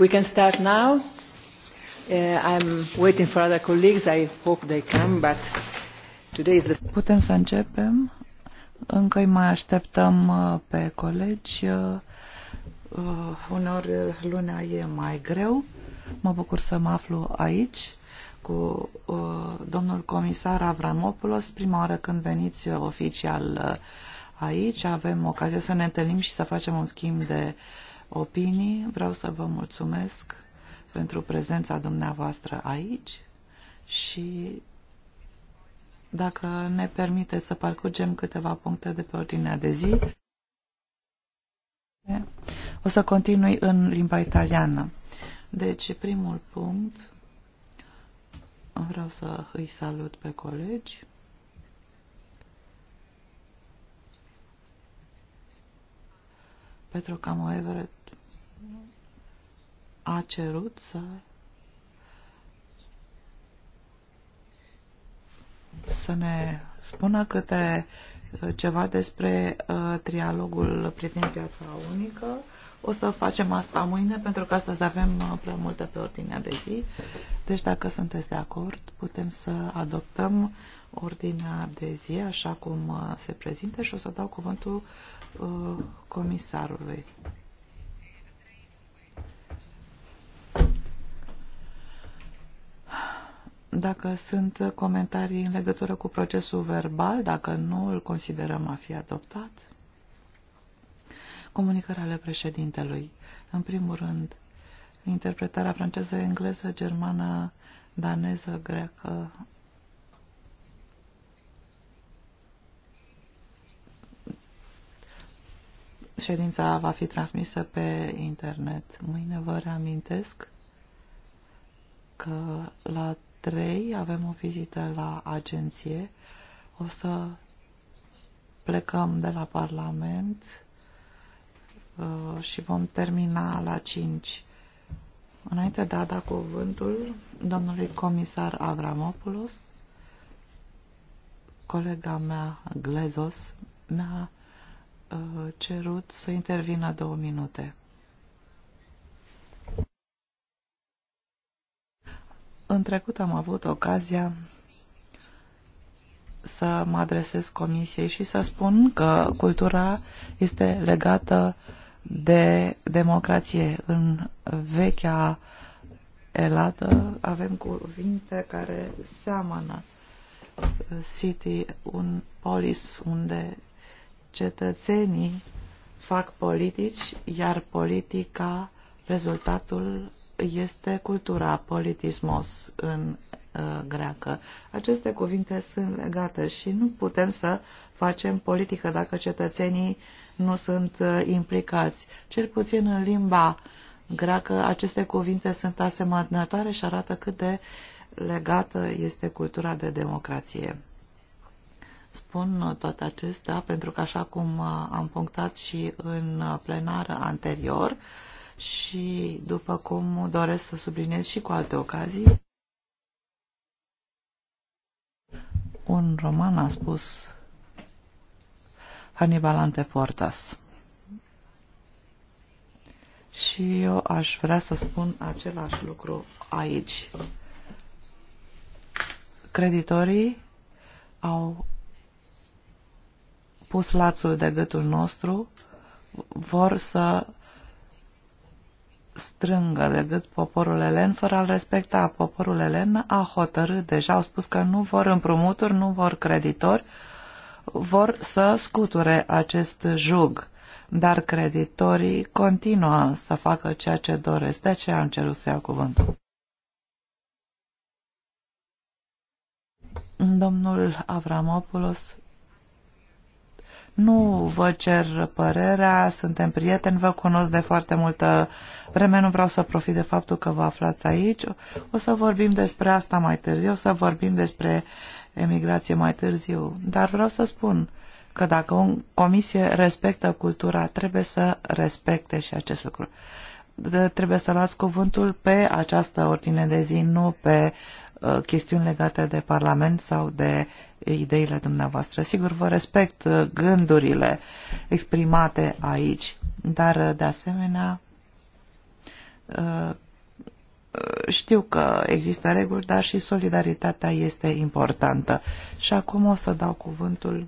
we can start now. Uh, I'm waiting for other colleagues. I hope they come, but today is the... Putem să începem. Încă îi mai așteptăm uh, pe colegi. Uh, uh, Uneori luna e mai greu. Mă bucur să mă aflu aici cu uh, domnul comisar Avramopoulos. Prima oară când veniți oficial aici, avem ocazia să ne întâlnim și să facem un schimb de uh, opinii. Vreau să vă mulțumesc pentru prezența dumneavoastră aici și dacă ne permiteți să parcurgem câteva puncte de pe ordinea de zi. O să continui în limba italiană. Deci, primul punct, vreau să îi salut pe colegi. Petro Camo a cerut să să ne spună câte uh, ceva despre uh, trialogul privind piața unică. O să facem asta mâine, pentru că astăzi avem uh, prea multe pe ordinea de zi. Deci dacă sunteți de acord, putem să adoptăm ordinea de zi așa cum uh, se prezintă și o să dau cuvântul uh, comisarului. dacă sunt comentarii în legătură cu procesul verbal, dacă nu îl considerăm a fi adoptat. Comunicarea ale președintelui. În primul rând, interpretarea franceză, engleză, germană, daneză, greacă. Ședința va fi transmisă pe internet. Mâine vă reamintesc că la 3 avem o vizită la agenție. O să plecăm de la Parlament uh, și vom termina la 5. Înainte de a da cuvântul domnului comisar Avramopoulos, colega mea, Glezos, mi-a uh, cerut să intervină două minute. În trecut am avut ocazia să mă adresez comisiei și să spun că cultura este legată de democrație. În vechea elată avem cuvinte care seamănă. City, un polis unde cetățenii fac politici, iar politica rezultatul este cultura, politismos în uh, greacă. Aceste cuvinte sunt legate și nu putem să facem politică dacă cetățenii nu sunt uh, implicați. Cel puțin în limba greacă aceste cuvinte sunt asemănătoare și arată cât de legată este cultura de democrație. Spun toate acestea pentru că, așa cum uh, am punctat și în uh, plenar anterior, uh, și, după cum doresc să subliniez și cu alte ocazii, un roman a spus Hannibal Anteportas. Și eu aș vrea să spun același lucru aici. Creditorii au pus lațul de gâtul nostru, vor să strângă de gât poporul elen, fără a-l respecta. Poporul elen a hotărât deja, au spus că nu vor împrumuturi, nu vor creditori, vor să scuture acest jug. Dar creditorii continuă să facă ceea ce doresc, de aceea am cerut să iau cuvântul. Domnul Avramopoulos nu vă cer părerea, suntem prieteni, vă cunosc de foarte multă vreme, nu vreau să profit de faptul că vă aflați aici. O să vorbim despre asta mai târziu, o să vorbim despre emigrație mai târziu. Dar vreau să spun că dacă o comisie respectă cultura, trebuie să respecte și acest lucru. De, trebuie să luați cuvântul pe această ordine de zi, nu pe Uh, chestiuni legate de Parlament sau de ideile dumneavoastră. Sigur, vă respect uh, gândurile exprimate aici, dar uh, de asemenea știu că există reguli, dar și solidaritatea este importantă. Și acum o să dau cuvântul,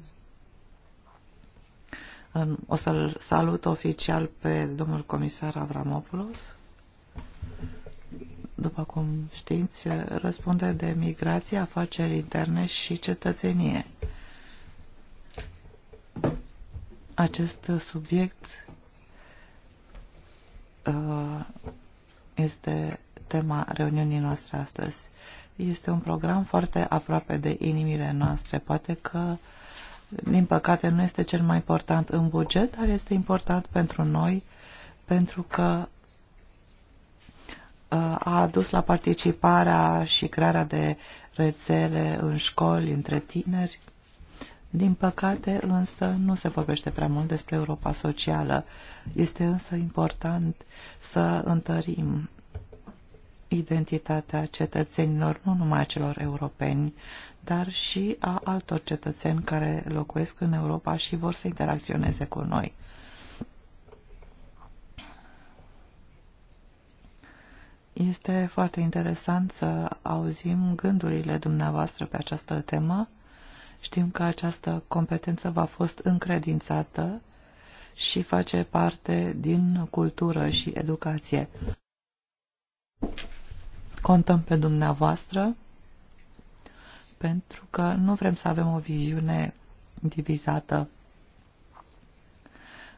o să-l salut oficial pe domnul comisar Avramopoulos după cum știți, răspunde de migrație, afaceri interne și cetățenie. Acest subiect uh, este tema reuniunii noastre astăzi. Este un program foarte aproape de inimile noastre. Poate că, din păcate, nu este cel mai important în buget, dar este important pentru noi, pentru că a adus la participarea și crearea de rețele în școli între tineri. Din păcate, însă, nu se vorbește prea mult despre Europa socială. Este însă important să întărim identitatea cetățenilor, nu numai a celor europeni, dar și a altor cetățeni care locuiesc în Europa și vor să interacționeze cu noi. Este foarte interesant să auzim gândurile dumneavoastră pe această temă. Știm că această competență v-a fost încredințată și face parte din cultură și educație. Contăm pe dumneavoastră pentru că nu vrem să avem o viziune divizată.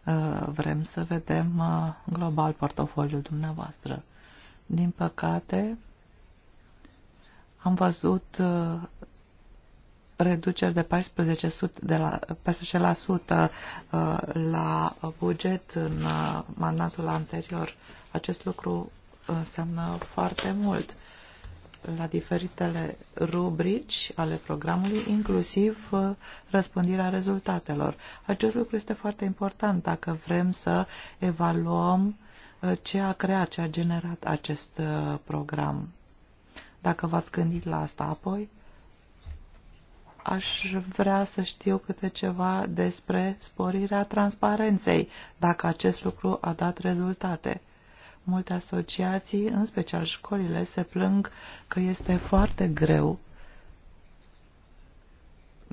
Uh, vrem să vedem uh, global portofoliul dumneavoastră. Din păcate, am văzut uh, reduceri de 14%, de la, 14% uh, la buget în uh, mandatul anterior. Acest lucru înseamnă foarte mult la diferitele rubrici ale programului, inclusiv răspândirea rezultatelor. Acest lucru este foarte important dacă vrem să evaluăm Uh, ce a creat, ce a generat acest uh, program. Dacă v-ați gândit la asta apoi, aș vrea să știu câte ceva despre sporirea transparenței, dacă acest lucru a dat rezultate. Multe asociații, în special școlile, se plâng că este foarte greu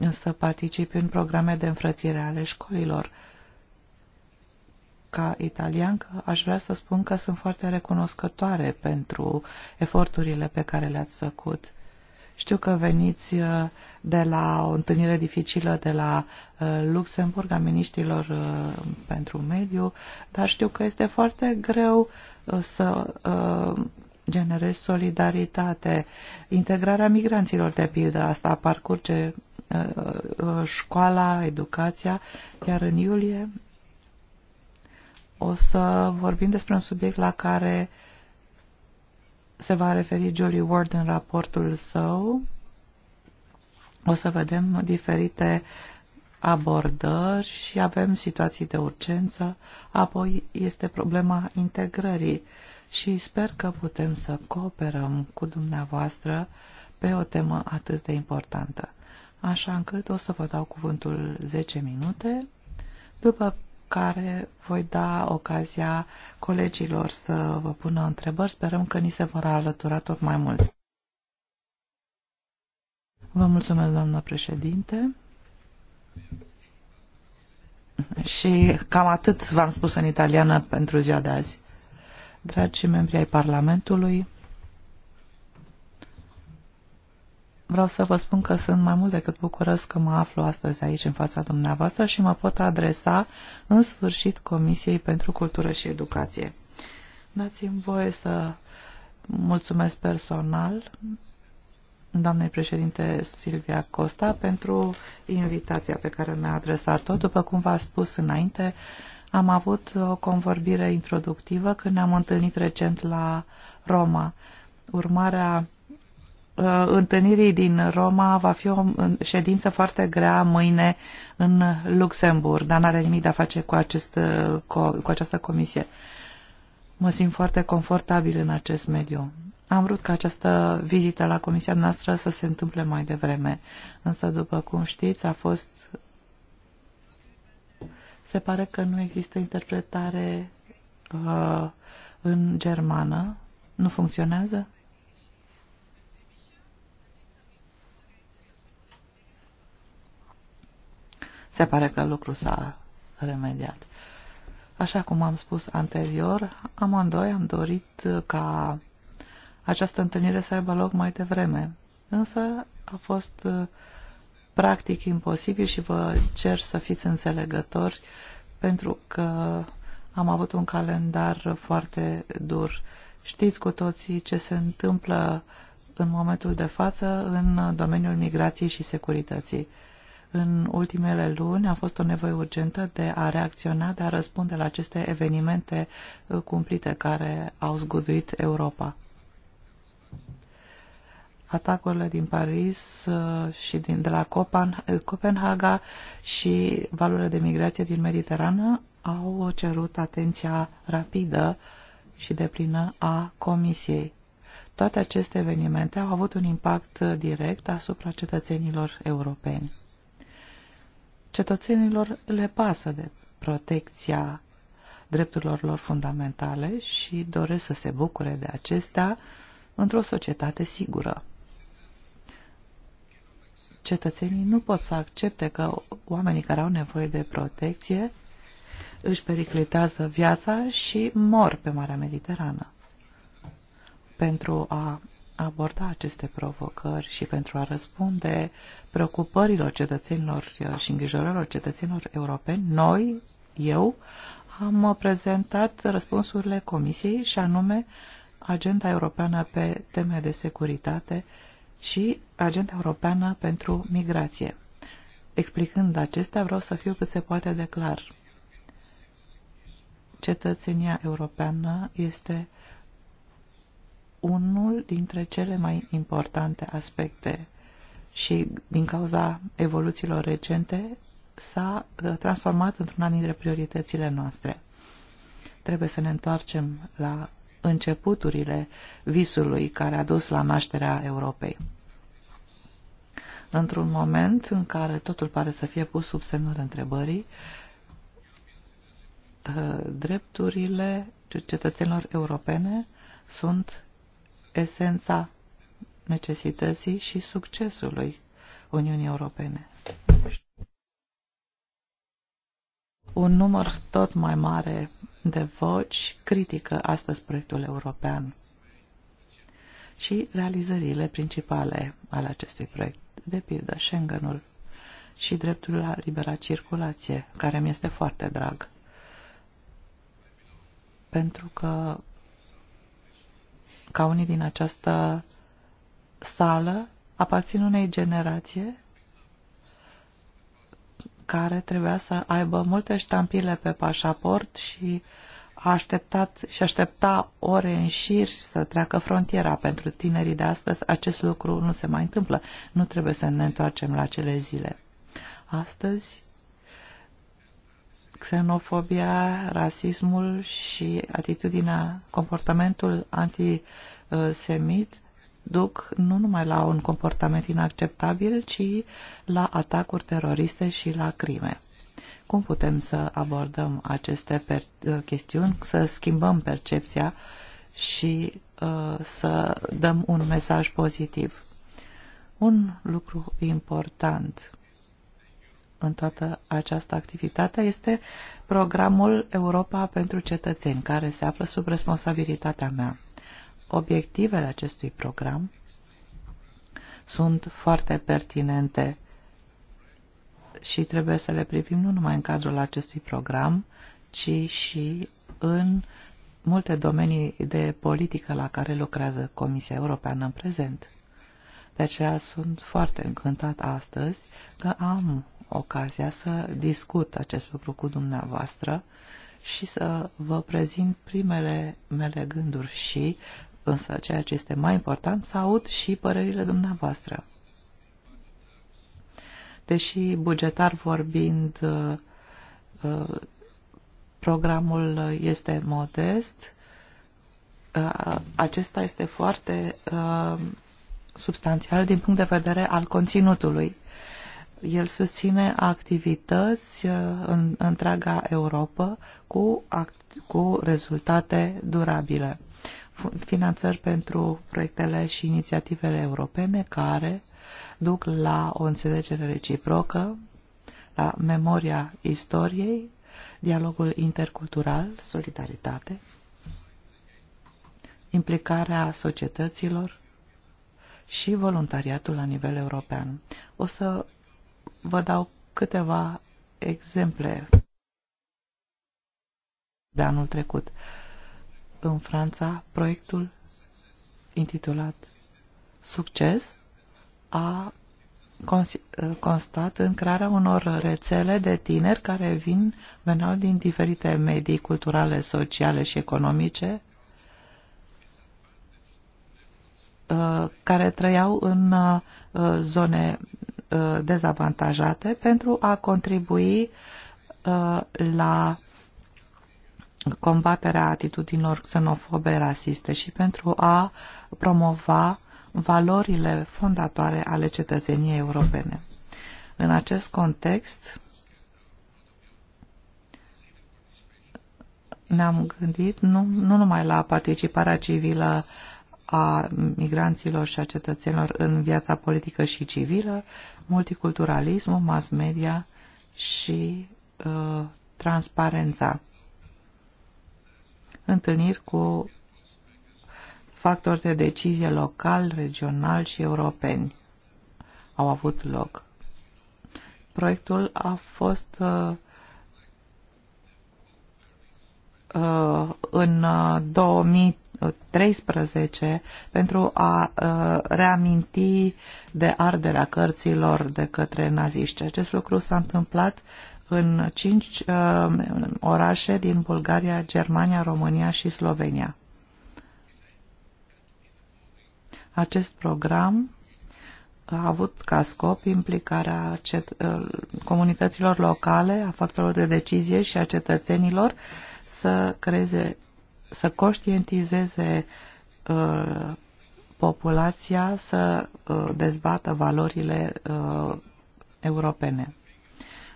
să participi în programe de înfrățire ale școlilor. Ca italiancă aș vrea să spun că sunt foarte recunoscătoare pentru eforturile pe care le-ați făcut. Știu că veniți uh, de la o întâlnire dificilă de la uh, Luxemburg a ministrilor uh, pentru mediu, dar știu că este foarte greu să generezi solidaritate. Integrarea migranților, de pildă, asta parcurge școala, educația, iar în iulie o să vorbim despre un subiect la care se va referi Jolie Ward în raportul său. O să vedem diferite abordări și avem situații de urgență. Apoi este problema integrării și sper că putem să cooperăm cu dumneavoastră pe o temă atât de importantă. Așa încât o să vă dau cuvântul 10 minute, după care voi da ocazia colegilor să vă pună întrebări. Sperăm că ni se vor alătura tot mai mulți. Vă mulțumesc, doamnă președinte. Și cam atât v-am spus în italiană pentru ziua de azi. dragi membri ai Parlamentului, Vreau să vă spun că sunt mai mult decât bucuros că mă aflu astăzi aici în fața dumneavoastră și mă pot adresa în sfârșit Comisiei pentru Cultură și Educație. Dați-mi voie să mulțumesc personal doamnei președinte Silvia Costa pentru invitația pe care mi-a adresat-o. După cum v-a spus înainte, am avut o convorbire introductivă când ne-am întâlnit recent la Roma. Urmarea Uh, întâlnirii din Roma va fi o uh, ședință foarte grea mâine în Luxemburg, dar n-are nimic de a face cu, acest, uh, cu această comisie. Mă simt foarte confortabil în acest mediu. Am vrut ca această vizită la comisia noastră să se întâmple mai devreme, însă, după cum știți, a fost... Se pare că nu există interpretare uh, în germană. Nu funcționează? Se pare că lucrul s-a remediat. Așa cum am spus anterior, amândoi am dorit ca această întâlnire să aibă loc mai devreme, însă a fost uh, practic imposibil și vă cer să fiți înțelegători pentru că am avut un calendar foarte dur. Știți cu toții ce se întâmplă în momentul de față în domeniul migrației și securității. În ultimele luni a fost o nevoie urgentă de a reacționa, de a răspunde la aceste evenimente uh, cumplite care au zguduit Europa. Atacurile din Paris uh, și din, de la uh, Copenhaga și valurile de migrație din Mediterană au cerut atenția rapidă și deplină a Comisiei. Toate aceste evenimente au avut un impact direct asupra cetățenilor europeni cetățenilor le pasă de protecția drepturilor lor fundamentale și doresc să se bucure de acestea într-o societate sigură. Cetățenii nu pot să accepte că oamenii care au nevoie de protecție își periclitează viața și mor pe Marea Mediterană. Pentru a aborda aceste provocări și pentru a răspunde preocupărilor cetățenilor și îngrijorărilor cetățenilor europeni, noi, eu, am prezentat răspunsurile Comisiei și anume Agenda Europeană pe teme de securitate și Agenda Europeană pentru Migrație. Explicând acestea, vreau să fiu cât se poate de clar. Cetățenia europeană este unul dintre cele mai importante aspecte și din cauza evoluțiilor recente s-a uh, transformat într-una dintre prioritățile noastre. Trebuie să ne întoarcem la începuturile visului care a dus la nașterea Europei. Într-un moment în care totul pare să fie pus sub semnul întrebării, uh, drepturile cetățenilor europene sunt esența necesității și succesului Uniunii Europene. Un număr tot mai mare de voci critică astăzi proiectul european și realizările principale ale acestui proiect, de pildă Schengenul și dreptul la libera circulație, care mi este foarte drag, pentru că ca unii din această sală aparțin unei generație care trebuia să aibă multe ștampile pe pașaport și a așteptat și aștepta ore în șir să treacă frontiera. Pentru tinerii de astăzi acest lucru nu se mai întâmplă. Nu trebuie să ne întoarcem la cele zile. Astăzi xenofobia, rasismul și atitudinea, comportamentul antisemit duc nu numai la un comportament inacceptabil, ci la atacuri teroriste și la crime. Cum putem să abordăm aceste uh, chestiuni, să schimbăm percepția și uh, să dăm un mesaj pozitiv? Un lucru important în toată această activitate este programul Europa pentru cetățeni, care se află sub responsabilitatea mea. Obiectivele acestui program sunt foarte pertinente și trebuie să le privim nu numai în cadrul acestui program, ci și în multe domenii de politică la care lucrează Comisia Europeană în prezent. De aceea sunt foarte încântat astăzi că am ocazia să discut acest lucru cu dumneavoastră și să vă prezint primele mele gânduri și, însă ceea ce este mai important, să aud și părerile dumneavoastră. Deși bugetar vorbind, uh, uh, programul este modest, uh, acesta este foarte substanțial din punct de vedere al conținutului. El susține activități uh, în întreaga Europa cu, cu rezultate durabile. Finanțări pentru proiectele și inițiativele europene care duc la o înțelegere reciprocă, la memoria istoriei, dialogul intercultural, solidaritate, implicarea societăților și voluntariatul la nivel european. O să vă dau câteva exemple de anul trecut. În Franța, proiectul intitulat Succes a constat în crearea unor rețele de tineri care vin, veneau din diferite medii culturale, sociale și economice, uh, care trăiau în uh, zone Uh, dezavantajate pentru a contribui uh, la combaterea atitudinilor xenofobe rasiste și pentru a promova valorile fondatoare ale cetățeniei europene. În acest context, ne-am gândit nu, nu numai la participarea civilă a migranților și a cetățenilor în viața politică și civilă, multiculturalismul, mass media și uh, transparența. Întâlniri cu factori de decizie local, regional și europeni au avut loc. Proiectul a fost uh, uh în 2000 uh, 13 pentru a uh, reaminti de arderea cărților de către naziști. Acest lucru s-a întâmplat în cinci uh, orașe din Bulgaria, Germania, România și Slovenia. Acest program a avut ca scop implicarea uh, comunităților locale, a factorilor de decizie și a cetățenilor să creeze să conștientizeze uh, populația să uh, dezbată valorile uh, europene.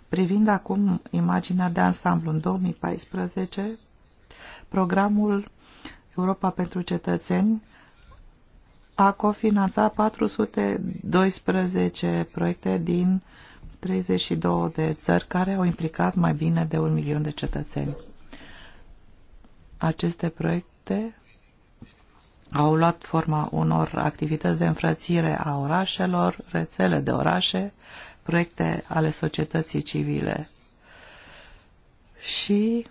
Privind acum imaginea de ansamblu în 2014, programul Europa pentru cetățeni a cofinanțat 412 proiecte din 32 de țări care au implicat mai bine de un milion de cetățeni. Aceste proiecte au luat forma unor activități de înfrățire a orașelor, rețele de orașe, proiecte ale societății civile. Și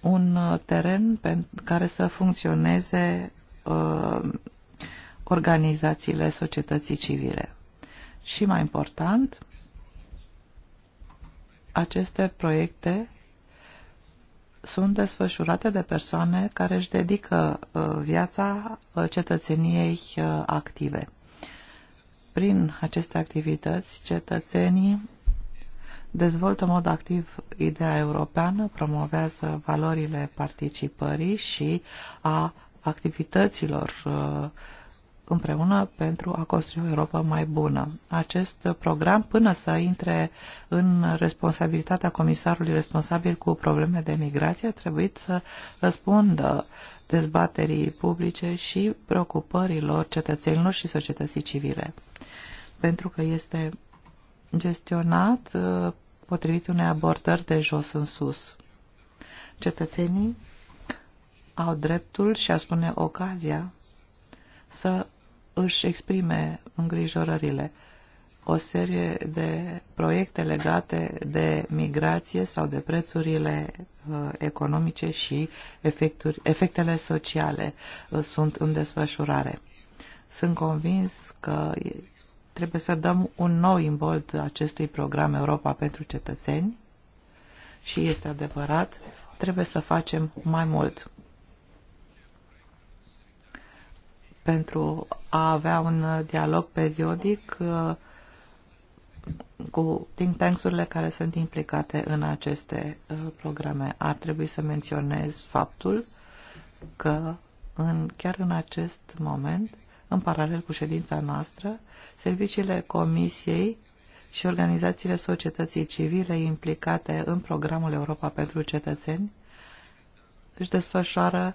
un uh, teren care să funcționeze uh, organizațiile societății civile. Și mai important, aceste proiecte sunt desfășurate de persoane care își dedică uh, viața uh, cetățeniei uh, active. Prin aceste activități, cetățenii dezvoltă în mod activ ideea europeană, promovează valorile participării și a activităților uh, împreună pentru a construi o Europa mai bună. Acest program, până să intre în responsabilitatea comisarului responsabil cu probleme de migrație, a trebuit să răspundă dezbaterii publice și preocupărilor cetățenilor și societății civile. Pentru că este gestionat uh, potrivit unei abordări de jos în sus. Cetățenii au dreptul și, a spune, ocazia să își exprime îngrijorările. O serie de proiecte legate de migrație sau de prețurile uh, economice și efectele sociale uh, sunt în desfășurare. Sunt convins că trebuie să dăm un nou imbold acestui program Europa pentru cetățeni și este adevărat, trebuie să facem mai mult. pentru a avea un dialog periodic uh, cu think tanks care sunt implicate în aceste uh, programe. Ar trebui să menționez faptul că în, chiar în acest moment, în paralel cu ședința noastră, serviciile Comisiei și organizațiile societății civile implicate în programul Europa pentru cetățeni își desfășoară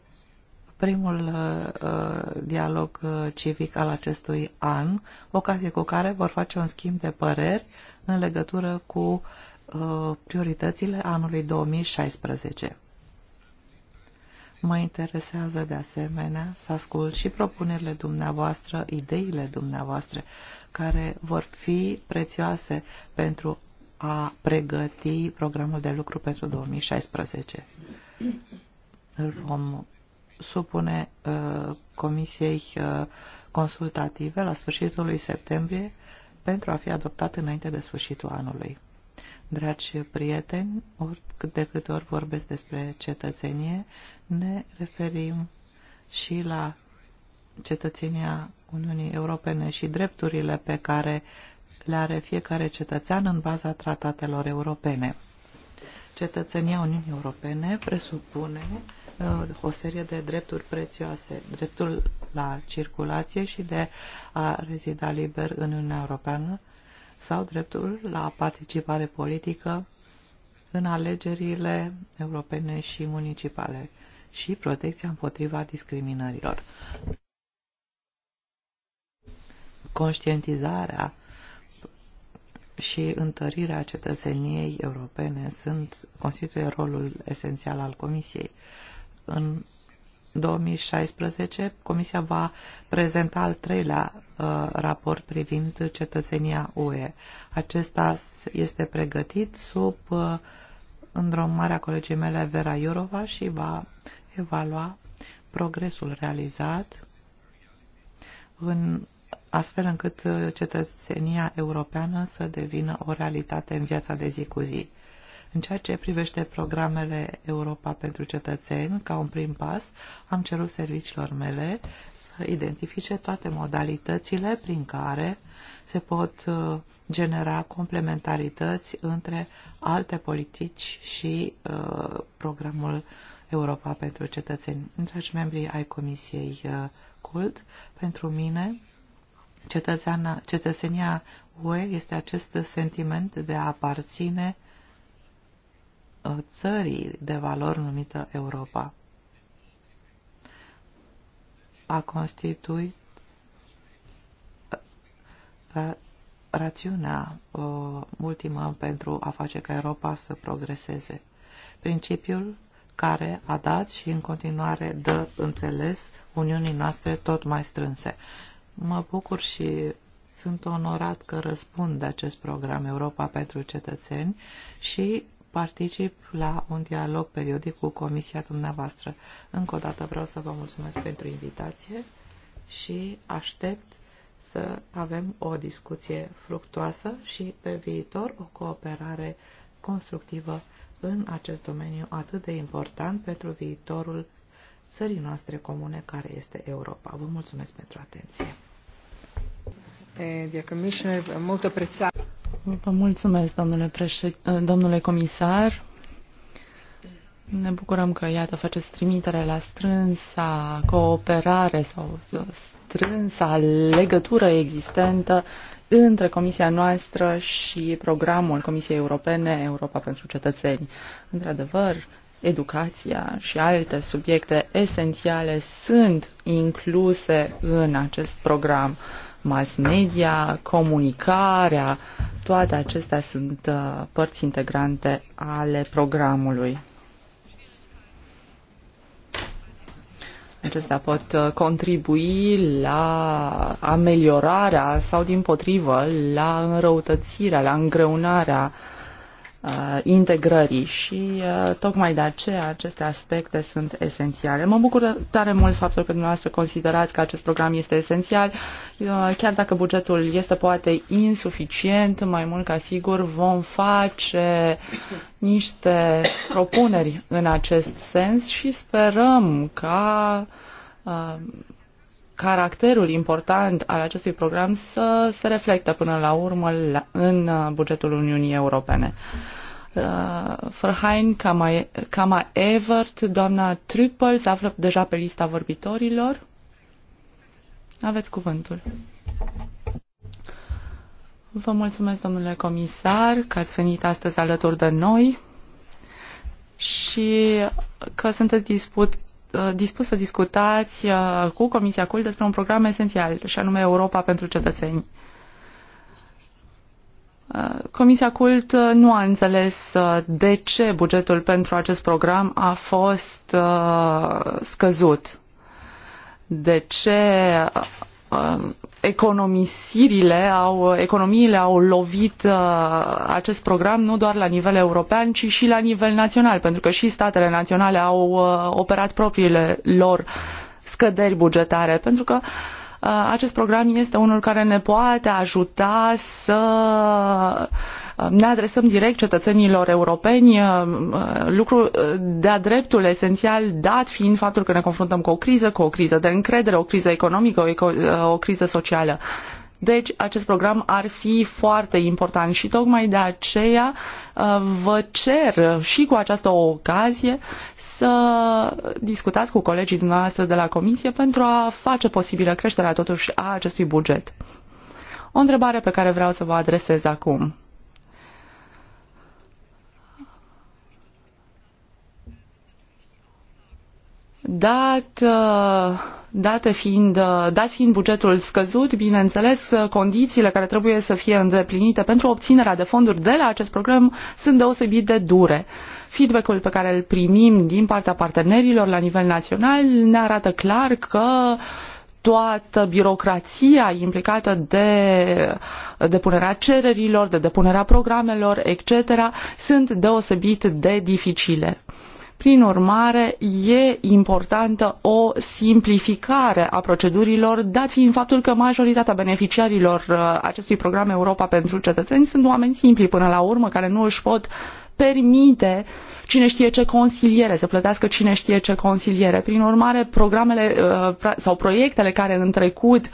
primul uh, uh dialog uh, civic al acestui an, ocazie cu care vor face un schimb de păreri în legătură cu uh, prioritățile anului 2016. Mă interesează de asemenea să ascult și propunerile dumneavoastră, ideile dumneavoastră, care vor fi prețioase pentru a pregăti programul de lucru pentru 2016. Îl vom supune uh, Comisiei uh, consultative la sfârșitul lui septembrie pentru a fi adoptat înainte de sfârșitul anului. Dragi prieteni, oricât de câte ori vorbesc despre cetățenie, ne referim și la cetățenia Uniunii Europene și drepturile pe care le are fiecare cetățean în baza tratatelor europene. Cetățenia Uniunii Europene presupune Uh, o serie de drepturi prețioase, dreptul la circulație și de a rezida liber în Uniunea Europeană sau dreptul la participare politică în alegerile europene și municipale și protecția împotriva discriminărilor. Conștientizarea și întărirea cetățeniei europene sunt, constituie rolul esențial al Comisiei în 2016 Comisia va prezenta al treilea uh, raport privind cetățenia UE. Acesta este pregătit sub uh, îndrumarea colegii mele Vera Iurova și va evalua progresul realizat în astfel încât uh, cetățenia europeană să devină o realitate în viața de zi cu zi. În ceea ce privește programele Europa pentru cetățeni, ca un prim pas, am cerut serviciilor mele să identifice toate modalitățile prin care se pot uh, genera complementarități între alte politici și uh, programul Europa pentru cetățeni. Dragi membri ai Comisiei uh, CULT, pentru mine cetățenia UE este acest sentiment de a aparține Uh, țării de valori numită Europa. A constituit uh, ra rațiunea uh, ultimă pentru a face ca Europa să progreseze. Principiul care a dat și în continuare dă înțeles Uniunii noastre tot mai strânse. Mă bucur și sunt onorat că răspund de acest program Europa pentru cetățeni și particip la un dialog periodic cu comisia dumneavoastră. Încă o dată vreau să vă mulțumesc pentru invitație și aștept să avem o discuție fructuoasă și pe viitor o cooperare constructivă în acest domeniu atât de important pentru viitorul țării noastre comune care este Europa. Vă mulțumesc pentru atenție. Eh, dear Commissioner, mult apreciat. Vă mulțumesc, domnule, președ... domnule comisar. Ne bucurăm că, iată, faceți trimitere la strânsa cooperare sau strânsa legătură existentă între comisia noastră și programul Comisiei Europene Europa pentru Cetățeni. Într-adevăr, educația și alte subiecte esențiale sunt incluse în acest program mass media, comunicarea, toate acestea sunt uh, părți integrante ale programului. Acestea pot uh, contribui la ameliorarea sau, din potrivă, la înrăutățirea, la îngreunarea uh, Uh, integrării și uh, tocmai de aceea aceste aspecte sunt esențiale. Mă bucur tare mult faptul că dumneavoastră considerați că acest program este esențial, uh, chiar dacă bugetul este poate insuficient, mai mult ca sigur vom face niște propuneri în acest sens și sperăm ca caracterul important al acestui program să se reflecte până la urmă la, în uh, bugetul Uniunii Europene. Uh, Kama, Kama Evert, doamna Trüppel se află deja pe lista vorbitorilor. Aveți cuvântul. Vă mulțumesc, domnule comisar, că ați venit astăzi alături de noi și că sunteți dispus, Uh, dispus să discutați uh, cu Comisia CUL despre un program esențial, și anume Europa pentru cetățeni. Uh, Comisia Cult nu a înțeles de ce bugetul pentru acest program a fost scăzut, de ce Um, economisirile au, economiile au lovit uh, acest program nu doar la nivel european, ci și la nivel național, pentru că și statele naționale au uh, operat propriile lor scăderi bugetare, pentru că uh, acest program este unul care ne poate ajuta să uh, ne adresăm direct cetățenilor europeni, uh, uh, lucru uh, de-a dreptul esențial, dat fiind faptul că ne confruntăm cu o criză, cu o criză de încredere, o criză economică, o, o criză socială. Deci, acest program ar fi foarte important și tocmai de aceea vă cer și cu această ocazie să discutați cu colegii dumneavoastră de la Comisie pentru a face posibilă creșterea totuși a acestui buget. O întrebare pe care vreau să vă adresez acum. Dat, uh, date fiind, uh, dat fiind bugetul scăzut, bineînțeles, uh, condițiile care trebuie să fie îndeplinite pentru obținerea de fonduri de la acest program sunt deosebit de dure. Feedback-ul pe care îl primim din partea partenerilor la nivel național ne arată clar că toată birocrația implicată de depunerea cererilor, de depunerea programelor, etc., sunt deosebit de dificile. Prin urmare, e importantă o simplificare a procedurilor, dat fiind faptul că majoritatea beneficiarilor uh, acestui program Europa pentru cetățeni sunt oameni simpli până la urmă, care nu își pot permite cine știe ce consiliere, să plătească cine știe ce consiliere. Prin urmare, programele uh, sau proiectele care în trecut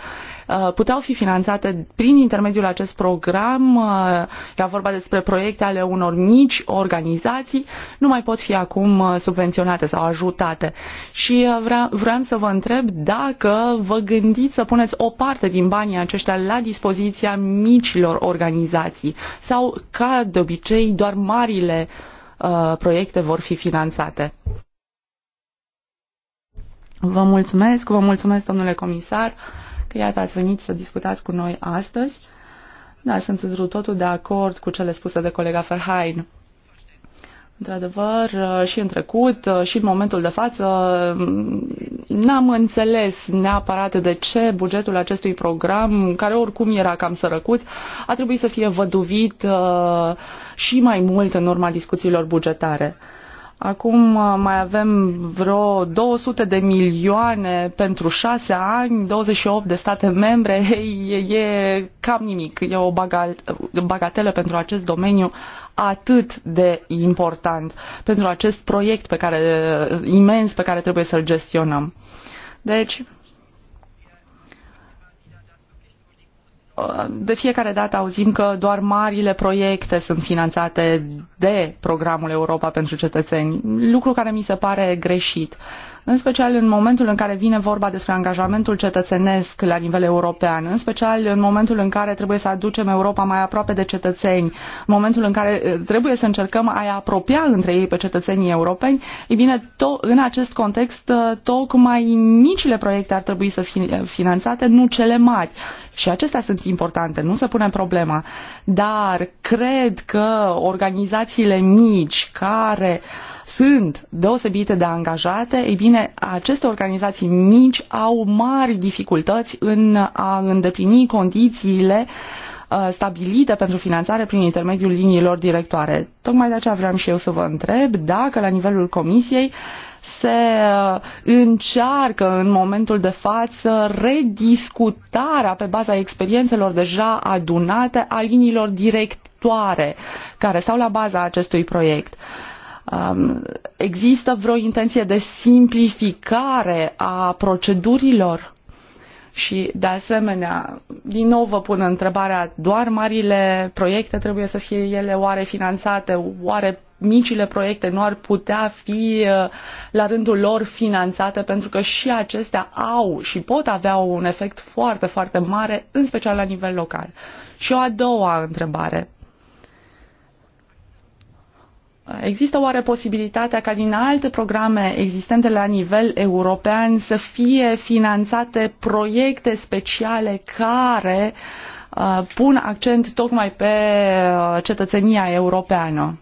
Uh, puteau fi finanțate prin intermediul acest program. Uh, era vorba despre proiecte ale unor mici organizații, nu mai pot fi acum uh, subvenționate sau ajutate. Și vreau, să vă întreb dacă vă gândiți să puneți o parte din banii aceștia la dispoziția micilor organizații sau, ca de obicei, doar marile uh, proiecte vor fi finanțate. Vă mulțumesc, vă mulțumesc, domnule comisar că iată ați venit să discutați cu noi astăzi. Da, sunt întru totul de acord cu cele spuse de colega Ferhain. Într-adevăr, și în trecut, și în momentul de față, n-am înțeles neapărat de ce bugetul acestui program, care oricum era cam sărăcuț, a trebuit să fie văduvit uh, și mai mult în urma discuțiilor bugetare. Acum uh, mai avem vreo 200 de milioane pentru șase ani, 28 de state membre, e, e cam nimic, e o bagatelă pentru acest domeniu atât de important, pentru acest proiect pe care, uh, imens pe care trebuie să-l gestionăm. Deci, de fiecare dată auzim că doar marile proiecte sunt finanțate de programul Europa pentru cetățeni, lucru care mi se pare greșit. Uh, în special în momentul în care vine vorba despre angajamentul cetățenesc la nivel european, în special în momentul în care trebuie să aducem Europa mai aproape de cetățeni, în momentul în care eh, trebuie să încercăm a-i apropia între ei pe cetățenii europeni, e bine, to- în acest context, eh, tocmai micile proiecte ar trebui să fie finanțate, nu cele mari. Și acestea sunt importante, nu se pune problema. Dar cred că organizațiile mici care uh, sunt deosebite de angajate, ei bine, aceste organizații mici au mari dificultăți în a îndeplini condițiile uh, stabilite pentru finanțare prin intermediul liniilor directoare. Tocmai de aceea vreau și eu să vă întreb dacă la nivelul comisiei se uh, încearcă în momentul de față rediscutarea pe baza experiențelor deja adunate a liniilor directoare care stau la baza acestui proiect. Uh, Um, există vreo intenție de simplificare a procedurilor? Și, de asemenea, din nou vă pun întrebarea, doar marile proiecte trebuie să fie ele oare finanțate, oare micile proiecte nu ar putea fi uh, la rândul lor finanțate pentru că și acestea au și pot avea un efect foarte, foarte mare, în special la nivel local. Și o a doua întrebare. Există oare posibilitatea ca din alte programe existente la nivel european să fie finanțate proiecte speciale care uh, pun accent tocmai pe uh, cetățenia europeană?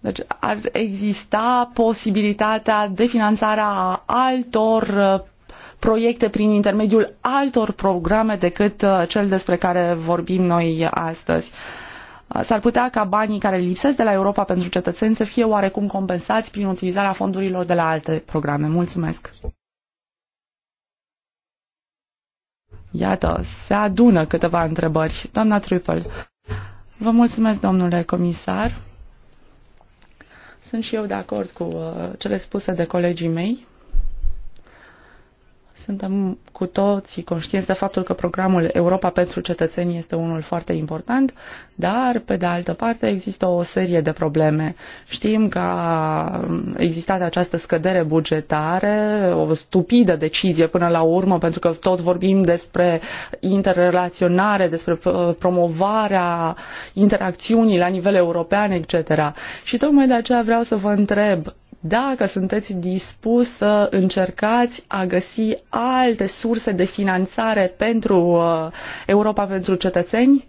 Deci ar exista posibilitatea de finanțare a altor uh, proiecte prin intermediul altor programe decât uh, cel despre care vorbim noi astăzi. Uh, s-ar putea ca banii care lipsesc de la Europa pentru cetățeni să fie oarecum compensați prin utilizarea fondurilor de la alte programe. Mulțumesc! Iată, se adună câteva întrebări. Doamna Trupel, vă mulțumesc, domnule comisar. Sunt și eu de acord cu uh, cele spuse de colegii mei. Suntem cu toții conștienți de faptul că programul Europa pentru cetățeni este unul foarte important, dar, pe de altă parte, există o serie de probleme. Știm că a existat această scădere bugetare, o stupidă decizie până la urmă, pentru că tot vorbim despre interrelaționare, despre uh, promovarea interacțiunii la nivel european, etc. Și tocmai de aceea vreau să vă întreb, dacă sunteți dispus să încercați a găsi alte surse de finanțare pentru uh, Europa pentru cetățeni?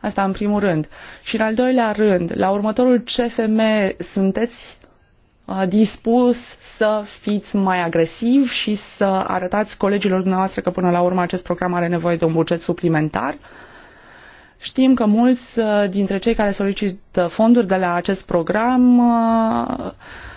Asta în primul rând. Și în al doilea rând, la următorul CFM sunteți uh, dispus să fiți mai agresiv și să arătați colegilor dumneavoastră că până la urmă acest program are nevoie de un buget suplimentar? Știm că mulți uh, dintre cei care solicită fonduri de la acest program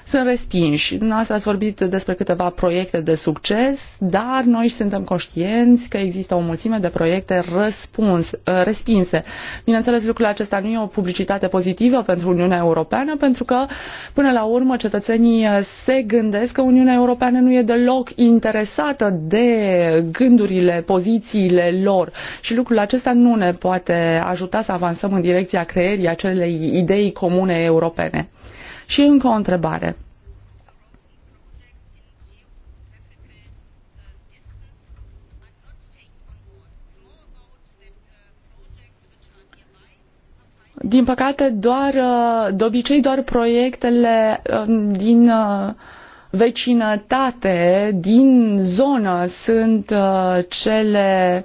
sunt respinși. Dumneavoastră ați vorbit despre câteva proiecte de succes, dar noi suntem conștienți că există o mulțime de proiecte răspuns, ă, respinse. Bineînțeles, lucrul acesta nu e o publicitate pozitivă pentru Uniunea Europeană, pentru că, până la urmă, cetățenii se gândesc că Uniunea Europeană nu e deloc interesată de gândurile, pozițiile lor și lucrul acesta nu ne poate ajuta să avansăm în direcția creierii acelei idei comune europene. Și încă o întrebare. Din păcate, doar, uh, de obicei, doar proiectele um, din uh, vecinătate, din zonă, sunt uh, cele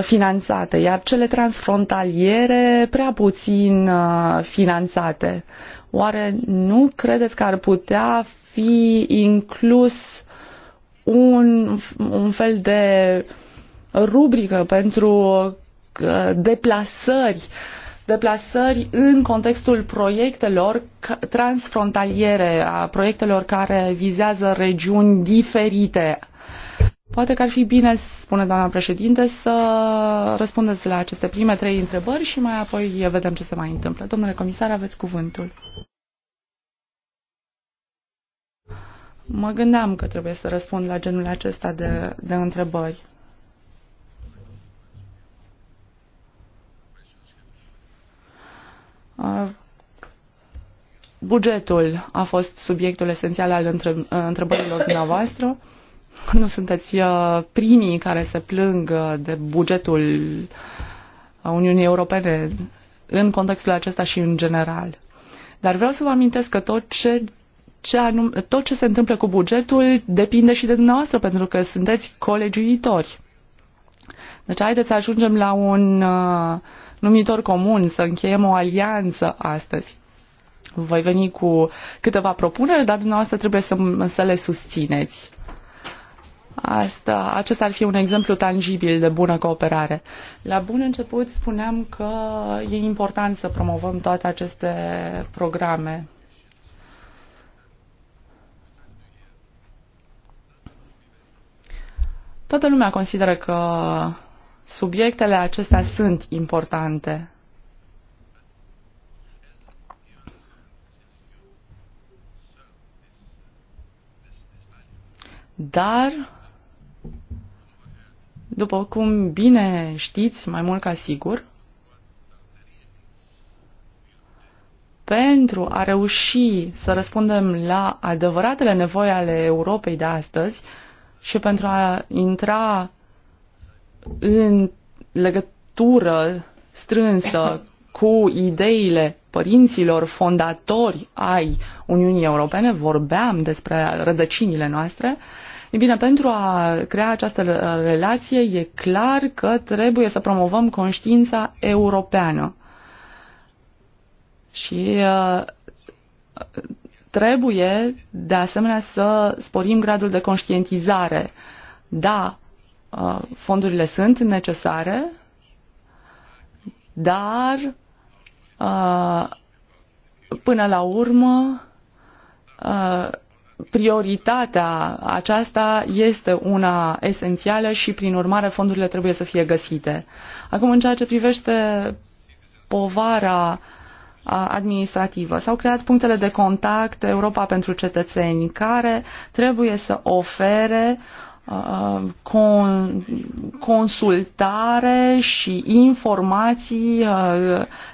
finanțate, iar cele transfrontaliere prea puțin finanțate. Oare nu credeți că ar putea fi inclus un, un fel de rubrică pentru uh, deplasări deplasări în contextul proiectelor transfrontaliere, a proiectelor care vizează regiuni diferite Poate că ar fi bine, spune doamna președinte, să răspundeți la aceste prime trei întrebări și mai apoi vedem ce se mai întâmplă. Domnule comisar, aveți cuvântul. Mă gândeam că trebuie să răspund la genul acesta de, de întrebări. Uh, bugetul a fost subiectul esențial al uh, întrebărilor dumneavoastră nu sunteți uh, primii care se plâng uh, de bugetul uh, Uniunii Europene în contextul acesta și în general. Dar vreau să vă amintesc că tot ce, ce anum, tot ce se întâmplă cu bugetul depinde și de dumneavoastră, pentru că sunteți colegiuitori. Deci haideți să ajungem la un uh, numitor comun, să încheiem o alianță astăzi. Voi veni cu câteva propuneri, dar dumneavoastră trebuie să, să le susțineți. Asta, acesta ar fi un exemplu tangibil de bună cooperare. La bun început spuneam că e important să promovăm toate aceste programe. Toată lumea consideră că subiectele acestea sunt importante. Dar după cum bine știți, mai mult ca sigur, pentru a reuși să răspundem la adevăratele nevoi ale Europei de astăzi și pentru a intra în legătură strânsă cu ideile părinților fondatori ai Uniunii Europene, vorbeam despre rădăcinile noastre, uh, E bine, pentru a crea această uh, relație e clar că trebuie să promovăm conștiința europeană. Și uh, trebuie, de asemenea, să sporim gradul de conștientizare. Da, uh, fondurile sunt necesare, dar până la urmă prioritatea aceasta este una esențială și, prin urmare, fondurile trebuie să fie găsite. Acum, în ceea ce privește povara administrativă. S-au creat punctele de contact Europa pentru cetățeni care trebuie să ofere consultare și informații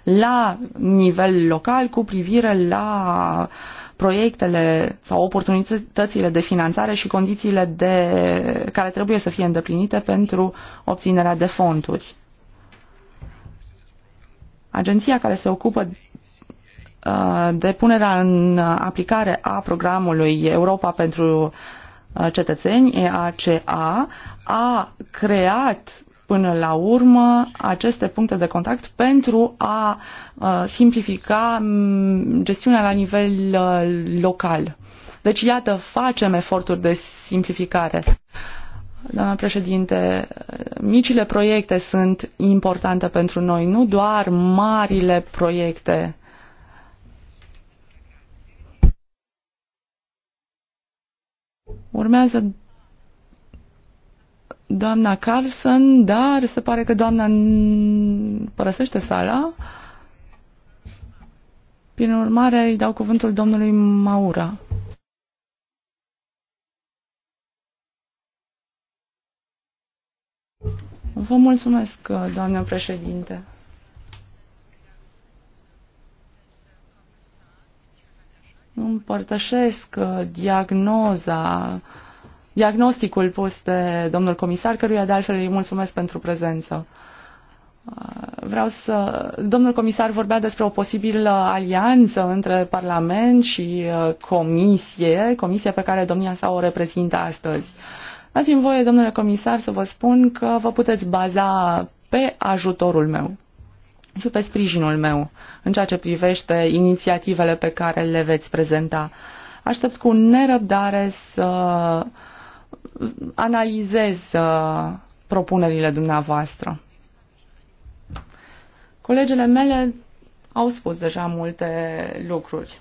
la nivel local cu privire la uh, proiectele sau oportunitățile de finanțare și condițiile de, care trebuie să fie îndeplinite pentru obținerea de fonduri. Agenția care se ocupă uh, de punerea în aplicare a programului Europa pentru uh, cetățeni, EACA, a creat până la urmă aceste puncte de contact pentru a simplifica gestiunea la nivel uh, local. Deci, iată, facem eforturi de simplificare. Doamna președinte, micile proiecte sunt importante pentru noi, nu doar marile proiecte. Urmează doamna Carlson, dar se pare că doamna părăsește sala. Prin urmare, îi dau cuvântul domnului Maura. Vă mulțumesc, doamnă președinte. Împărtășesc uh, diagnoza diagnosticul pus de domnul comisar, căruia de altfel îi mulțumesc pentru prezență. Uh, vreau să... Domnul comisar vorbea despre o posibilă alianță între Parlament și uh, Comisie, Comisia pe care domnia sa o reprezintă astăzi. Dați-mi voie, domnule comisar, să vă spun că vă puteți baza pe ajutorul meu și pe sprijinul meu în ceea ce privește inițiativele pe care le veți prezenta. Aștept cu nerăbdare să uh, analizez uh, propunerile dumneavoastră. Colegele mele au spus deja multe lucruri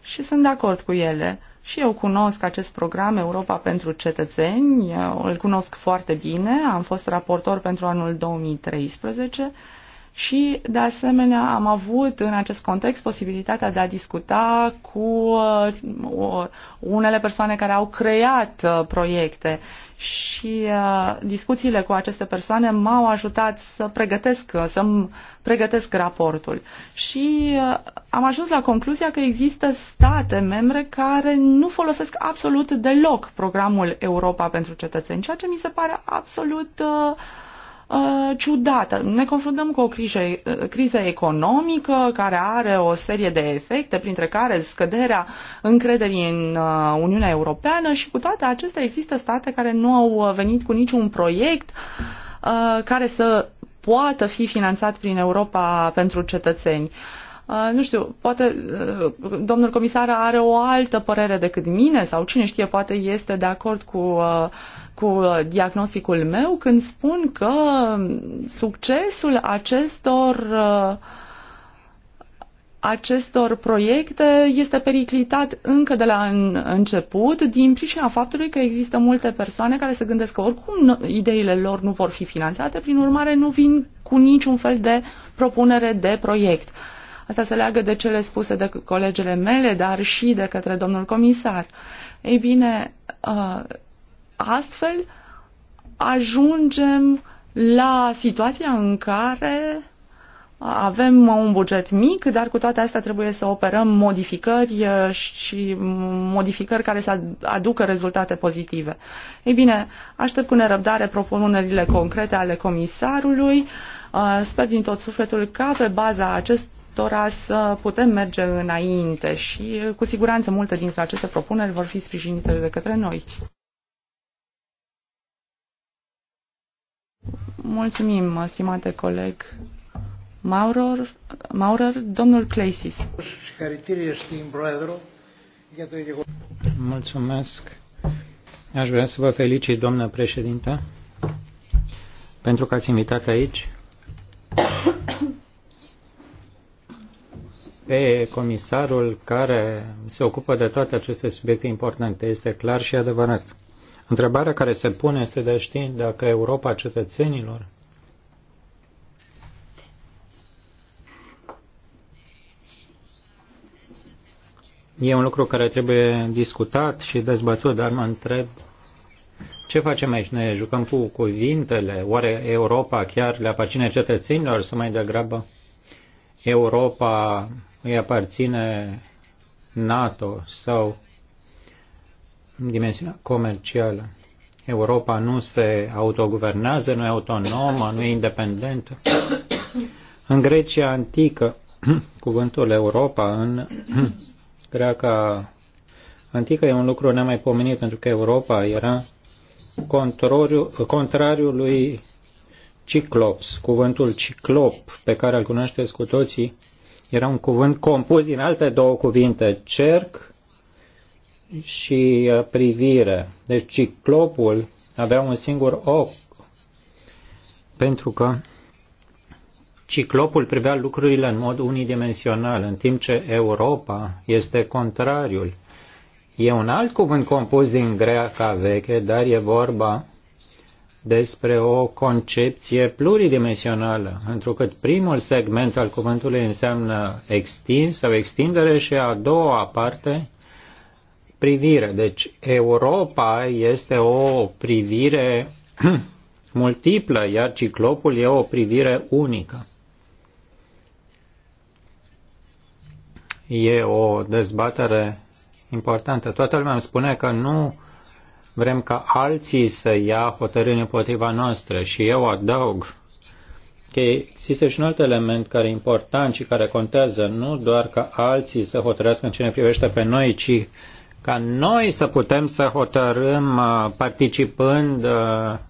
și sunt de acord cu ele. Și eu cunosc acest program Europa pentru cetățeni, îl cunosc foarte bine, am fost raportor pentru anul 2013 și, de asemenea, am avut în acest context posibilitatea de a discuta cu uh, unele persoane care au creat uh, proiecte și uh, discuțiile cu aceste persoane m-au ajutat să pregătesc, să-mi pregătesc raportul. Și am ajuns la concluzia că există state membre care nu folosesc absolut deloc programul Europa pentru cetățeni, ceea ce mi se pare absolut uh, Uh, ciudată. Ne confruntăm cu o criză, uh, criză economică care are o serie de efecte, printre care scăderea încrederii în uh, Uniunea Europeană și cu toate acestea există state care nu au venit cu niciun proiect care să poată fi finanțat prin Europa pentru cetățeni. Nu știu, poate domnul comisar are o altă părere decât mine sau cine știe, poate este de acord cu cu uh, diagnosticul meu când spun că succesul acestor uh, acestor proiecte este periclitat încă de la început din pricina faptului că există multe persoane care se gândesc că oricum ideile lor nu vor fi finanțate, prin urmare nu vin cu niciun fel de propunere de proiect. Asta se leagă de cele spuse de colegele mele, dar și de către domnul comisar. Ei bine, uh, astfel ajungem la situația în care avem un buget mic, dar cu toate astea trebuie să operăm modificări uh, și modificări care să aducă rezultate pozitive. Ei bine, aștept cu nerăbdare propunerile concrete ale comisarului. Uh, sper din tot sufletul ca pe baza acestora să putem merge înainte și uh, cu siguranță multe dintre aceste propuneri vor fi sprijinite de către noi. Mulțumim, stimate coleg Maurer, Maurer domnul Cleisis. Mulțumesc. Aș vrea să vă felicit, doamnă președinte, pentru că ați invitat aici pe comisarul care se ocupă de toate aceste subiecte importante. Este clar și adevărat. Întrebarea care se pune este de a ști dacă Europa cetățenilor e un lucru care trebuie discutat și dezbătut, dar mă întreb ce facem aici? Ne jucăm cu cuvintele? Oare Europa chiar le aparține cetățenilor sau mai degrabă Europa îi aparține NATO sau dimensiunea comercială. Europa nu se autoguvernează, nu e autonomă, nu e independentă. În Grecia antică, cuvântul Europa în greaca antică e un lucru nemaipomenit pentru că Europa era contrariul lui Ciclops. Cuvântul ciclop, pe care îl cunoașteți cu toții, era un cuvânt compus din alte două cuvinte, cerc și uh, privire. Deci ciclopul avea un singur ochi, pentru că ciclopul privea lucrurile în mod unidimensional, în timp ce Europa este contrariul. E un alt cuvânt compus din greaca veche, dar e vorba despre o concepție pluridimensională, întrucât primul segment al cuvântului înseamnă extins sau extindere și a doua parte privire. Deci Europa este o privire multiplă, iar ciclopul e o privire unică. E o dezbatere importantă. Toată lumea îmi spune că nu vrem ca alții să ia hotărâri împotriva noastră și eu adaug că există și un alt element care e important și care contează, nu doar ca alții să hotărească în ce ne privește pe noi, ci ca noi să putem să hotărâm uh, participând uh,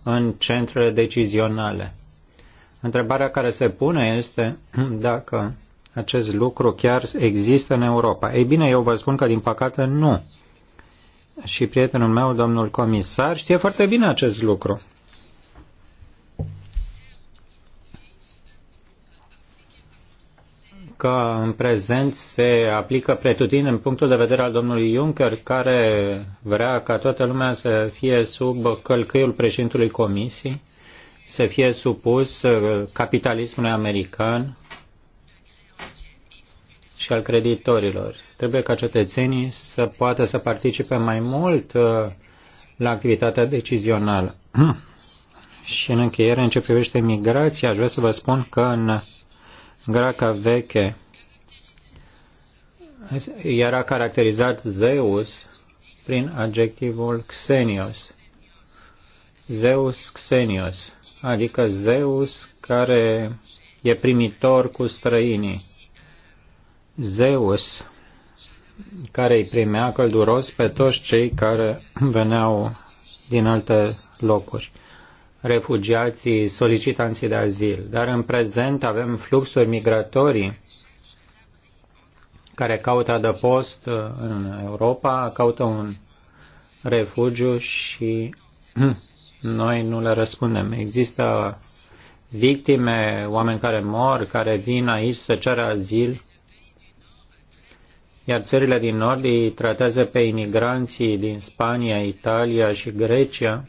în centrele decizionale. Întrebarea care se pune este dacă acest lucru chiar există în Europa. Ei bine, eu vă spun că din păcate nu. Și prietenul meu, domnul comisar, știe foarte bine acest lucru. că în prezent se aplică pretutin în punctul de vedere al domnului Juncker, care vrea ca toată lumea să fie sub călcâiul președintului Comisiei, să fie supus uh, capitalismului american și al creditorilor. Trebuie ca cetățenii să poată să participe mai mult uh, la activitatea decizională. și în încheiere, în ce privește migrația, aș vrea să vă spun că în graca veche era caracterizat Zeus prin adjectivul Xenios. Zeus Xenios, adică Zeus care e primitor cu străinii. Zeus care îi primea călduros pe toți cei care veneau din alte locuri refugiații solicitanții de azil, dar în prezent avem fluxuri migratorii care caută adăpost în Europa, caută un refugiu și noi nu le răspundem. Există victime, oameni care mor, care vin aici să ceară azil, iar țările din nord îi tratează pe imigranții din Spania, Italia și Grecia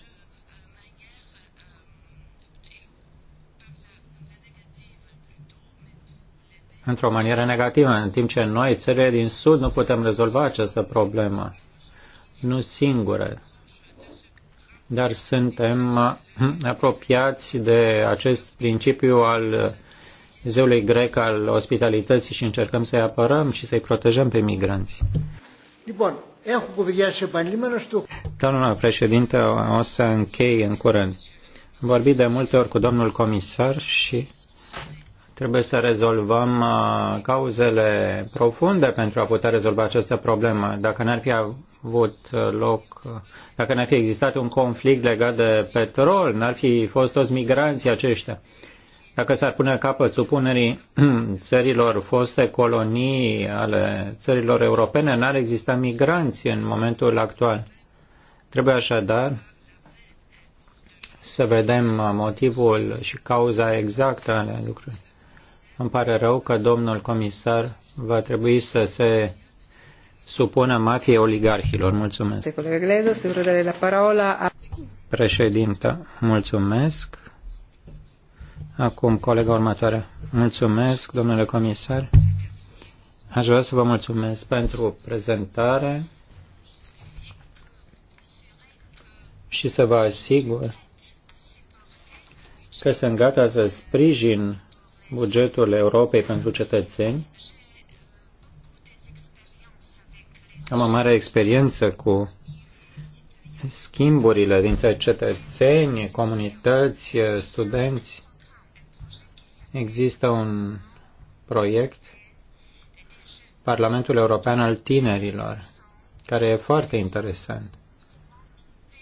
într-o manieră negativă, în timp ce noi, țările din Sud, nu putem rezolva această problemă. Nu singure, dar suntem apropiați de acest principiu al zeului grec al ospitalității și încercăm să-i apărăm și să-i protejăm pe migranți. Bun. Doamna președinte, o să închei în curând. Am vorbit de multe ori cu domnul comisar și Trebuie să rezolvăm uh, cauzele profunde pentru a putea rezolva această problemă. Dacă n-ar fi avut loc, dacă n-ar fi existat un conflict legat de petrol, n-ar fi fost toți migranții aceștia. Dacă s-ar pune capăt supunerii țărilor foste colonii ale țărilor europene, n-ar exista migranți în momentul actual. Trebuie așadar să vedem motivul și cauza exactă ale lucrurilor. Îmi pare rău că domnul comisar va trebui să se supună mafiei oligarhilor. Mulțumesc. Președintă, mulțumesc. Acum, colega următoare. Mulțumesc, domnule comisar. Aș vrea să vă mulțumesc pentru prezentare și să vă asigur că sunt gata să sprijin bugetul Europei pentru cetățeni. Am o mare experiență cu schimburile dintre cetățeni, comunități, studenți. Există un proiect, Parlamentul European al Tinerilor, care e foarte interesant.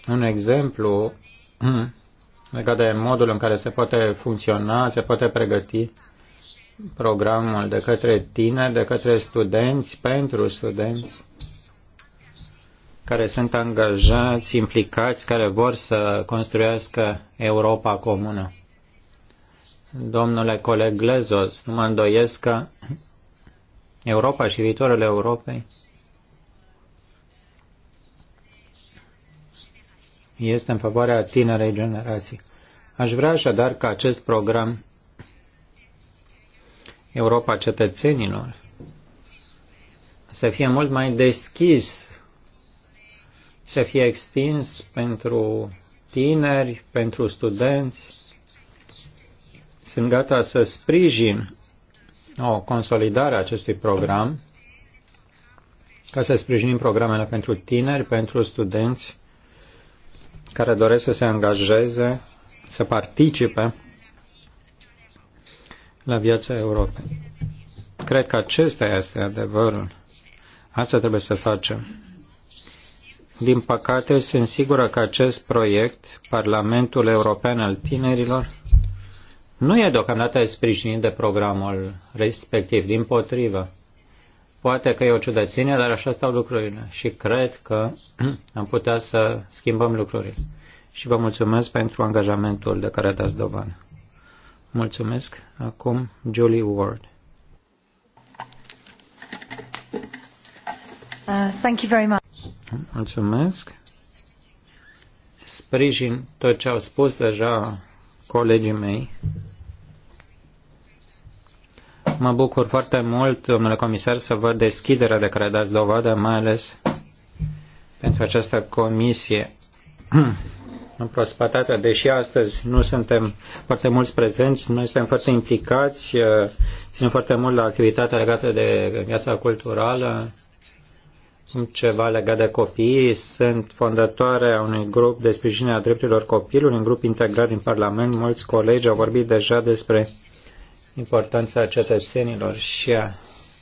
Un exemplu legat de modul în care se poate funcționa, se poate pregăti programul de către tine, de către studenți, pentru studenți care sunt angajați, implicați, care vor să construiască Europa comună. Domnule coleg Glezos, nu mă îndoiesc că Europa și viitorul Europei este în favoarea tinerei generații. Aș vrea așadar ca acest program Europa cetățenilor să fie mult mai deschis, să fie extins pentru tineri, pentru studenți. Sunt gata să sprijin o consolidare a acestui program ca să sprijinim programele pentru tineri, pentru studenți, care doresc să se angajeze, să participe la viața Europei. Cred că acesta este adevărul. Asta trebuie să facem. Din păcate, sunt sigură că acest proiect, Parlamentul European al Tinerilor, nu e deocamdată sprijinit de programul respectiv, din potrivă. Poate că e o ciudățenie, dar așa stau lucrurile și cred că am putea să schimbăm lucrurile. Și vă mulțumesc pentru angajamentul de care dați dovană. Mulțumesc. Acum Julie Ward. Uh, thank you very much. Mulțumesc. Sprijin tot ce au spus deja colegii mei Mă bucur foarte mult, domnule comisar, să văd deschiderea de care dați dovadă, mai ales pentru această comisie împrospătată, deși astăzi nu suntem foarte mulți prezenți, noi suntem foarte implicați, uh, ținem foarte mult la activitatea legată de viața culturală, ceva legat de copii, sunt fondătoare a unui grup de sprijinire a drepturilor copilului, un grup integrat din Parlament, mulți colegi au vorbit deja despre importanța cetățenilor și a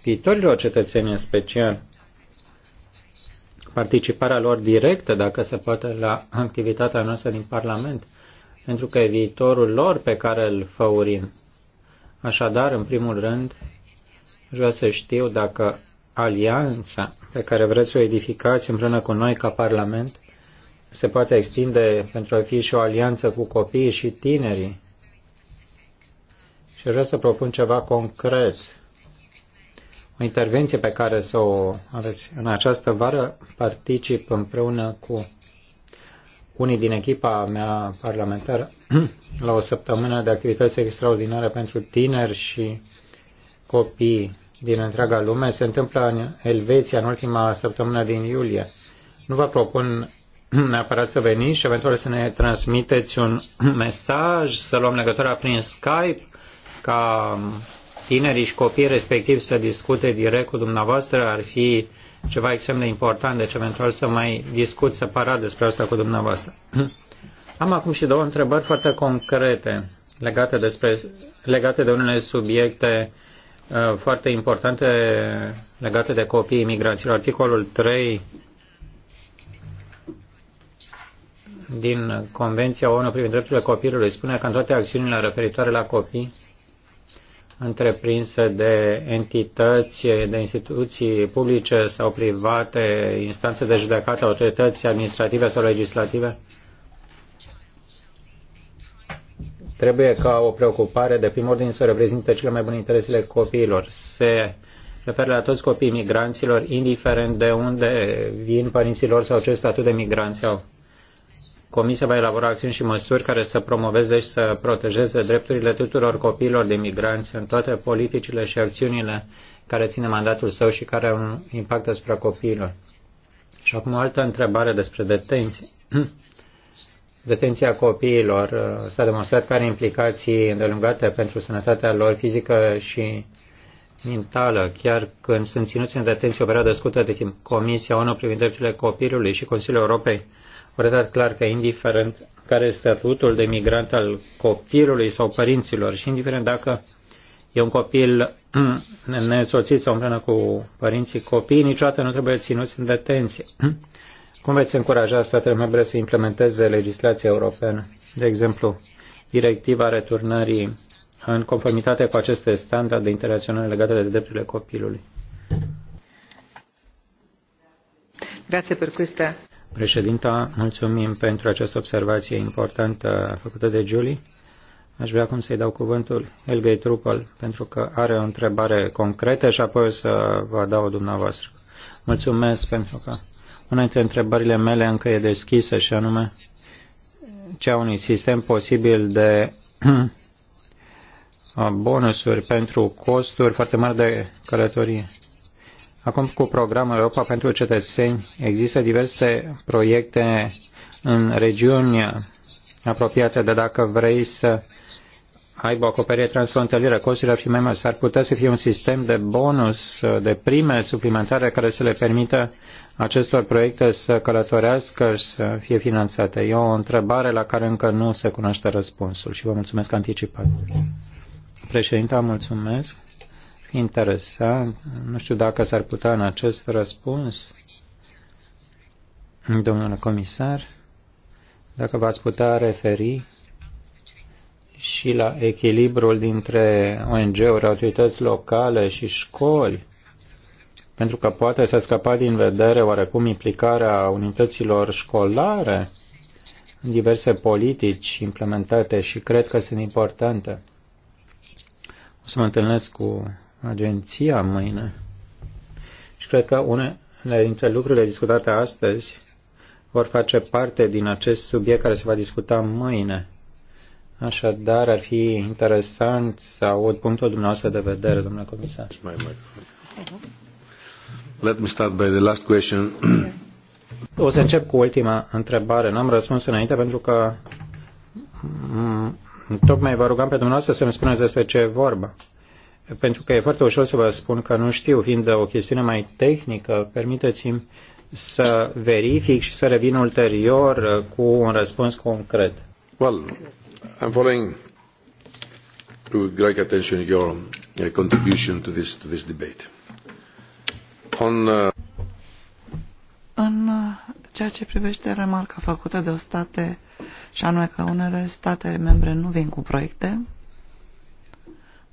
viitorilor cetățeni în special, participarea lor directă, dacă se poate, la activitatea noastră din Parlament, pentru că e viitorul lor pe care îl făurim. Așadar, în primul rând, aș vrea să știu dacă alianța pe care vreți să o edificați împreună cu noi ca Parlament se poate extinde pentru a fi și o alianță cu copiii și tinerii și vreau să propun ceva concret. O intervenție pe care să o aveți în această vară, particip împreună cu unii din echipa mea parlamentară la o săptămână de activități extraordinare pentru tineri și copii din întreaga lume. Se întâmplă în Elveția în ultima săptămână din iulie. Nu vă propun neapărat să veniți și eventual să ne transmiteți un mesaj, să luăm legătura prin Skype ca tinerii și copiii respectiv să discute direct cu dumneavoastră ar fi ceva extrem de important, deci eventual să mai discut separat despre asta cu dumneavoastră. Am acum și două întrebări foarte concrete legate, despre, legate de unele subiecte uh, foarte importante legate de copiii imigranților. Articolul 3 din Convenția ONU privind drepturile copilului spune că în toate acțiunile referitoare la copii, întreprinse de entități, de instituții publice sau private, instanțe de judecată, autorități administrative sau legislative? Trebuie ca o preocupare de prim ordine să reprezinte cele mai bune interesele copiilor. Se referă la toți copiii migranților, indiferent de unde vin părinților sau ce statut de migranți au. Comisia va elabora acțiuni și măsuri care să promoveze și să protejeze drepturile tuturor copiilor de migranți în toate politicile și acțiunile care ține mandatul său și care au un impact asupra copiilor. Și acum o altă întrebare despre detenție. Detenția copiilor uh, s-a demonstrat că are implicații îndelungate pentru sănătatea lor fizică și mentală, chiar când sunt ținuți în detenție o perioadă scurtă de timp. Comisia ONU privind drepturile copilului și Consiliul Europei arătat clar că indiferent care este statutul de migrant al copilului sau părinților și indiferent dacă e un copil nesoțit sau împreună cu părinții copii, niciodată nu trebuie ținuți în detenție. Cum veți încuraja statele membre să implementeze legislația europeană? De exemplu, directiva returnării în conformitate cu aceste standarde internaționale legate de drepturile copilului. Grazie per questa Președinta, mulțumim pentru această observație importantă făcută de Julie. Aș vrea acum să-i dau cuvântul Helgei Trupel, pentru că are o întrebare concretă și apoi o să vă dau dumneavoastră. Mulțumesc pentru că una dintre întrebările mele încă e deschisă și anume cea unui sistem posibil de bonusuri pentru costuri foarte mari de călătorie. Acum, cu programul Europa pentru cetățeni, există diverse proiecte în regiuni apropiate de dacă vrei să aibă o acoperire transfrontalieră, costurile ar fi mai mari. S-ar putea să fie un sistem de bonus, de prime suplimentare care să le permită acestor proiecte să călătorească și să fie finanțate. E o întrebare la care încă nu se cunoaște răspunsul și vă mulțumesc anticipat. Președinta, mulțumesc interesant, nu știu dacă s-ar putea în acest răspuns, domnule comisar, dacă v-ați putea referi și la echilibrul dintre ONG-uri, autorități locale și școli, pentru că poate să scăpa din vedere oarecum implicarea unităților școlare în diverse politici implementate și cred că sunt importante. O să mă întâlnesc cu agenția mâine. Și cred că unele dintre lucrurile discutate astăzi vor face parte din acest subiect care se va discuta mâine. Așadar, ar fi interesant să aud punctul dumneavoastră de vedere, domnule comisar. Let me start by the last question. O să încep cu ultima întrebare. N-am răspuns înainte pentru că tocmai vă rugam pe dumneavoastră să-mi spuneți despre ce e vorba pentru că e foarte ușor să vă spun că nu știu, fiind o chestiune mai tehnică, permiteți-mi să verific și să revin ulterior cu un răspuns concret. Well, I'm following to great attention your uh, contribution to this, to this debate. On, uh... În uh, ceea ce privește remarca făcută de o state, și anume că unele state membre nu vin cu proiecte,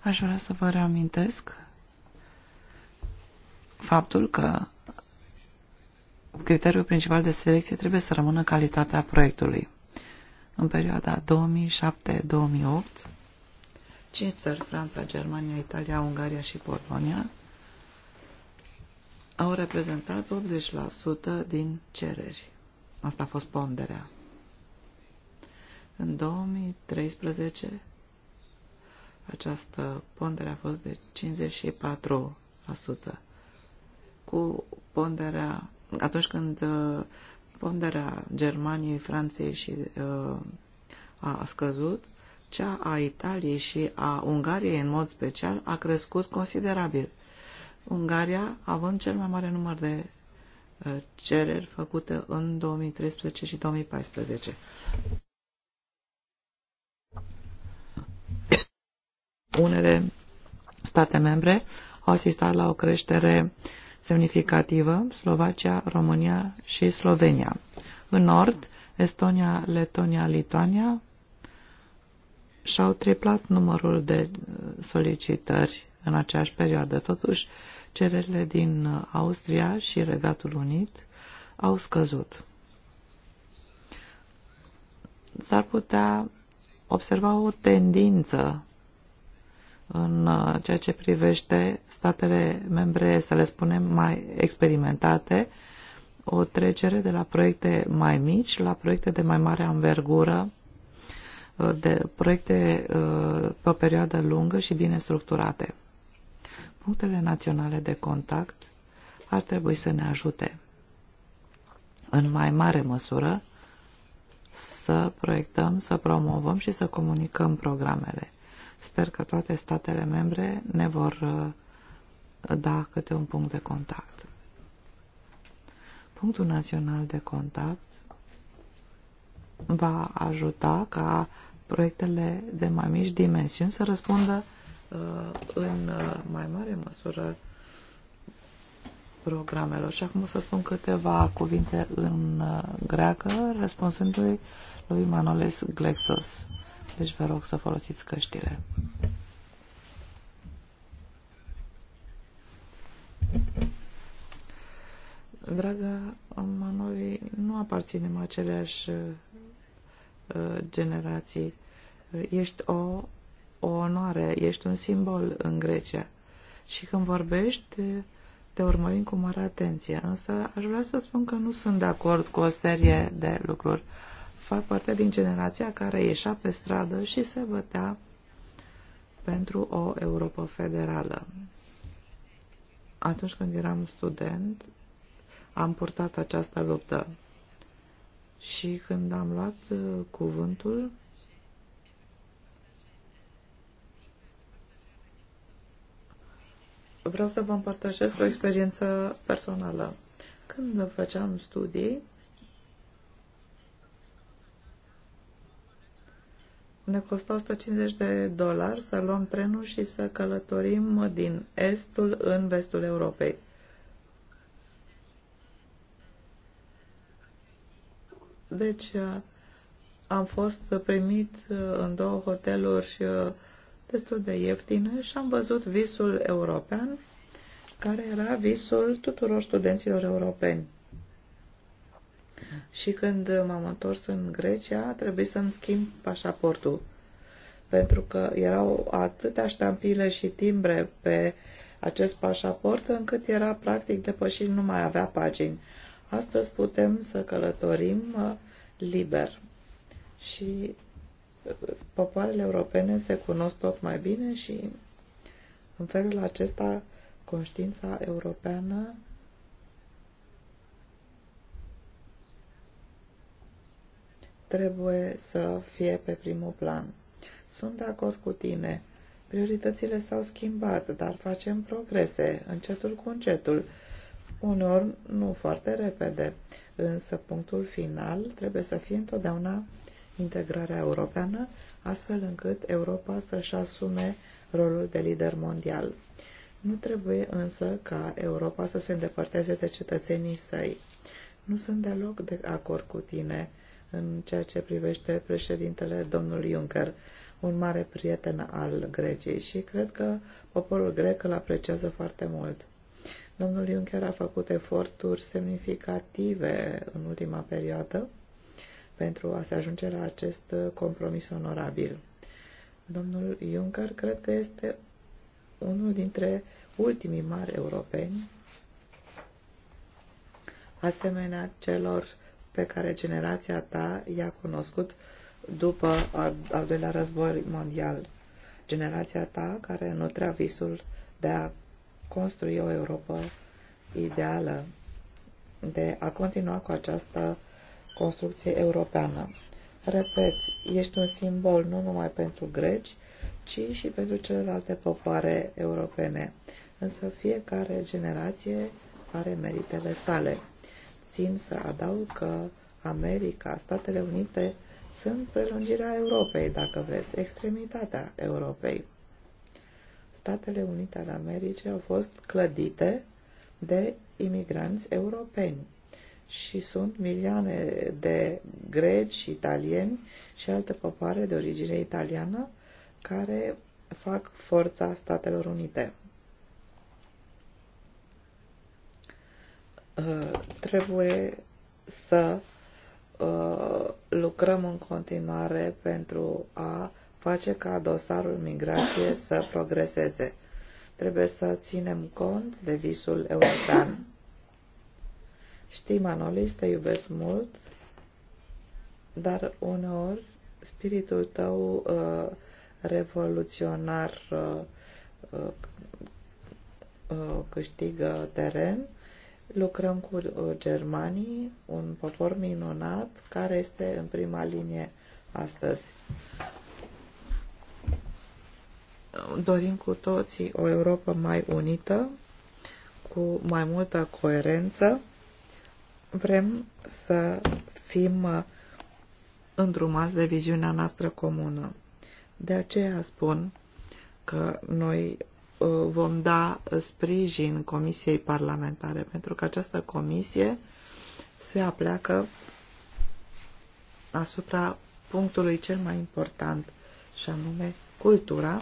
Aș vrea să vă reamintesc faptul că criteriul principal de selecție trebuie să rămână calitatea proiectului. În perioada 2007-2008, 5 țări, Franța, Germania, Italia, Ungaria și Polonia, au reprezentat 80% din cereri. Asta a fost ponderea. În 2013, această pondere a fost de 54%. Cu ponderea, atunci când uh, ponderea Germaniei, Franței și uh, a scăzut, cea a Italiei și a Ungariei în mod special a crescut considerabil. Ungaria având cel mai mare număr de uh, cereri făcute în 2013 și 2014. unele state membre au asistat la o creștere semnificativă, Slovacia, România și Slovenia. În nord, Estonia, Letonia, Lituania și-au triplat numărul de uh, solicitări în aceeași perioadă. Totuși, cererile din uh, Austria și Regatul Unit au scăzut. S-ar putea observa o tendință în uh, ceea ce privește statele membre, să le spunem, mai experimentate, o trecere de la proiecte mai mici la proiecte de mai mare anvergură, uh, de proiecte uh, pe o perioadă lungă și bine structurate. Punctele naționale de contact ar trebui să ne ajute în mai mare măsură să proiectăm, să promovăm și să comunicăm programele. Sper că toate statele membre ne vor uh, da câte un punct de contact. Punctul național de contact va ajuta ca proiectele de mai mici dimensiuni să răspundă uh, în uh, mai mare măsură programelor. Și acum o să spun câteva cuvinte în greacă, răspunsându-i lui Manoles Glexos. Deci vă rog să folosiți căștile. Dragă Manoli, nu aparținem aceleași uh, generații. Ești o, o onoare, ești un simbol în Grecia. Și când vorbești, te urmărim cu mare atenție. Însă aș vrea să spun că nu sunt de acord cu o serie de lucruri. Uh, fac parte din generația care ieșea pe stradă și se bătea pentru o Europa federală. Atunci când eram student, am purtat această luptă. Și când am luat uh, cuvântul, vreau să vă împărtășesc o experiență personală. Când făceam studii, ne costă 150 de dolari să luăm trenul și să călătorim din estul în vestul Europei. Deci uh, am fost primit uh, în două hoteluri uh, destul de ieftine și am văzut visul european, care era visul tuturor studenților europeni. Și când m-am întors în Grecia, trebuie să-mi schimb pașaportul. Pentru că erau atâtea ștampile și timbre pe acest pașaport încât era practic depășit, nu mai avea pagini. Astăzi putem să călătorim uh, liber. Și uh, popoarele europene se cunosc tot mai bine și în felul acesta conștiința europeană trebuie să fie pe primul plan. Sunt de acord cu tine. Prioritățile s-au schimbat, dar facem progrese, încetul cu încetul. Uneori, nu foarte repede, însă punctul final trebuie să fie întotdeauna integrarea europeană, astfel încât Europa să-și asume rolul de lider mondial. Nu trebuie însă ca Europa să se îndepărteze de cetățenii săi. Nu sunt deloc de acord cu tine în ceea ce privește președintele domnul Juncker, un mare prieten al Greciei și cred că poporul grec îl apreciază foarte mult. Domnul Juncker a făcut eforturi semnificative în ultima perioadă pentru a se ajunge la acest compromis onorabil. Domnul Juncker cred că este unul dintre ultimii mari europeni, asemenea celor pe care generația ta i-a cunoscut după al doilea război mondial. Generația ta care nutrea visul de a construi o Europa ideală, de a continua cu această construcție europeană. Repet, ești un simbol nu numai pentru greci, ci și pentru celelalte popoare europene. Însă fiecare generație are meritele sale țin să adaug că America, Statele Unite sunt prelungirea Europei, dacă vreți, extremitatea Europei. Statele Unite ale Americii au fost clădite de imigranți europeni și sunt milioane de greci, italieni și alte popoare de origine italiană care fac forța Statelor Unite. Uh, trebuie să uh, lucrăm în continuare pentru a face ca dosarul migrație să progreseze. Trebuie să ținem cont de visul european. Știi, Manolis, te iubesc mult, dar uneori spiritul tău uh, revoluționar uh, uh, câștigă teren Lucrăm cu uh, germanii, un popor minunat care este în prima linie astăzi. Dorim cu toții o Europa mai unită, cu mai multă coerență. Vrem să fim uh, îndrumați de viziunea noastră comună. De aceea spun că noi Uh, vom da uh, sprijin Comisiei Parlamentare, pentru că această comisie se apleacă asupra punctului cel mai important, și anume cultura.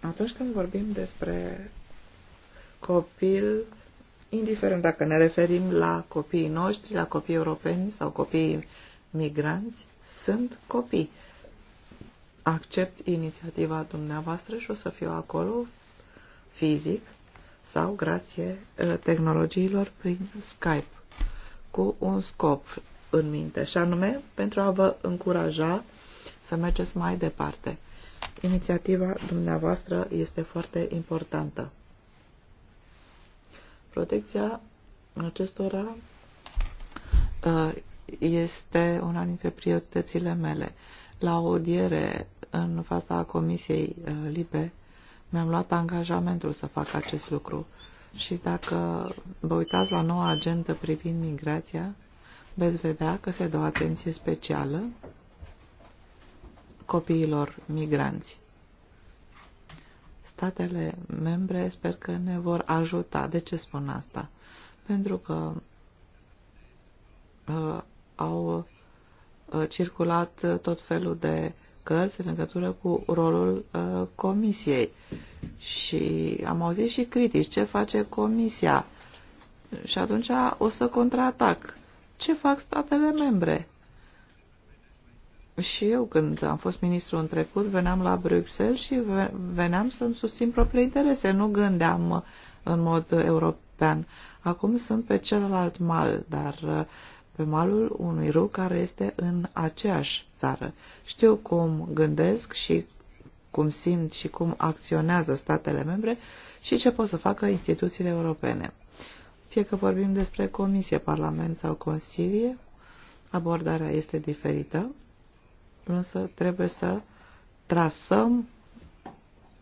Atunci când vorbim despre copil, indiferent dacă ne referim la copiii noștri, la copii europeni sau copiii migranți, sunt copii. Accept inițiativa dumneavoastră și o să fiu acolo fizic sau grație ă, tehnologiilor prin Skype cu un scop în minte și anume pentru a vă încuraja să mergeți mai departe. Inițiativa dumneavoastră este foarte importantă. Protecția acestora ă, este una dintre prioritățile mele. La audiere în fața Comisiei uh, Libe mi-am luat angajamentul să fac acest lucru. Și dacă vă uitați la noua agendă privind migrația, veți vedea că se dă o atenție specială copiilor migranți. Statele membre sper că ne vor ajuta. De ce spun asta? Pentru că uh, au uh, circulat uh, tot felul de cărți în legătură cu rolul uh, comisiei. Și am auzit și critici ce face comisia. Și atunci o să contraatac. Ce fac statele membre? Și eu, când am fost ministru în trecut, veneam la Bruxelles și veneam să-mi susțin propriile interese. Nu gândeam în mod european. Acum sunt pe celălalt mal, dar pe malul unui râu care este în aceeași țară. Știu cum gândesc și cum simt și cum acționează statele membre și ce pot să facă instituțiile europene. Fie că vorbim despre Comisie, Parlament sau Consilie, abordarea este diferită, însă trebuie să trasăm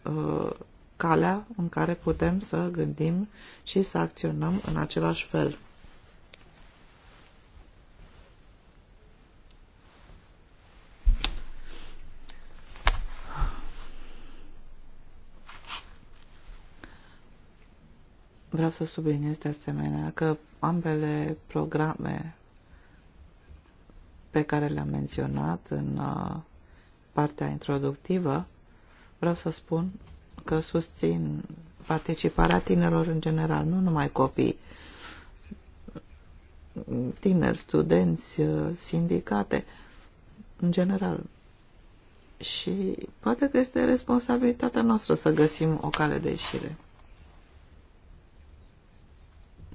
uh, calea în care putem să gândim și să acționăm în același fel. Vreau să subliniez de asemenea că ambele programe pe care le-am menționat în uh, partea introductivă, vreau să spun că susțin participarea tinerilor în general, nu numai copii, tineri, studenți, uh, sindicate, în general. Și poate că este responsabilitatea noastră să găsim o cale de ieșire.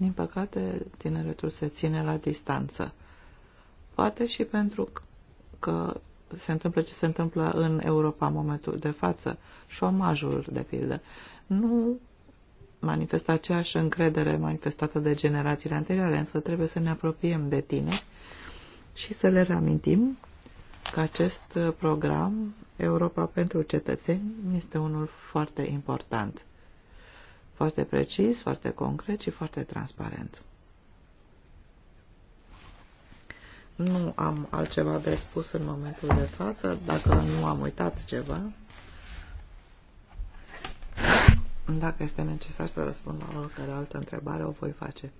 Din păcate, tineretul se ține la distanță. Poate și pentru că se întâmplă ce se întâmplă în Europa în momentul de față, șomajul, de pildă. Nu manifestă aceeași încredere manifestată de generațiile anterioare, însă trebuie să ne apropiem de tine și să le reamintim că acest program Europa pentru cetățeni este unul foarte important foarte precis, foarte concret și foarte transparent. Nu am altceva de spus în momentul de față, dacă nu am uitat ceva. Dacă este necesar să răspund la oricare altă întrebare, o voi face.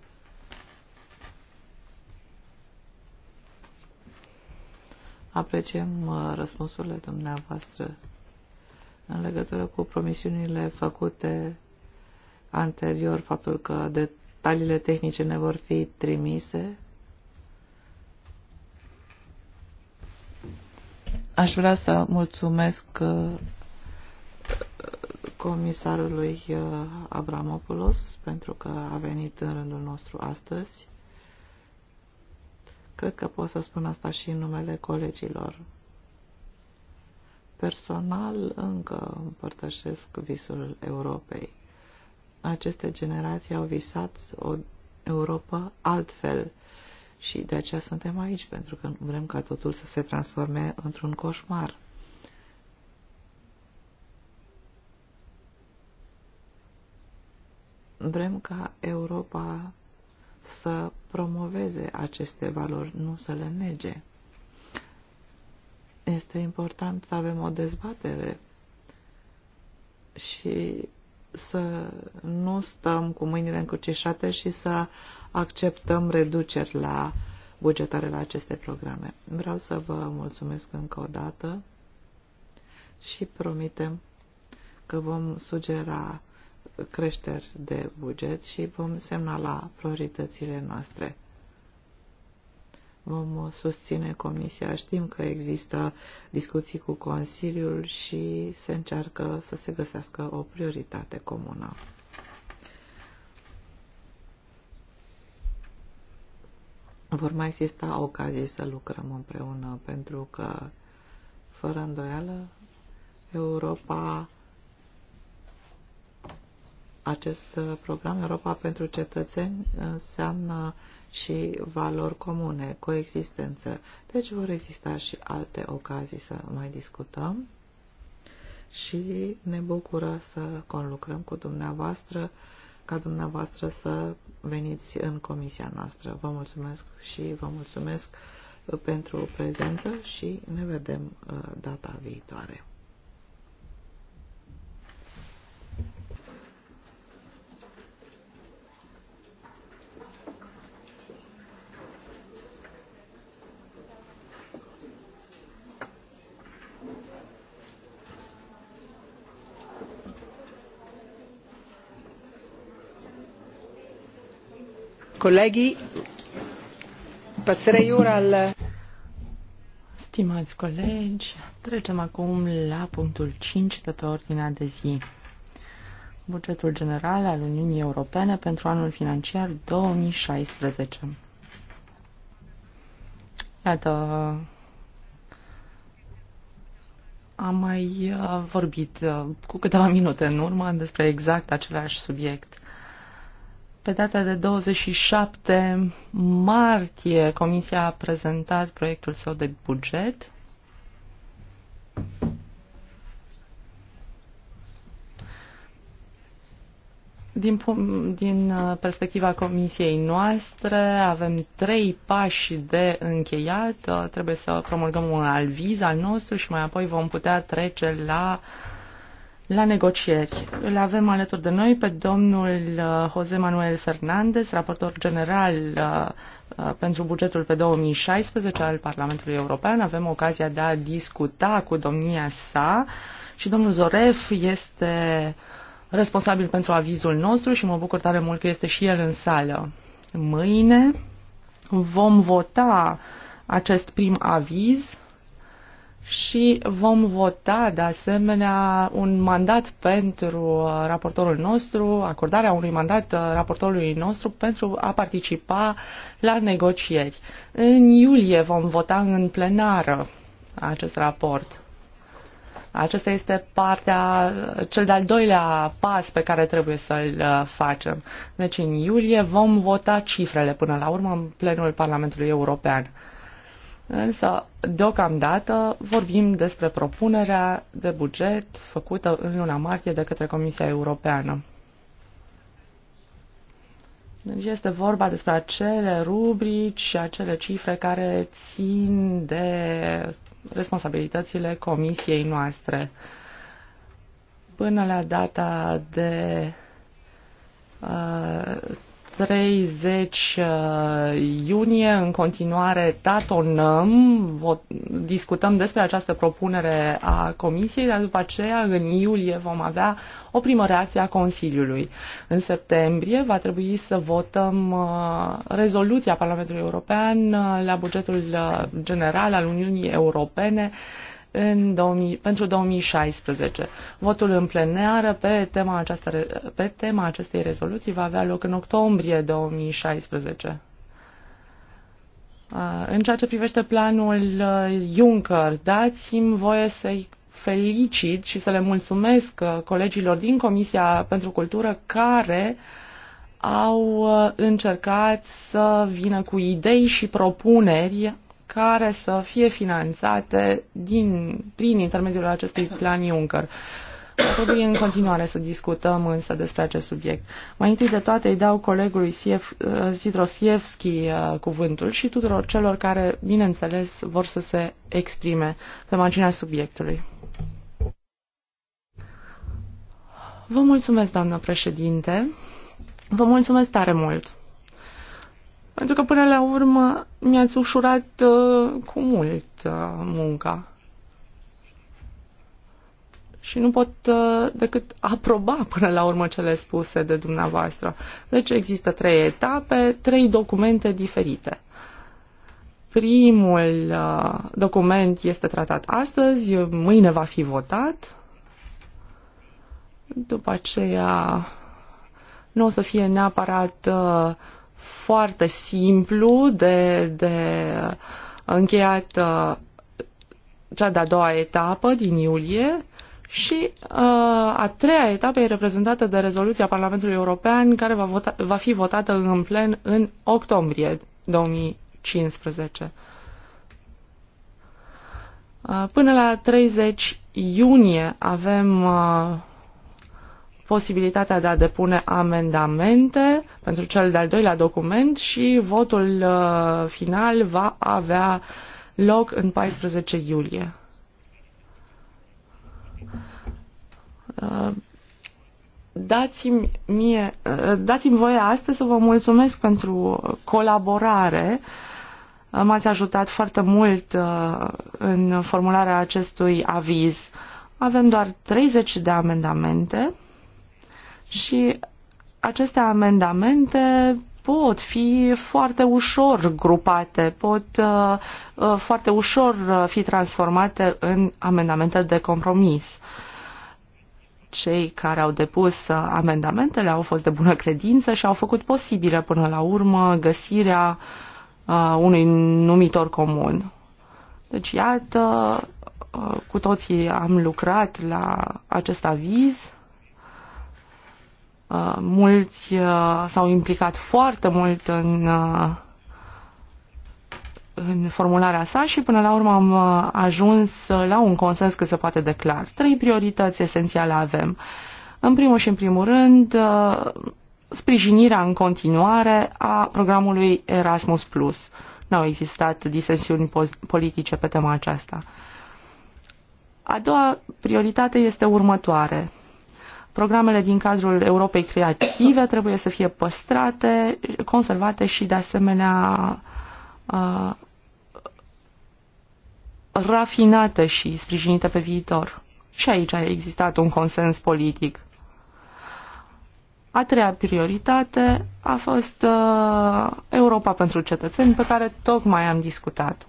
Apreciem uh, răspunsurile dumneavoastră în legătură cu promisiunile făcute anterior faptul că detaliile tehnice ne vor fi trimise. Aș vrea să mulțumesc uh, comisarului uh, Abramopoulos pentru că a venit în rândul nostru astăzi. Cred că pot să spun asta și în numele colegilor. Personal încă împărtășesc visul Europei aceste generații au visat o Europa altfel și de aceea suntem aici, pentru că vrem ca totul să se transforme într-un coșmar. Vrem ca Europa să promoveze aceste valori, nu să le nege. Este important să avem o dezbatere și să nu stăm cu mâinile încrucișate și să acceptăm reduceri la bugetare la aceste programe. Vreau să vă mulțumesc încă o dată și promitem că vom sugera creșteri de buget și vom semna la prioritățile noastre vom uh, susține Comisia. Știm că există discuții cu Consiliul și se încearcă să se găsească o prioritate comună. Vor mai exista ocazii să lucrăm împreună, pentru că, fără îndoială, Europa, acest program Europa pentru cetățeni înseamnă și valori comune, coexistență. Deci vor exista și alte ocazii să mai discutăm și ne bucură să conlucrăm cu dumneavoastră, ca dumneavoastră să veniți în comisia noastră. Vă mulțumesc și vă mulțumesc pentru prezență și ne vedem uh, data viitoare. Colegii, passerei al... Stimați colegi, trecem acum la punctul 5 de pe ordinea de zi. Bugetul general al Uniunii Europene pentru anul financiar 2016. Iată, am mai uh, vorbit uh, cu câteva minute în urmă despre exact același subiect. Pe data de 27 martie, Comisia a prezentat proiectul său de buget. Din, din uh, perspectiva comisiei noastre, avem trei pași de încheiat. Uh, trebuie să promulgăm un alviz al nostru și mai apoi vom putea trece la uh, la negocieri. Îl avem alături de noi pe domnul uh, Jose Manuel Fernandez, raportor general uh, uh, pentru bugetul pe 2016 al Parlamentului European. Avem ocazia de a discuta cu domnia sa și domnul Zoref este responsabil pentru avizul nostru și mă bucur tare mult că este și el în sală. Mâine vom vota acest prim aviz și vom vota de asemenea un mandat pentru uh, raportorul nostru, acordarea unui mandat uh, raportorului nostru pentru a participa la negocieri. În iulie vom vota în plenară acest raport. Acesta este partea, uh, cel de-al doilea pas pe care trebuie să-l facem. Deci în iulie vom vota cifrele până la urmă în plenul Parlamentului European. Însă, deocamdată, vorbim despre propunerea de buget făcută în luna martie de către Comisia Europeană. Deci este vorba despre acele rubrici și acele cifre care țin de responsabilitățile comisiei noastre. Până la data de uh, 30 uh, iunie. În continuare tatonăm, vot, discutăm despre această propunere a Comisiei, dar după aceea în iulie vom avea o primă reacție a Consiliului. În septembrie va trebui să votăm uh, rezoluția Parlamentului European uh, la bugetul general al Uniunii Europene în 2000, pentru 2016. Votul în plenară pe tema, aceasta, pe tema acestei rezoluții va avea loc în octombrie 2016. În ceea ce privește planul uh, Juncker, dați-mi voie să-i felicit și să le mulțumesc uh, colegilor din Comisia pentru Cultură care au uh, încercat să vină cu idei și propuneri care să fie finanțate din, prin intermediul acestui plan Juncker. Trebuie în continuare să discutăm însă despre acest subiect. Mai întâi de toate îi dau colegului Sief, uh, Sidrosievski uh, cuvântul și tuturor celor care, bineînțeles, vor să se exprime pe marginea subiectului. Vă mulțumesc, doamnă președinte. Vă mulțumesc tare mult. Pentru că până la urmă mi-ați ușurat uh, cu mult uh, munca. Și nu pot uh, decât aproba până la urmă cele spuse de dumneavoastră. Deci există trei etape, trei documente diferite. Primul uh, document este tratat astăzi, mâine va fi votat. După aceea nu o să fie neapărat uh, foarte simplu de, de încheiat uh, cea de-a doua etapă din iulie și uh, a treia etapă e reprezentată de rezoluția Parlamentului European care va, vota, va fi votată în plen în octombrie 2015. Uh, până la 30 iunie avem posibilitatea de a depune amendamente pentru cel de-al doilea document și votul uh, final va avea loc în 14 iulie. Uh, dați-mi, mie, uh, dați-mi voie astăzi să vă mulțumesc pentru colaborare. M-ați ajutat foarte mult în formularea acestui aviz. Avem doar 30 de amendamente și aceste amendamente pot fi foarte ușor grupate, pot uh, uh, foarte ușor uh, fi transformate în amendamente de compromis. Cei care au depus amendamentele au fost de bună credință și au făcut posibile până la urmă găsirea unui numitor comun. Deci, iată, cu toții am lucrat la acest aviz Uh, mulți uh, s-au implicat foarte mult în, uh, în formularea sa și până la urmă am ajuns la un consens cât se poate de clar. Trei priorități esențiale avem. În primul și în primul rând, sprijinirea în continuare a programului Erasmus+. Nu au existat disensiuni politice pe tema aceasta. A doua prioritate este următoare Programele din cadrul Europei Creative trebuie să fie păstrate, conservate și, de asemenea, uh, rafinate și sprijinite pe viitor. Și aici a existat un consens politic. A treia prioritate a fost uh, Europa pentru cetățeni, pe care tocmai am discutat-o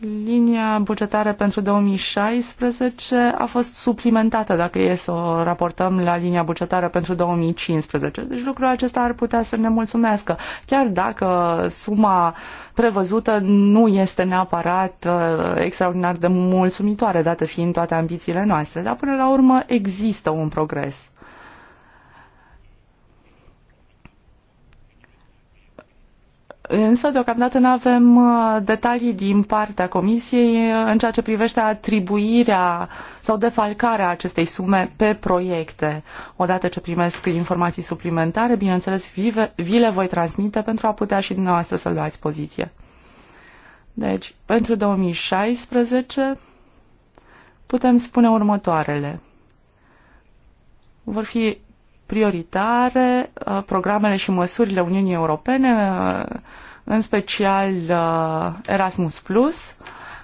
linia bugetară pentru 2016 a fost suplimentată, dacă e să o raportăm la linia bugetară pentru 2015. Deci lucrul acesta ar putea să ne mulțumească, chiar dacă suma prevăzută nu este neapărat uh, extraordinar de mulțumitoare, dată fiind toate ambițiile noastre, dar până la urmă există un progres. Însă, deocamdată, nu avem uh, detalii din partea Comisiei uh, în ceea ce privește atribuirea sau defalcarea acestei sume pe proiecte. Odată ce primesc informații suplimentare, bineînțeles, vi le voi transmite pentru a putea și dumneavoastră să luați poziție. Deci, pentru 2016 putem spune următoarele. Vor fi prioritare uh, programele și măsurile Uniunii Europene, uh, în special uh, Erasmus+, Plus,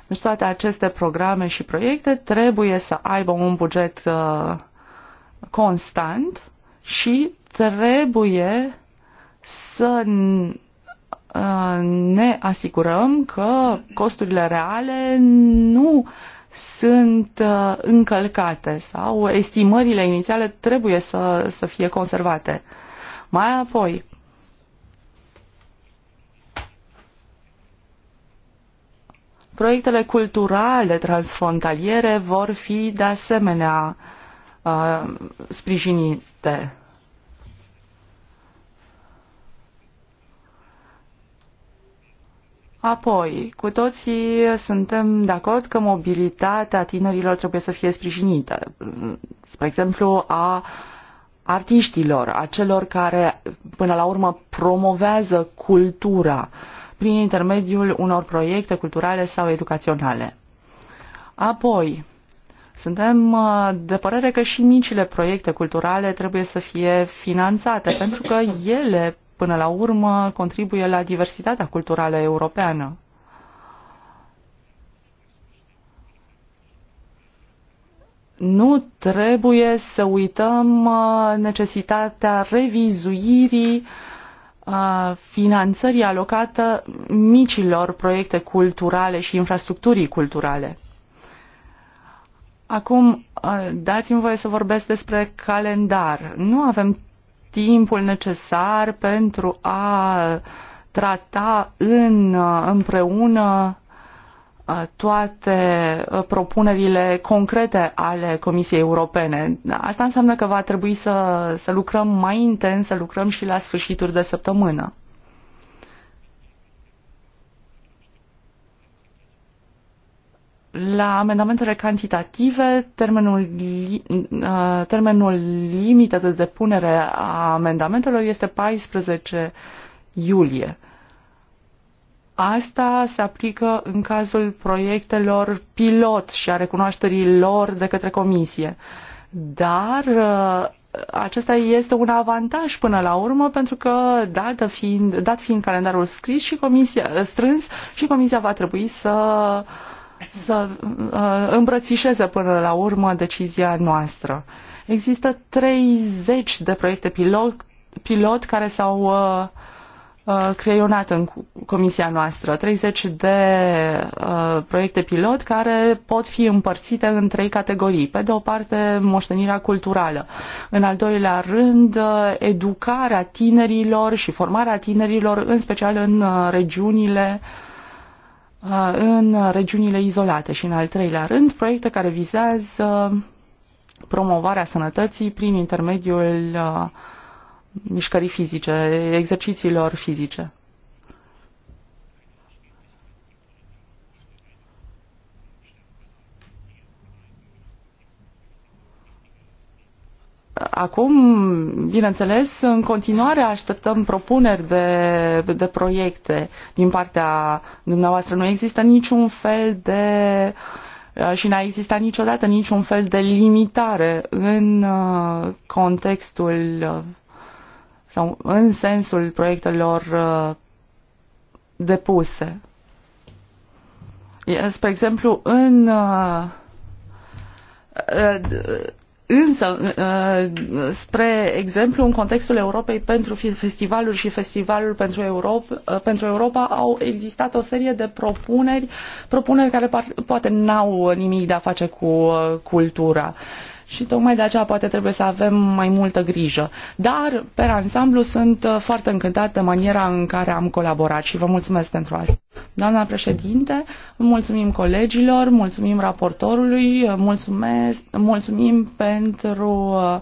deci toate aceste programe și proiecte trebuie să aibă un buget constant și trebuie să ne asigurăm că costurile reale nu uh, sunt uh, încălcate sau estimările inițiale trebuie să, să fie conservate. Mai apoi, proiectele culturale transfrontaliere vor fi de asemenea uh, sprijinite. Apoi, cu toții suntem de acord că mobilitatea tinerilor trebuie să fie sprijinită. Spre exemplu, a artiștilor, a celor care până la urmă promovează cultura prin intermediul unor proiecte culturale sau educaționale. Apoi, suntem uh, de părere că și micile proiecte culturale trebuie să fie finanțate, pentru că ele până la urmă, contribuie la diversitatea culturală europeană. Nu trebuie să uităm uh, necesitatea revizuirii uh, finanțării alocată micilor proiecte culturale și infrastructurii culturale. Acum, uh, dați-mi voie să vorbesc despre calendar. Nu avem timpul necesar pentru a trata în, împreună uh, toate uh, propunerile concrete ale Comisiei Europene. Asta înseamnă că va trebui să, să lucrăm mai intens, să lucrăm și la sfârșituri de săptămână. La amendamentele cantitative, termenul, uh, termenul limită de depunere a amendamentelor este 14 iulie. Asta se aplică în cazul proiectelor pilot și a recunoașterii lor de către comisie. Dar uh, acesta este un avantaj până la urmă pentru că dată fiind, dat fiind calendarul scris și comisia, strâns și comisia va trebui să uh, să uh, îmbrățișeze până la urmă decizia noastră. Există 30 de proiecte pilot, pilot care s-au uh, uh creionat în comisia noastră, 30 de uh, proiecte pilot care pot fi împărțite în trei categorii. Pe de o parte, moștenirea culturală. În al doilea rând, uh, educarea tinerilor și formarea tinerilor, în special în uh, regiunile uh, Uh, în regiunile izolate și, în al treilea rând, proiecte care vizează promovarea sănătății prin intermediul uh, mișcării fizice, exercițiilor fizice. acum, bineînțeles, în continuare așteptăm propuneri de, de proiecte din partea dumneavoastră. Nu există niciun fel de uh, și n-a existat niciodată niciun fel de limitare în uh, contextul uh, sau în sensul proiectelor depuse. Spre exemplu, în Însă, uh, spre exemplu, în contextul Europei pentru festivalul și festivalul pentru Europa, uh, pentru Europa au existat o serie de propuneri, propuneri care poate n-au nimic de a face cu uh, cultura și tocmai de aceea poate trebuie să avem mai multă grijă. Dar, pe ansamblu, sunt uh, foarte încântat de maniera în care am colaborat și vă mulțumesc pentru asta. Doamna președinte, mulțumim colegilor, mulțumim raportorului, uh, mulțumesc, mulțumim pentru uh,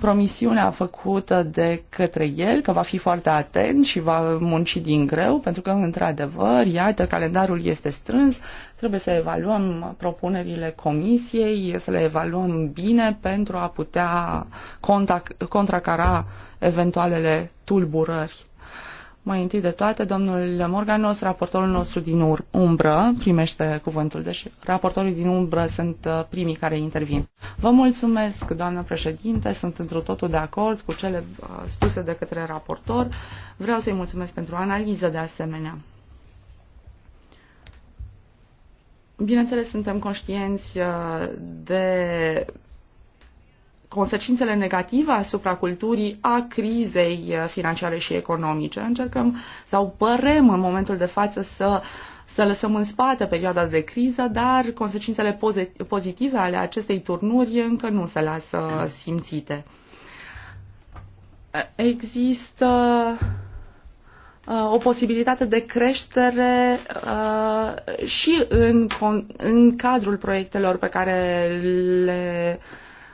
promisiunea făcută de către el că va fi foarte atent și va munci din greu, pentru că, într-adevăr, iată, calendarul este strâns, Trebuie să evaluăm propunerile comisiei, să le evaluăm bine pentru a putea contracara eventualele tulburări. Mai întâi de toate, domnul Morganos, raportorul nostru din umbră, primește cuvântul. Deci, raportorii din umbră sunt uh, primii care intervin. Vă mulțumesc, doamnă președinte, sunt într totul de acord cu cele uh, spuse de către raportor. Vreau să-i mulțumesc pentru analiză de asemenea. Bineînțeles, suntem conștienți uh, de consecințele negative asupra culturii a crizei uh, financiare și economice. Încercăm sau părem în momentul de față să să lăsăm în spate perioada de criză, dar consecințele pozitive ale acestei turnuri încă nu se lasă simțite. Există o posibilitate de creștere uh, și în, în cadrul proiectelor pe care le,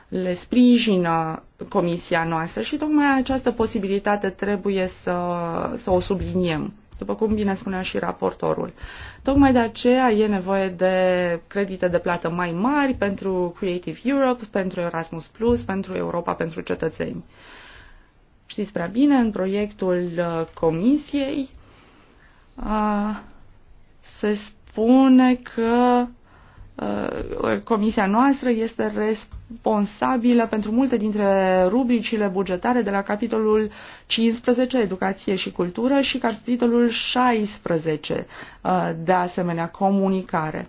le sprijină comisia noastră și tocmai această posibilitate trebuie să, să o subliniem după cum bine spunea și raportorul. Tocmai de aceea e nevoie de credite de plată mai mari pentru Creative Europe, pentru Erasmus+, pentru Europa pentru cetățeni. Uh, Știți prea bine, în proiectul uh, comisiei uh, se spune că uh, comisia noastră este responsabilă pentru multe dintre rubricile bugetare de la capitolul 15, educație și cultură, și capitolul 16, de asemenea, comunicare.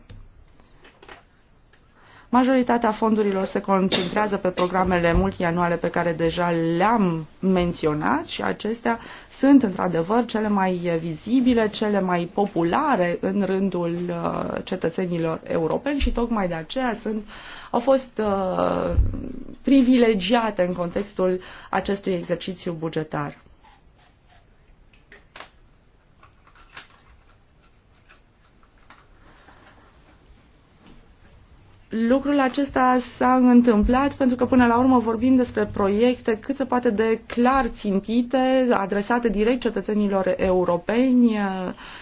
Majoritatea fondurilor se concentrează pe programele multianuale pe care deja le-am menționat și acestea sunt într-adevăr cele mai vizibile, cele mai populare în rândul uh, cetățenilor europeni și tocmai de aceea sunt, au fost uh, privilegiate în contextul acestui exercițiu bugetar. Lucrul acesta s-a întâmplat pentru că până la urmă vorbim despre proiecte cât se poate de clar țintite, adresate direct cetățenilor europeni uh,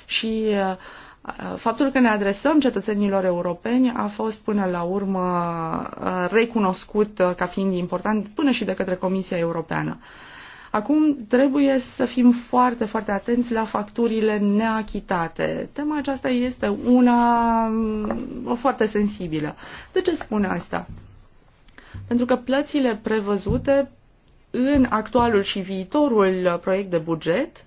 și uh, faptul că ne adresăm cetățenilor europeni a fost până la urmă uh, recunoscut ca fiind important până și de către Comisia Europeană. Acum trebuie să fim foarte, foarte atenți la facturile neachitate. Tema aceasta este una mm, foarte sensibilă. De ce spune asta? Pentru că plățile prevăzute în actualul și viitorul proiect de buget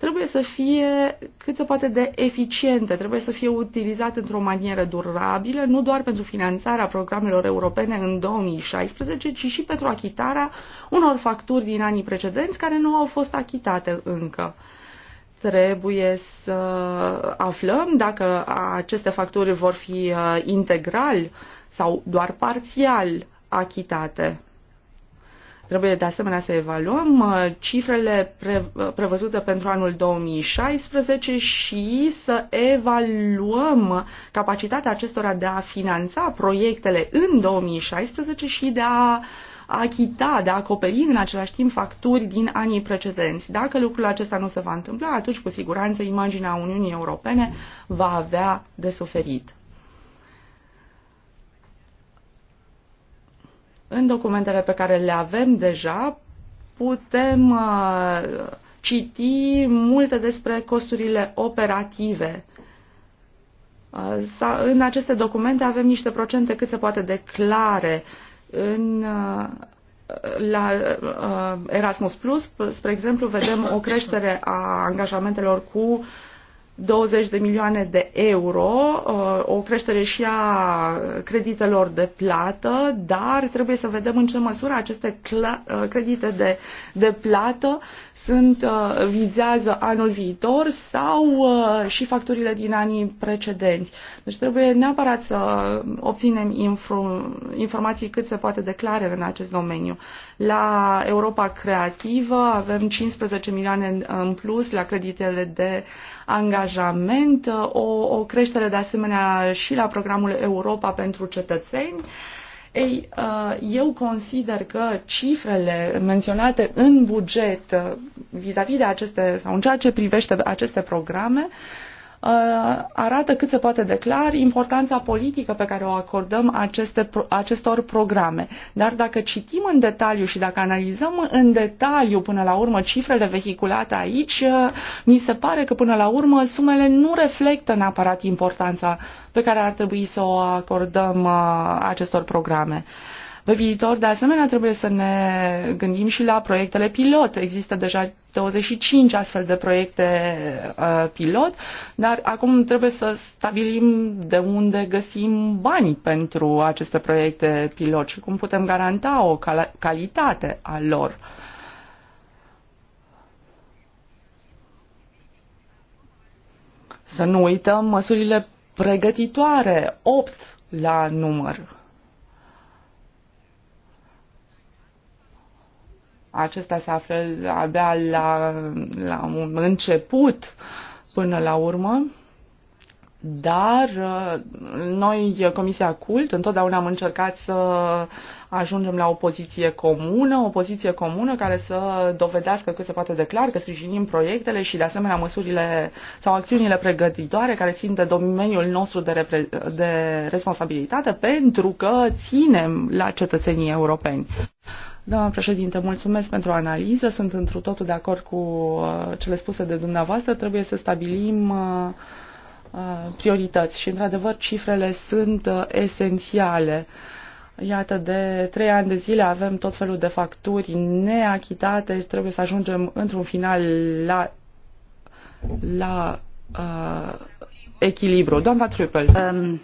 trebuie să fie cât se poate de eficiente, trebuie să fie utilizat într-o manieră durabilă, nu doar pentru finanțarea programelor europene în 2016, ci și pentru achitarea unor facturi din anii precedenți care nu au fost achitate încă trebuie să aflăm dacă aceste facturi vor fi uh, integral sau doar parțial achitate. Trebuie de asemenea să evaluăm uh, cifrele pre, uh, prevăzute pentru anul 2016 și să evaluăm capacitatea acestora de a finanța proiectele în 2016 și de a achita, de a acoperi în același timp facturi din anii precedenți. Dacă lucrul acesta nu se va întâmpla, atunci cu siguranță imaginea Uniunii Europene va avea de suferit. În documentele pe care le avem deja putem uh, citi multe despre costurile operative. Uh, în aceste documente avem niște procente cât se poate de clare. În, uh, la Erasmus Plus, spre exemplu, vedem o creștere a angajamentelor cu 20 de milioane de euro, uh, o creștere și a creditelor de plată, dar trebuie să vedem în ce măsură aceste uh, credite de, de plată sunt, uh, vizează anul viitor sau și facturile din anii precedenți. Deci trebuie neapărat să obținem informații cât se poate declare în acest domeniu. La Europa Creativă avem 15 milioane în plus la creditele de angajament, uh, o, o creștere de asemenea și la programul Europa pentru cetățeni. Ei, uh, eu consider că cifrele menționate în buget uh, vis-a-vis -vis de aceste, sau în ceea ce privește aceste programe, uh, Uh, arată cât se poate de clar importanța politică pe care o acordăm aceste, acestor programe. Dar dacă citim în detaliu și dacă analizăm în detaliu până la urmă cifrele vehiculate aici, uh, mi se pare că până la urmă sumele nu reflectă neapărat importanța pe care ar trebui să o acordăm uh, acestor programe. Uh, pe viitor, de asemenea, trebuie să ne gândim și la proiectele pilot. Există deja 25 astfel de proiecte uh, pilot, dar acum trebuie să stabilim de unde găsim banii pentru aceste proiecte pilot și cum putem garanta o cal- calitate a lor. Să nu uităm măsurile pregătitoare, 8 la număr acesta se află abia la, la un început până la urmă, dar uh, noi, Comisia Cult, întotdeauna am încercat să ajungem la o poziție comună, o poziție comună care să dovedească cât se poate de clar că sprijinim proiectele și, de asemenea, măsurile sau acțiunile pregătitoare care țin de domeniul nostru de, repre- de responsabilitate pentru că ținem la cetățenii europeni. Doamna președinte, mulțumesc pentru analiză. Sunt întru totul de acord cu uh, cele spuse de dumneavoastră. Trebuie să stabilim uh, uh, priorități și, într-adevăr, cifrele sunt esențiale. Iată, de trei ani de zile avem tot felul de facturi neachitate și trebuie să ajungem într-un final la, la uh, echilibru. Doamna Trupel. Um.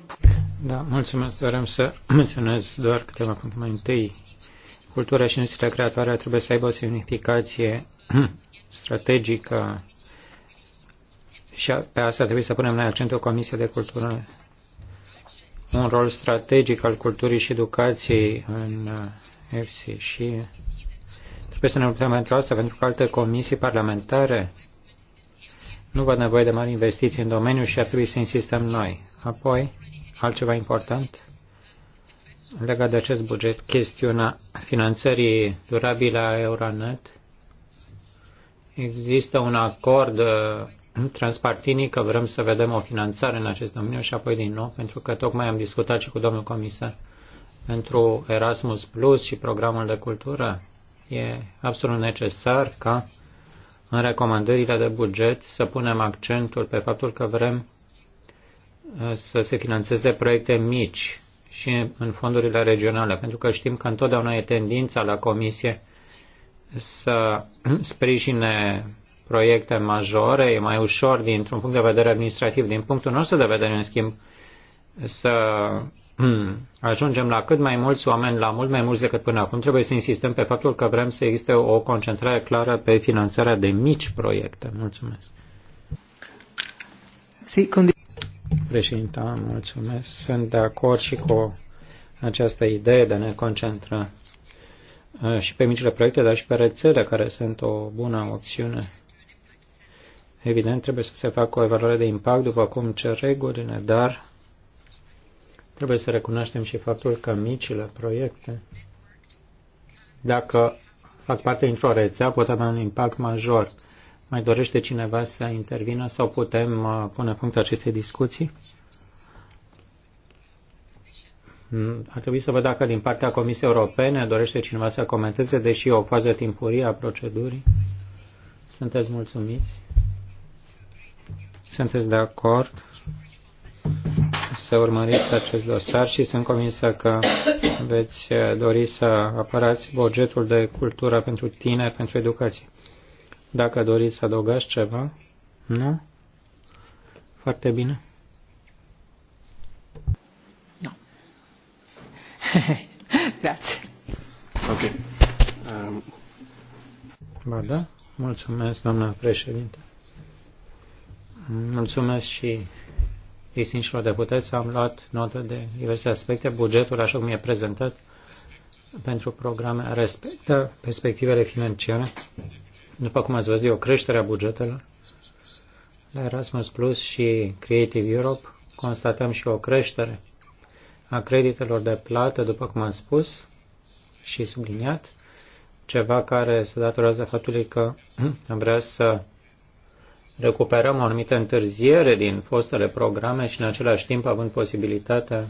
Da, mulțumesc. Doream să menționez doar câteva puncte mai întâi Cultura și industria creatoare trebuie să aibă o semnificație strategică și pe asta trebuie să punem noi accentul Comisiei de Cultură. Un rol strategic al culturii și educației în uh, FC. și trebuie să ne luptăm pentru asta, pentru că alte comisii parlamentare nu văd nevoie de mari investiții în domeniu și ar trebui să insistăm noi. Apoi, altceva important, legat de acest buget, chestiunea finanțării durabile a Euronet. Există un acord uh, transpartinic că vrem să vedem o finanțare în acest domeniu și apoi din nou, pentru că tocmai am discutat și cu domnul comisar pentru Erasmus Plus și programul de cultură. E absolut necesar ca în recomandările de buget să punem accentul pe faptul că vrem uh, să se financeze proiecte mici, și în fondurile regionale, pentru că știm că întotdeauna e tendința la Comisie să sprijine proiecte majore, e mai ușor dintr-un punct de vedere administrativ. Din punctul nostru de vedere, în schimb, să ajungem la cât mai mulți oameni, la mult mai mulți decât până acum. Trebuie să insistăm pe faptul că vrem să existe o concentrare clară pe finanțarea de mici proiecte. Mulțumesc. Sí, condi- președinte, mulțumesc. Sunt de acord și cu această idee de a ne concentra uh, și pe micile proiecte, dar și pe rețele care sunt o bună opțiune. Evident, trebuie să se facă o evaluare de impact după cum ce regulile, dar trebuie să recunoaștem și faptul că micile proiecte, dacă fac parte dintr-o rețea, pot avea un impact major mai dorește cineva să intervină sau putem uh, pune punct acestei discuții? Mm, ar trebui să văd dacă din partea Comisiei Europene dorește cineva să comenteze, deși e o fază timpurie a procedurii. Sunteți mulțumiți? Sunteți de acord să urmăriți acest dosar și sunt convinsă că veți uh, dori să apărați bugetul de cultură pentru tine, pentru educație. Dacă doriți să adăugați ceva, nu? Foarte bine. Nu. Grazie. Ok. Um... Ba da? Mulțumesc, doamna președinte. Mulțumesc și distinșilor deputeți. Am luat notă de diverse aspecte. Bugetul, așa cum e prezentat, pentru programe respectă perspectivele financiare după cum ați văzut, o creștere a bugetelor. La Erasmus Plus și Creative Europe constatăm și o creștere a creditelor de plată, după cum am spus și subliniat, ceva care se datorează faptului că am vrea să recuperăm o anumită întârziere din fostele programe și în același timp având posibilitatea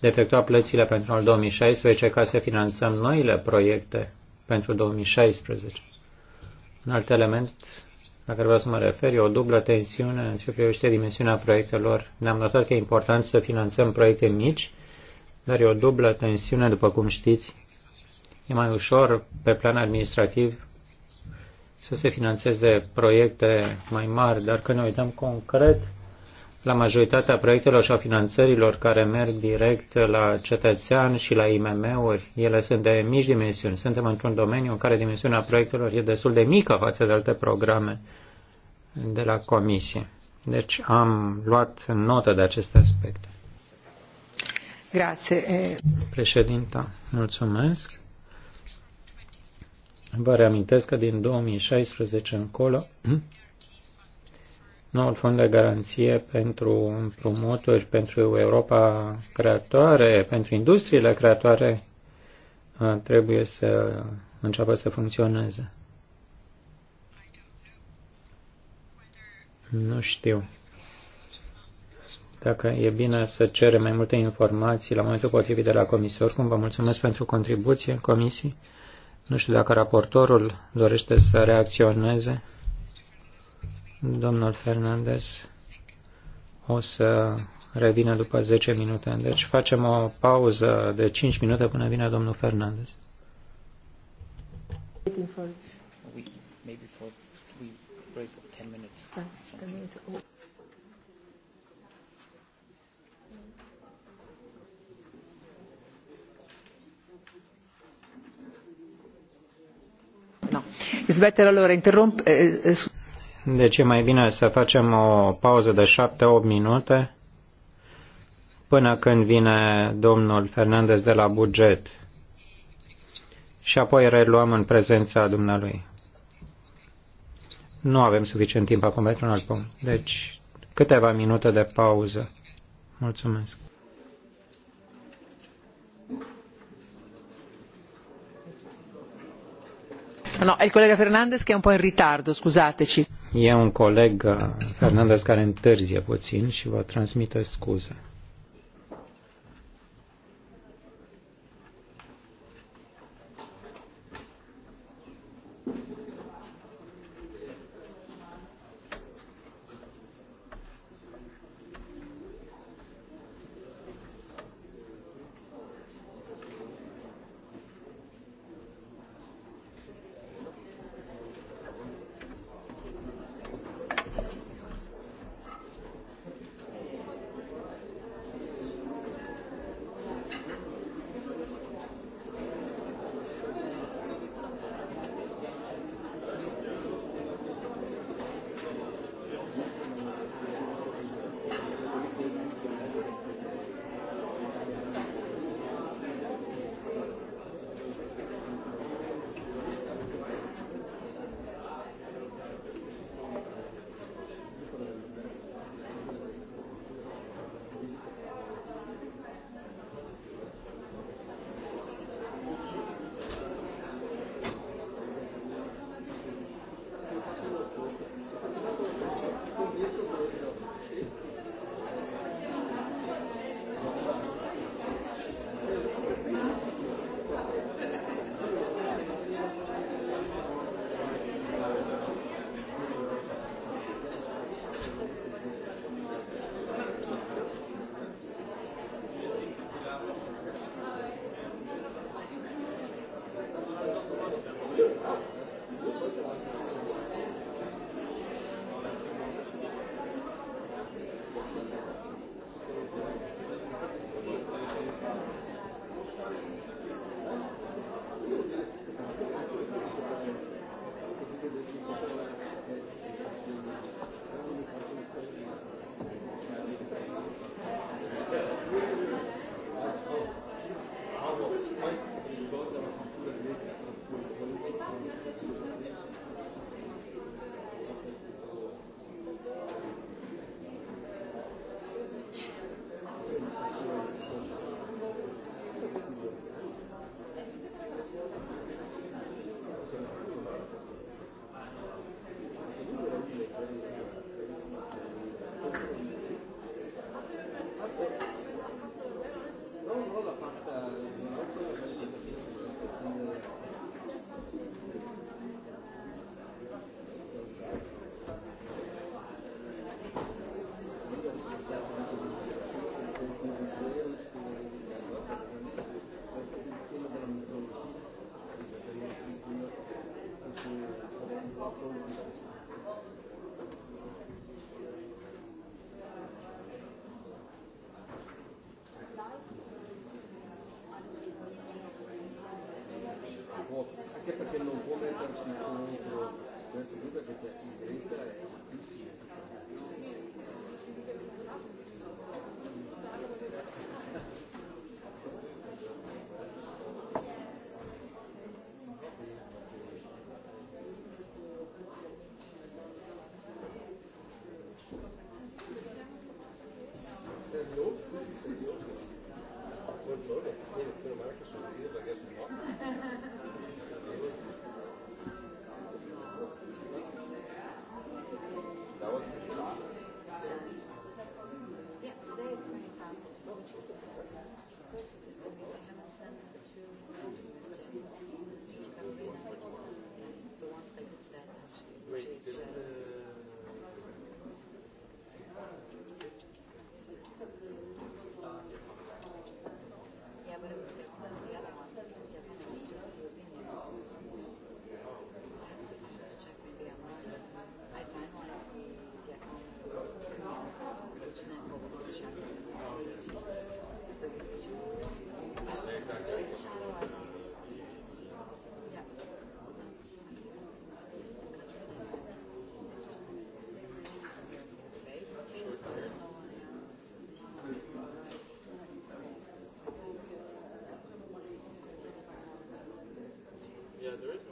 de efectua plățile pentru anul 2016 ca să finanțăm noile proiecte pentru 2016. Un alt element la care vreau să mă refer e o dublă tensiune în ce privește dimensiunea proiectelor. Ne-am notat că e important să finanțăm proiecte mici, dar e o dublă tensiune, după cum știți. E mai ușor pe plan administrativ să se finanțeze proiecte mai mari, dar când ne uităm concret la majoritatea proiectelor și a finanțărilor care merg direct la cetățean și la IMM-uri. Ele sunt de mici dimensiuni. Suntem într-un domeniu în care dimensiunea proiectelor e destul de mică față de alte programe de la Comisie. Deci am luat notă de aceste aspecte. Grație. Eh. Președinta, mulțumesc. Vă reamintesc că din 2016 încolo noul fond de garanție pentru împrumuturi, pentru Europa creatoare, pentru industriile creatoare, trebuie să înceapă să funcționeze. Nu știu dacă e bine să cere mai multe informații la momentul potrivit de la comisie. Oricum, vă mulțumesc pentru contribuție, comisii. Nu știu dacă raportorul dorește să reacționeze. Domnul Fernandez o să revină după 10 minute. Deci facem o pauză de 5 minute până vine domnul Fernandez. Maybe for we break No. It's better allora Eh, eh deci e mai bine să facem o pauză de 7-8 minute până când vine domnul Fernandez de la buget și apoi reluăm în prezența dumnealui. Nu avem suficient timp acum pentru un alt punct. Deci câteva minute de pauză. Mulțumesc. No, è il collega Fernandez che è un po' in ritardo, scusateci. E un coleg, uh, Fernandez, care întârzie puțin și vă transmite scuze. there is no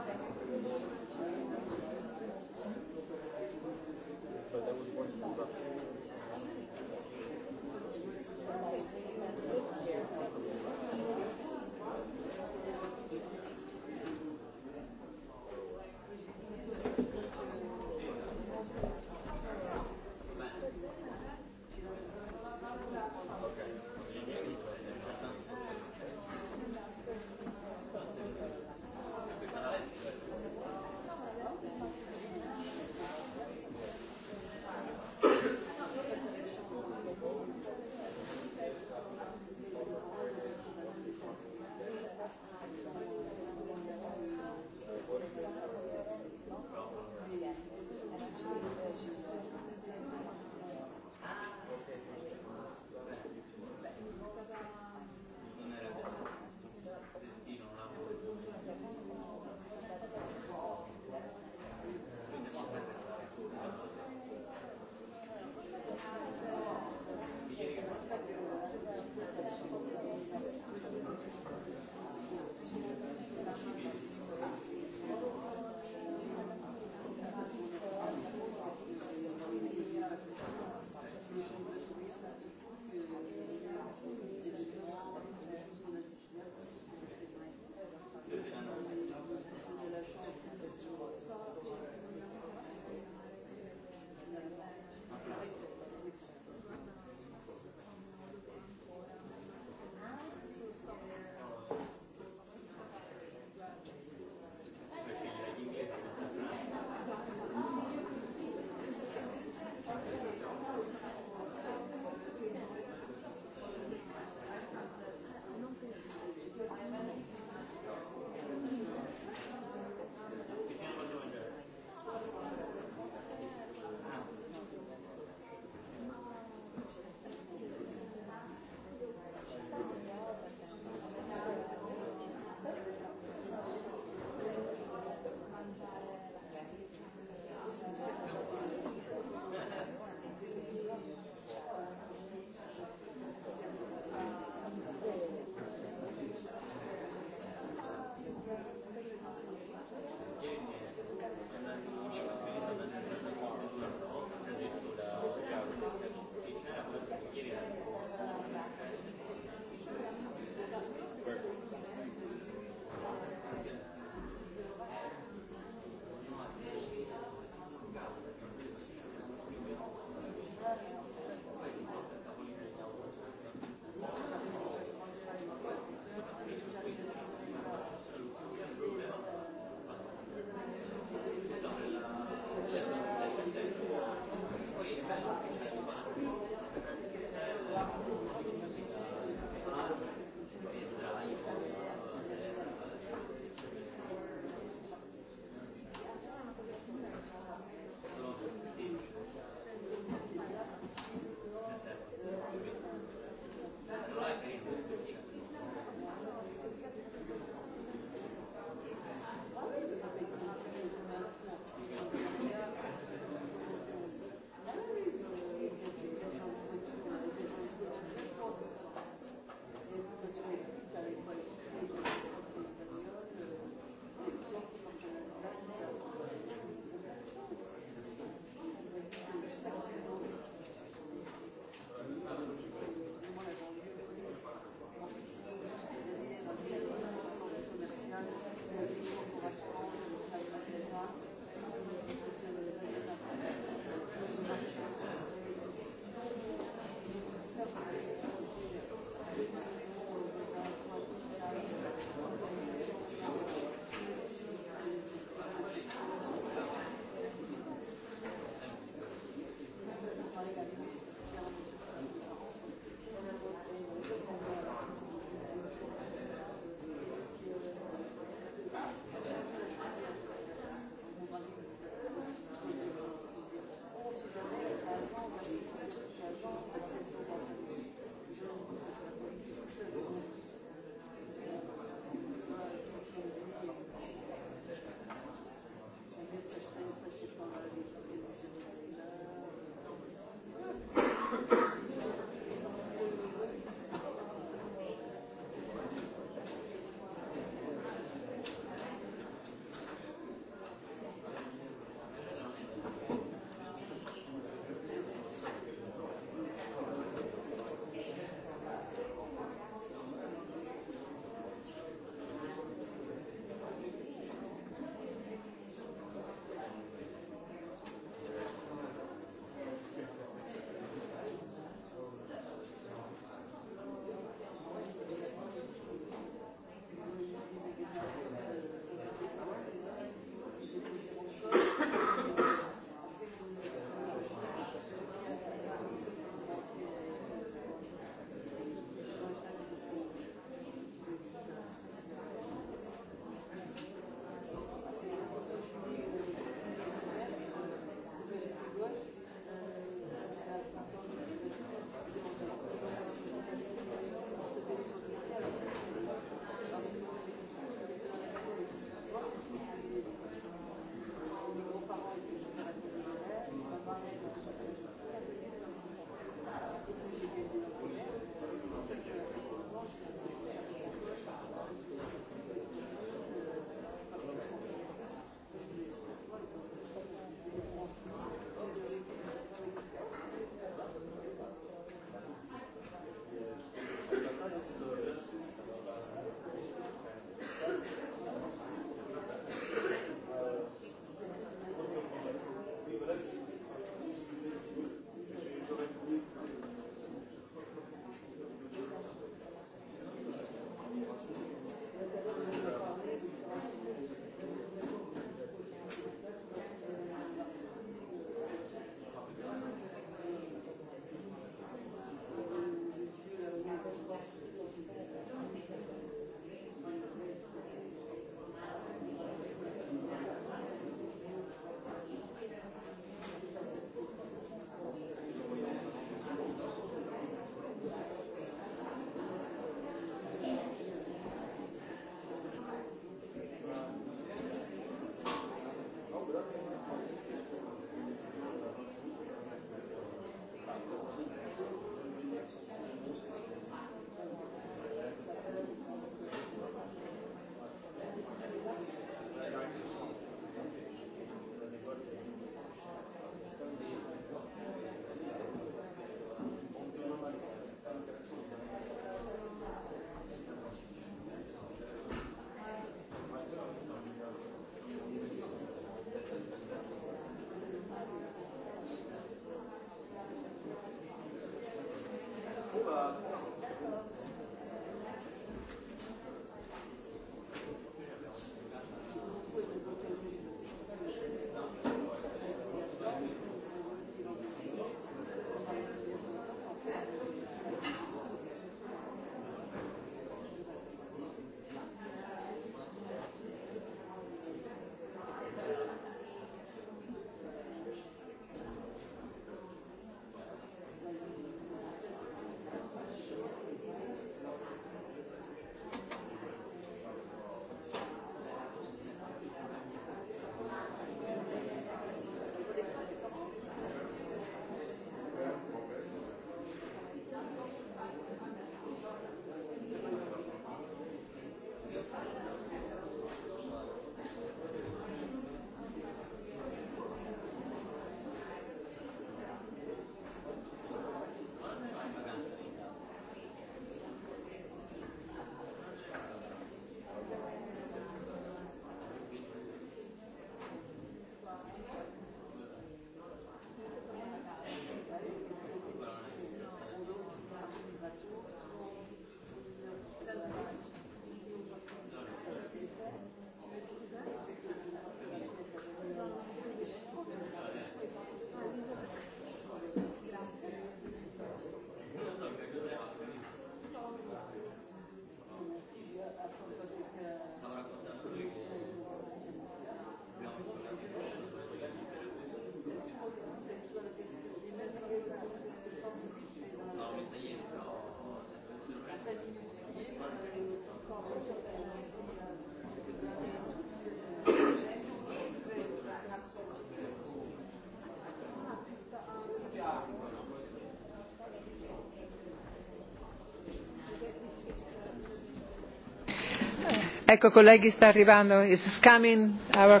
Ecco colleghi, sta arrivando, is coming our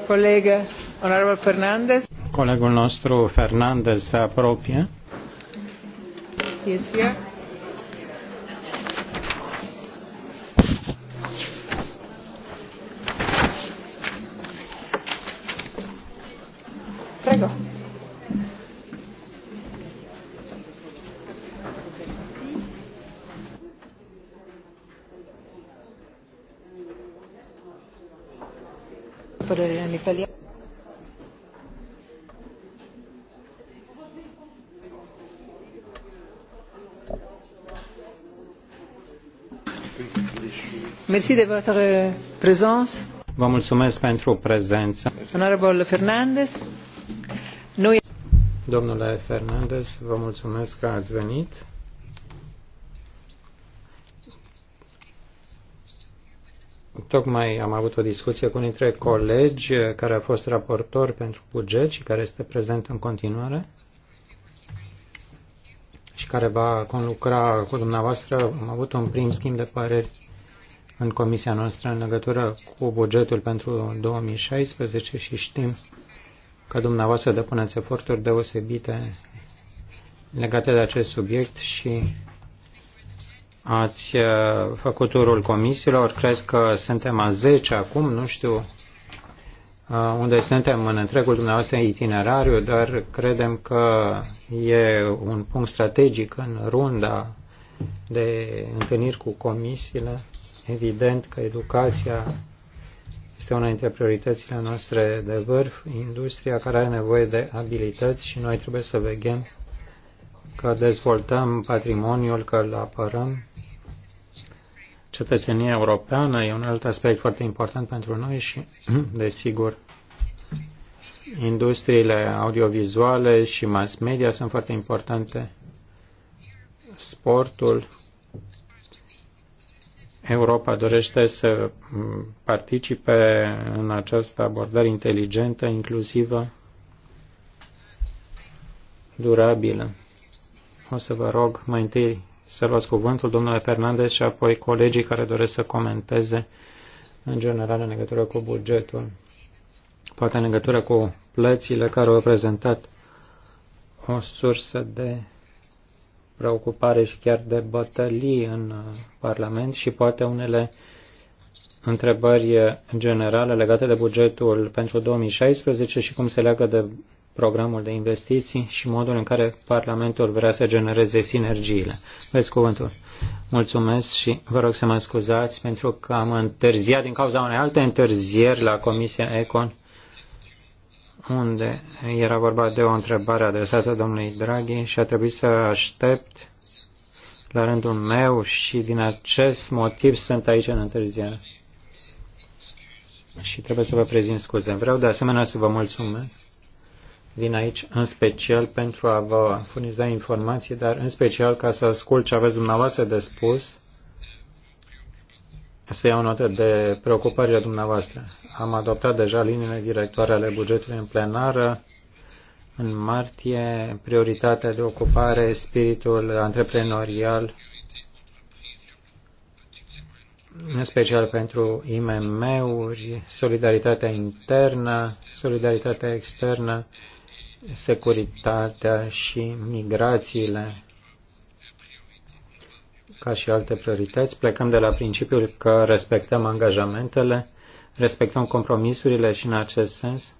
Fernandez. Colegul nostru Fernandez se apropie. He is here. Merci de votre euh, présence. Vă mulțumesc pentru prezență. Honorable Fernandez. Noi... Domnule Fernandez, vă mulțumesc că ați venit. Tocmai am avut o discuție cu dintre colegi care a fost raportor pentru buget și care este prezent în continuare și care va conlucra cu dumneavoastră. Am avut un prim schimb de păreri în comisia noastră în legătură cu bugetul pentru 2016 și știm că dumneavoastră depuneți eforturi deosebite legate de acest subiect și ați uh, făcut turul comisiilor. Cred că suntem a 10 acum, nu știu uh, unde suntem în întregul dumneavoastră itinerariu, dar credem că e un punct strategic în runda de întâlniri cu comisiile Evident că educația este una dintre prioritățile noastre de vârf, industria care are nevoie de abilități și noi trebuie să veghem că dezvoltăm patrimoniul, că îl apărăm. Cetățenia europeană e un alt aspect foarte important pentru noi și, desigur, industriile audiovizuale și mass media sunt foarte importante. Sportul Europa dorește să participe în această abordare inteligentă, inclusivă, durabilă. O să vă rog mai întâi să luați cuvântul, domnule Fernandez, și apoi colegii care doresc să comenteze în general în legătură cu bugetul, poate în legătură cu plățile care au reprezentat o sursă de preocupare și chiar de bătălii în uh, Parlament și poate unele întrebări uh, generale legate de bugetul pentru 2016 și cum se leagă de programul de investiții și modul în care Parlamentul vrea să genereze sinergiile. Veți cuvântul. Mulțumesc și vă rog să mă scuzați pentru că am întârziat din cauza unei alte întârzieri la Comisia Econ unde era vorba de o întrebare adresată domnului Draghi și a trebuit să aștept la rândul meu și din acest motiv sunt aici în întârziere. Și trebuie să vă prezint scuze. Vreau de asemenea să vă mulțumesc. Vin aici în special pentru a vă furniza informații, dar în special ca să ascult ce aveți dumneavoastră de spus să iau notă de preocupările dumneavoastră. Am adoptat deja liniile directoare ale bugetului în plenară. În martie, prioritatea de ocupare, spiritul antreprenorial, în special pentru IMM-uri, solidaritatea internă, solidaritatea externă, securitatea și migrațiile ca și alte priorități, plecăm de la principiul că respectăm angajamentele, respectăm compromisurile și în acest sens.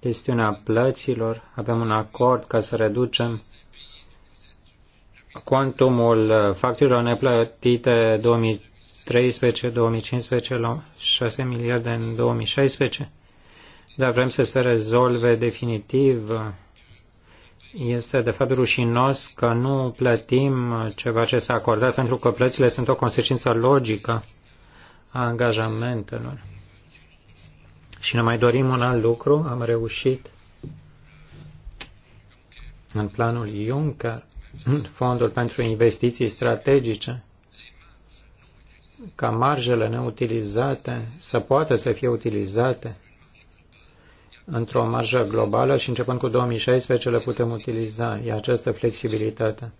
Chestiunea plăților, avem un acord ca să reducem cuantumul facturilor neplătite 2013-2015 la 6 miliarde în 2016, dar vrem să se rezolve definitiv este de fapt rușinos că nu plătim ceva ce s-a acordat pentru că plățile sunt o consecință logică a angajamentelor. Și ne mai dorim un alt lucru, am reușit în planul Juncker, fondul pentru investiții strategice, ca marjele neutilizate să poată să fie utilizate într-o marjă globală și începând cu 2016 le putem utiliza. E această flexibilitate.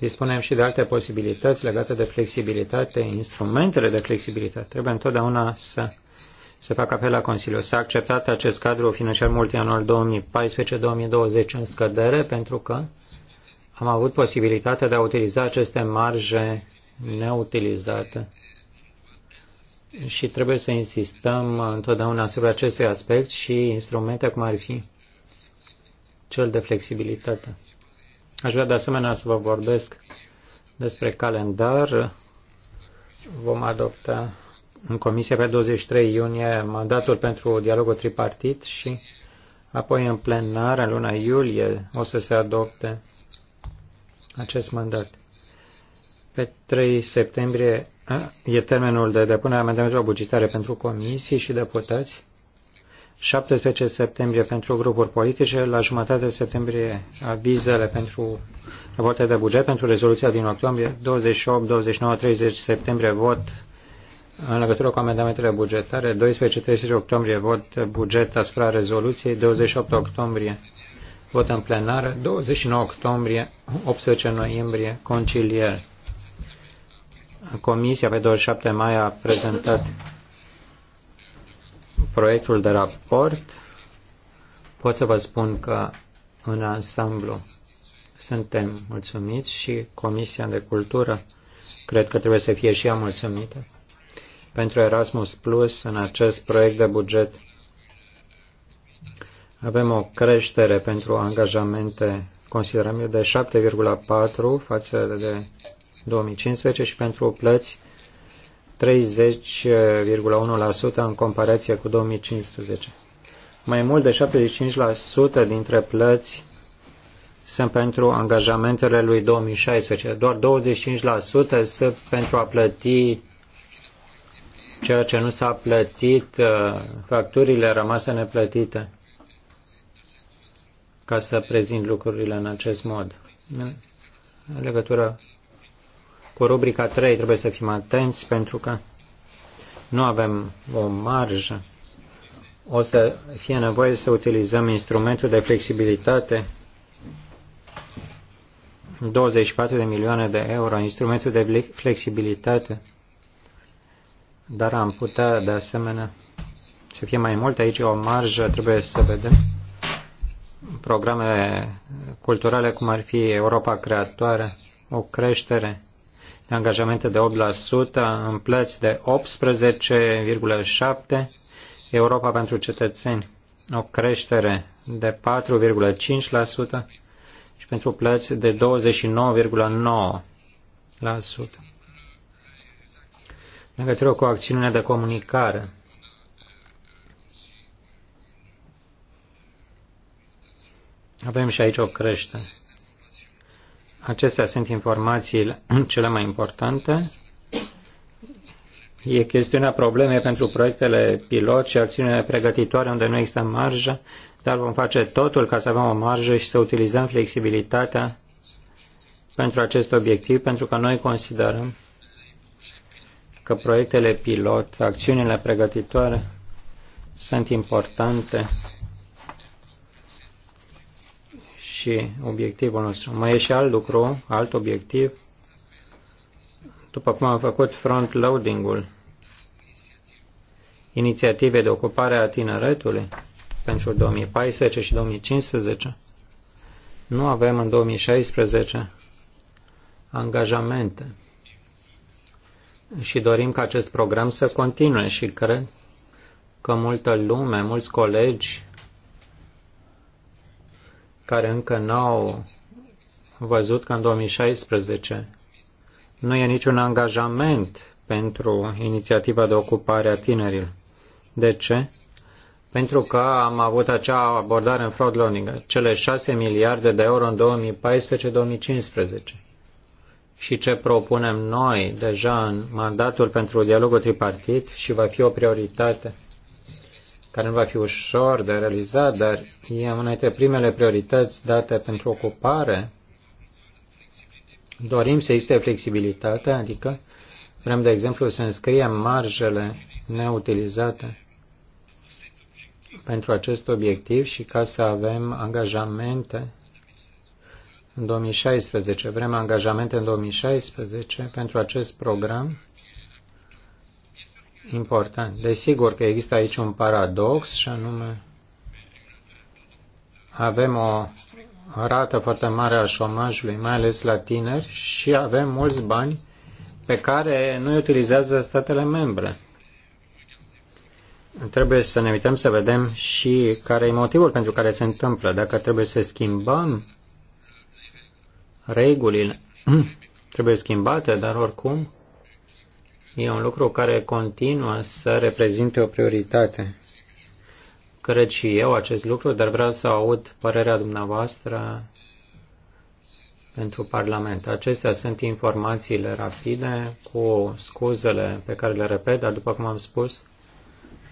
Dispunem și de alte posibilități legate de flexibilitate, instrumentele de flexibilitate. Trebuie întotdeauna să se facă apel la Consiliu. S-a acceptat acest cadru financiar multianual 2014-2020 în scădere pentru că am avut posibilitatea de a utiliza aceste marje neutilizate și trebuie să insistăm întotdeauna asupra acestui aspect și instrumente cum ar fi cel de flexibilitate. Aș vrea de asemenea să vă vorbesc despre calendar. Vom adopta în comisie pe 23 iunie mandatul pentru dialogul tripartit și apoi în plenar în luna iulie o să se adopte acest mandat. Pe 3 septembrie e termenul de depunere a amendamentelor bugetare pentru comisii și deputați. 17 septembrie pentru grupuri politice, la jumătate septembrie avizele pentru vote de buget, pentru rezoluția din octombrie, 28, 29, 30 septembrie vot în legătură cu amendamentele bugetare, 12-13 octombrie vot buget asupra rezoluției, 28 octombrie vot în plenară, 29 octombrie, 18 noiembrie conciliere. Comisia pe 27 mai a prezentat proiectul de raport. Pot să vă spun că în ansamblu suntem mulțumiți și Comisia de Cultură cred că trebuie să fie și ea mulțumită. Pentru Erasmus Plus, în acest proiect de buget, avem o creștere pentru angajamente considerabile de 7,4 față de 2015 și pentru plăți 30,1% în comparație cu 2015. Mai mult de 75% dintre plăți sunt pentru angajamentele lui 2016. Doar 25% sunt pentru a plăti ceea ce nu s-a plătit, uh, facturile rămase neplătite, ca să prezint lucrurile în acest mod. În legătură cu rubrica 3 trebuie să fim atenți pentru că nu avem o marjă. O să fie nevoie să utilizăm instrumentul de flexibilitate 24 de milioane de euro, instrumentul de flexibilitate, dar am putea de asemenea să fie mai mult. Aici o marjă, trebuie să vedem programe culturale cum ar fi Europa Creatoare, o creștere de angajamente de 8%, în plăți de 18,7%, Europa pentru cetățeni o creștere de 4,5% și pentru plăți de 29,9%. În legătură cu acțiunea de comunicare, avem și aici o creștere. Acestea sunt informațiile cele mai importante. E chestiunea probleme pentru proiectele pilot și acțiunile pregătitoare unde nu există marjă, dar vom face totul ca să avem o marjă și să utilizăm flexibilitatea pentru acest obiectiv, pentru că noi considerăm că proiectele pilot, acțiunile pregătitoare sunt importante și obiectivul nostru. Mai e și alt lucru, alt obiectiv. După cum am făcut front-loading-ul, inițiative de ocupare a tineretului pentru 2014 și 2015, nu avem în 2016 angajamente și dorim ca acest program să continue și cred că multă lume, mulți colegi care încă n-au văzut că în 2016 nu e niciun angajament pentru inițiativa de ocupare a tinerilor. De ce? Pentru că am avut acea abordare în fraud loaning, cele 6 miliarde de euro în 2014-2015. Și ce propunem noi deja în mandatul pentru dialogul tripartit și va fi o prioritate care nu va fi ușor de realizat, dar e una dintre primele priorități date pentru ocupare. Dorim să existe flexibilitate, adică vrem, de exemplu, să înscriem marjele neutilizate pentru acest obiectiv și ca să avem angajamente în 2016. Vrem angajamente în 2016 pentru acest program important. Desigur că există aici un paradox și anume avem o rată foarte mare a șomajului, mai ales la tineri, și avem mulți bani pe care nu îi utilizează statele membre. Trebuie să ne uităm să vedem și care e motivul pentru care se întâmplă. Dacă trebuie să schimbăm regulile, trebuie schimbate, dar oricum E un lucru care continuă să reprezinte o prioritate. Cred și eu acest lucru, dar vreau să aud părerea dumneavoastră pentru Parlament. Acestea sunt informațiile rapide cu scuzele pe care le repet, dar după cum am spus,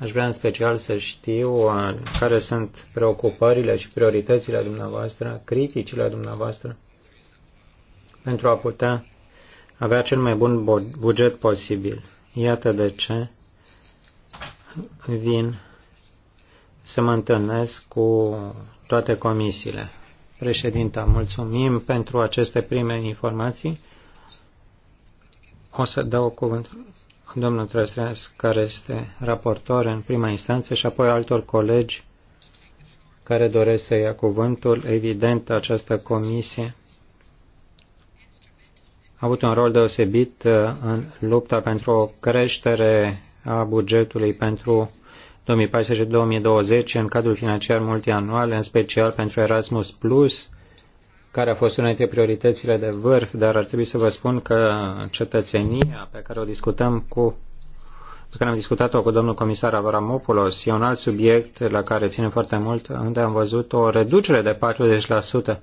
aș vrea în special să știu uh, care sunt preocupările și prioritățile dumneavoastră, criticile dumneavoastră, pentru a putea avea cel mai bun buget posibil. Iată de ce vin să mă întâlnesc cu toate comisiile. Președinta, mulțumim pentru aceste prime informații. O să dau cuvântul domnul Trăstreas, care este raportor în prima instanță, și apoi altor colegi care doresc să ia cuvântul. Evident, această comisie a avut un rol deosebit uh, în lupta pentru o creștere a bugetului pentru 2014-2020 în cadrul financiar multianual, în special pentru Erasmus Plus, care a fost una dintre prioritățile de vârf, dar ar trebui să vă spun că cetățenia pe care o discutăm cu pe care am discutat-o cu domnul comisar Avramopoulos, e un alt subiect la care ținem foarte mult, unde am văzut o reducere de 40%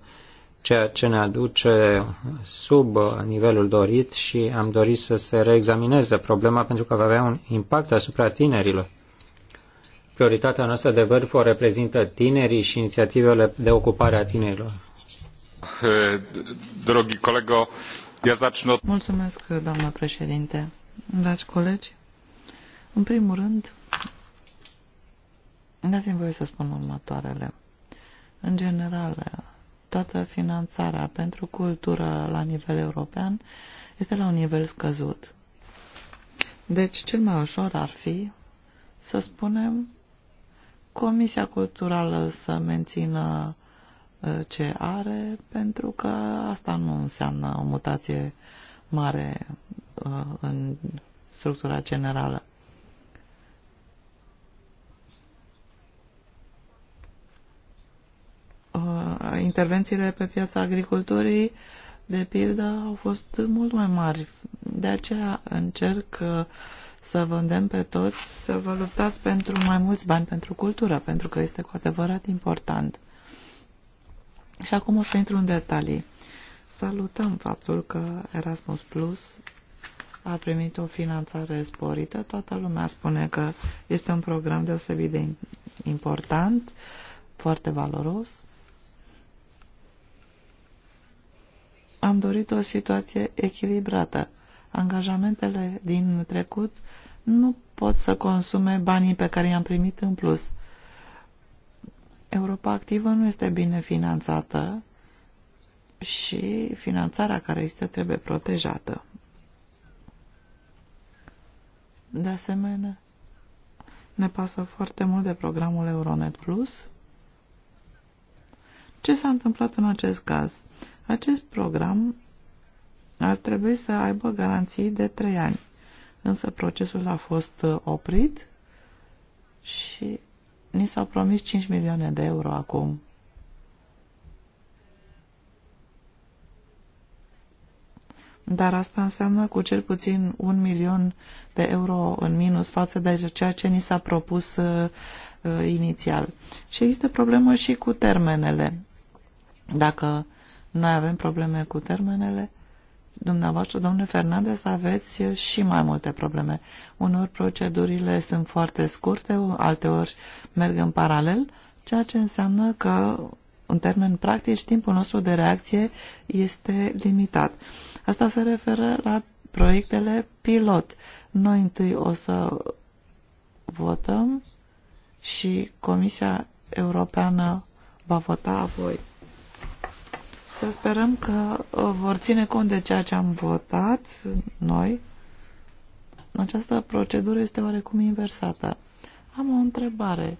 ceea ce ne aduce sub nivelul dorit și am dorit să se reexamineze problema pentru că va avea un impact asupra tinerilor. Prioritatea noastră de vârf o reprezintă tinerii și inițiativele de ocupare a tinerilor. Eh, drogi colego, ja zacznę... Mulțumesc, doamnă președinte. Dragi colegi, în primul rând, dați-mi voie să spun următoarele. În general, toată finanțarea pentru cultură la nivel european este la un nivel scăzut. Deci cel mai ușor ar fi să spunem Comisia Culturală să mențină uh, ce are, pentru că asta nu înseamnă o mutație mare uh, în structura generală. Uh, intervențiile pe piața agriculturii, de pildă, au fost mult mai mari. De aceea încerc uh, să vă îndemn pe toți să vă luptați pentru mai mulți bani pentru cultură, pentru că este cu adevărat important. Și acum o să intru în detalii. Salutăm faptul că Erasmus Plus a primit o finanțare sporită. Toată lumea spune că este un program deosebit de important, foarte valoros am dorit o situație echilibrată. Angajamentele din trecut nu pot să consume banii pe care i-am primit în plus. Europa Activă nu este bine finanțată și finanțarea care este trebuie protejată. De asemenea, ne pasă foarte mult de programul Euronet Plus. Ce s-a întâmplat în acest caz? Acest program ar trebui să aibă garanții de trei ani, însă procesul a fost uh, oprit și ni s-au promis 5 milioane de euro acum. Dar asta înseamnă cu cel puțin un milion de euro în minus față de ceea ce ni s-a propus uh, uh inițial. Și există problemă și cu termenele. Dacă noi avem probleme cu termenele. Dumneavoastră, domnule Fernandez, aveți și mai multe probleme. Unor procedurile sunt foarte scurte, alteori merg în paralel, ceea ce înseamnă că, în termen practic, timpul nostru de reacție este limitat. Asta se referă la proiectele pilot. Noi întâi o să votăm și Comisia Europeană va vota apoi. Să sperăm că uh, vor ține cont de ceea ce am votat noi. Această procedură este oarecum inversată. Am o întrebare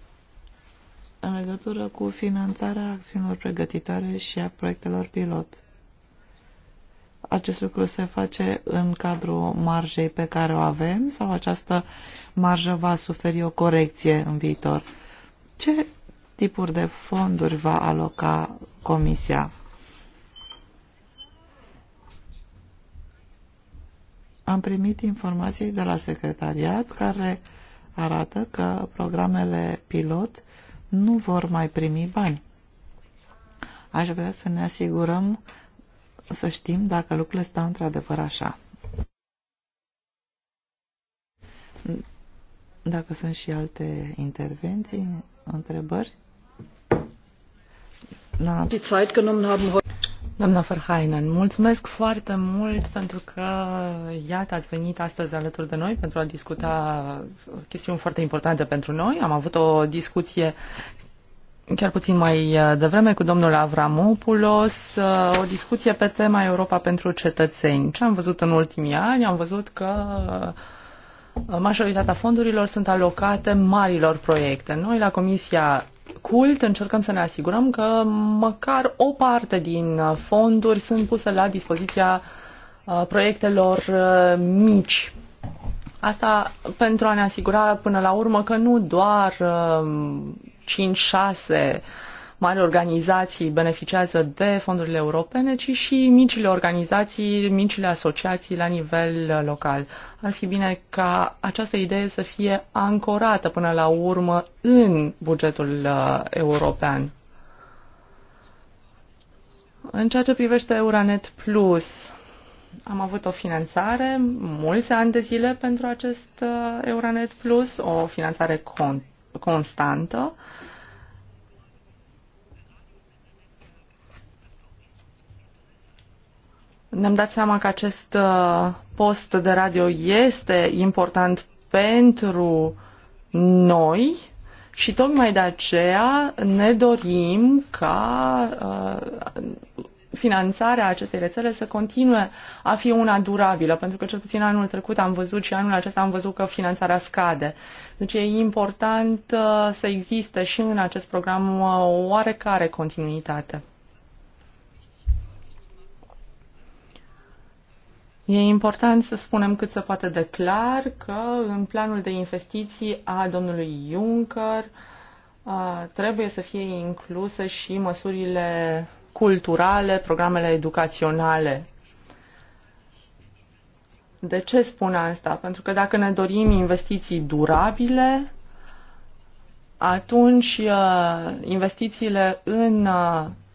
în legătură cu finanțarea acțiunilor pregătitoare și a proiectelor pilot. Acest lucru se face în cadrul marjei pe care o avem sau această marjă va suferi o corecție în viitor? Ce tipuri de fonduri va aloca Comisia? Am primit informații de la secretariat care arată că programele pilot nu vor mai primi bani. Aș vrea să ne asigurăm să știm dacă lucrurile stau într-adevăr așa. Dacă sunt și alte intervenții, întrebări? Da. Doamna Ferhainen, mulțumesc foarte mult pentru că, iată, ați venit astăzi alături de noi pentru a discuta chestiuni foarte importante pentru noi. Am avut o discuție chiar puțin mai devreme cu domnul Avramopoulos, o discuție pe tema Europa pentru cetățeni. Ce am văzut în ultimii ani? Am văzut că majoritatea fondurilor sunt alocate marilor proiecte. Noi la Comisia cult încercăm să ne asigurăm că măcar o parte din fonduri sunt puse la dispoziția uh, proiectelor uh, mici. Asta pentru a ne asigura până la urmă că nu doar 5-6 uh, mari organizații beneficiază de fondurile europene, ci și micile organizații, micile asociații la nivel uh, local. Ar fi bine ca această idee să fie ancorată până la urmă în bugetul uh, european. În ceea ce privește Euronet Plus, am avut o finanțare mulți ani de zile pentru acest uh, Euronet Plus, o finanțare con- constantă. Uh, Ne-am dat seama că acest uh, post de radio este important pentru noi și tocmai de aceea ne dorim ca uh, finanțarea acestei rețele să continue a fi una durabilă, pentru că cel puțin anul trecut am văzut și anul acesta am văzut că finanțarea scade. Deci e important uh, să existe și în acest program o oarecare continuitate. E important să spunem cât se poate de clar că în planul de investiții a domnului Juncker trebuie să fie incluse și măsurile culturale, programele educaționale. De ce spun asta? Pentru că dacă ne dorim investiții durabile, atunci investițiile în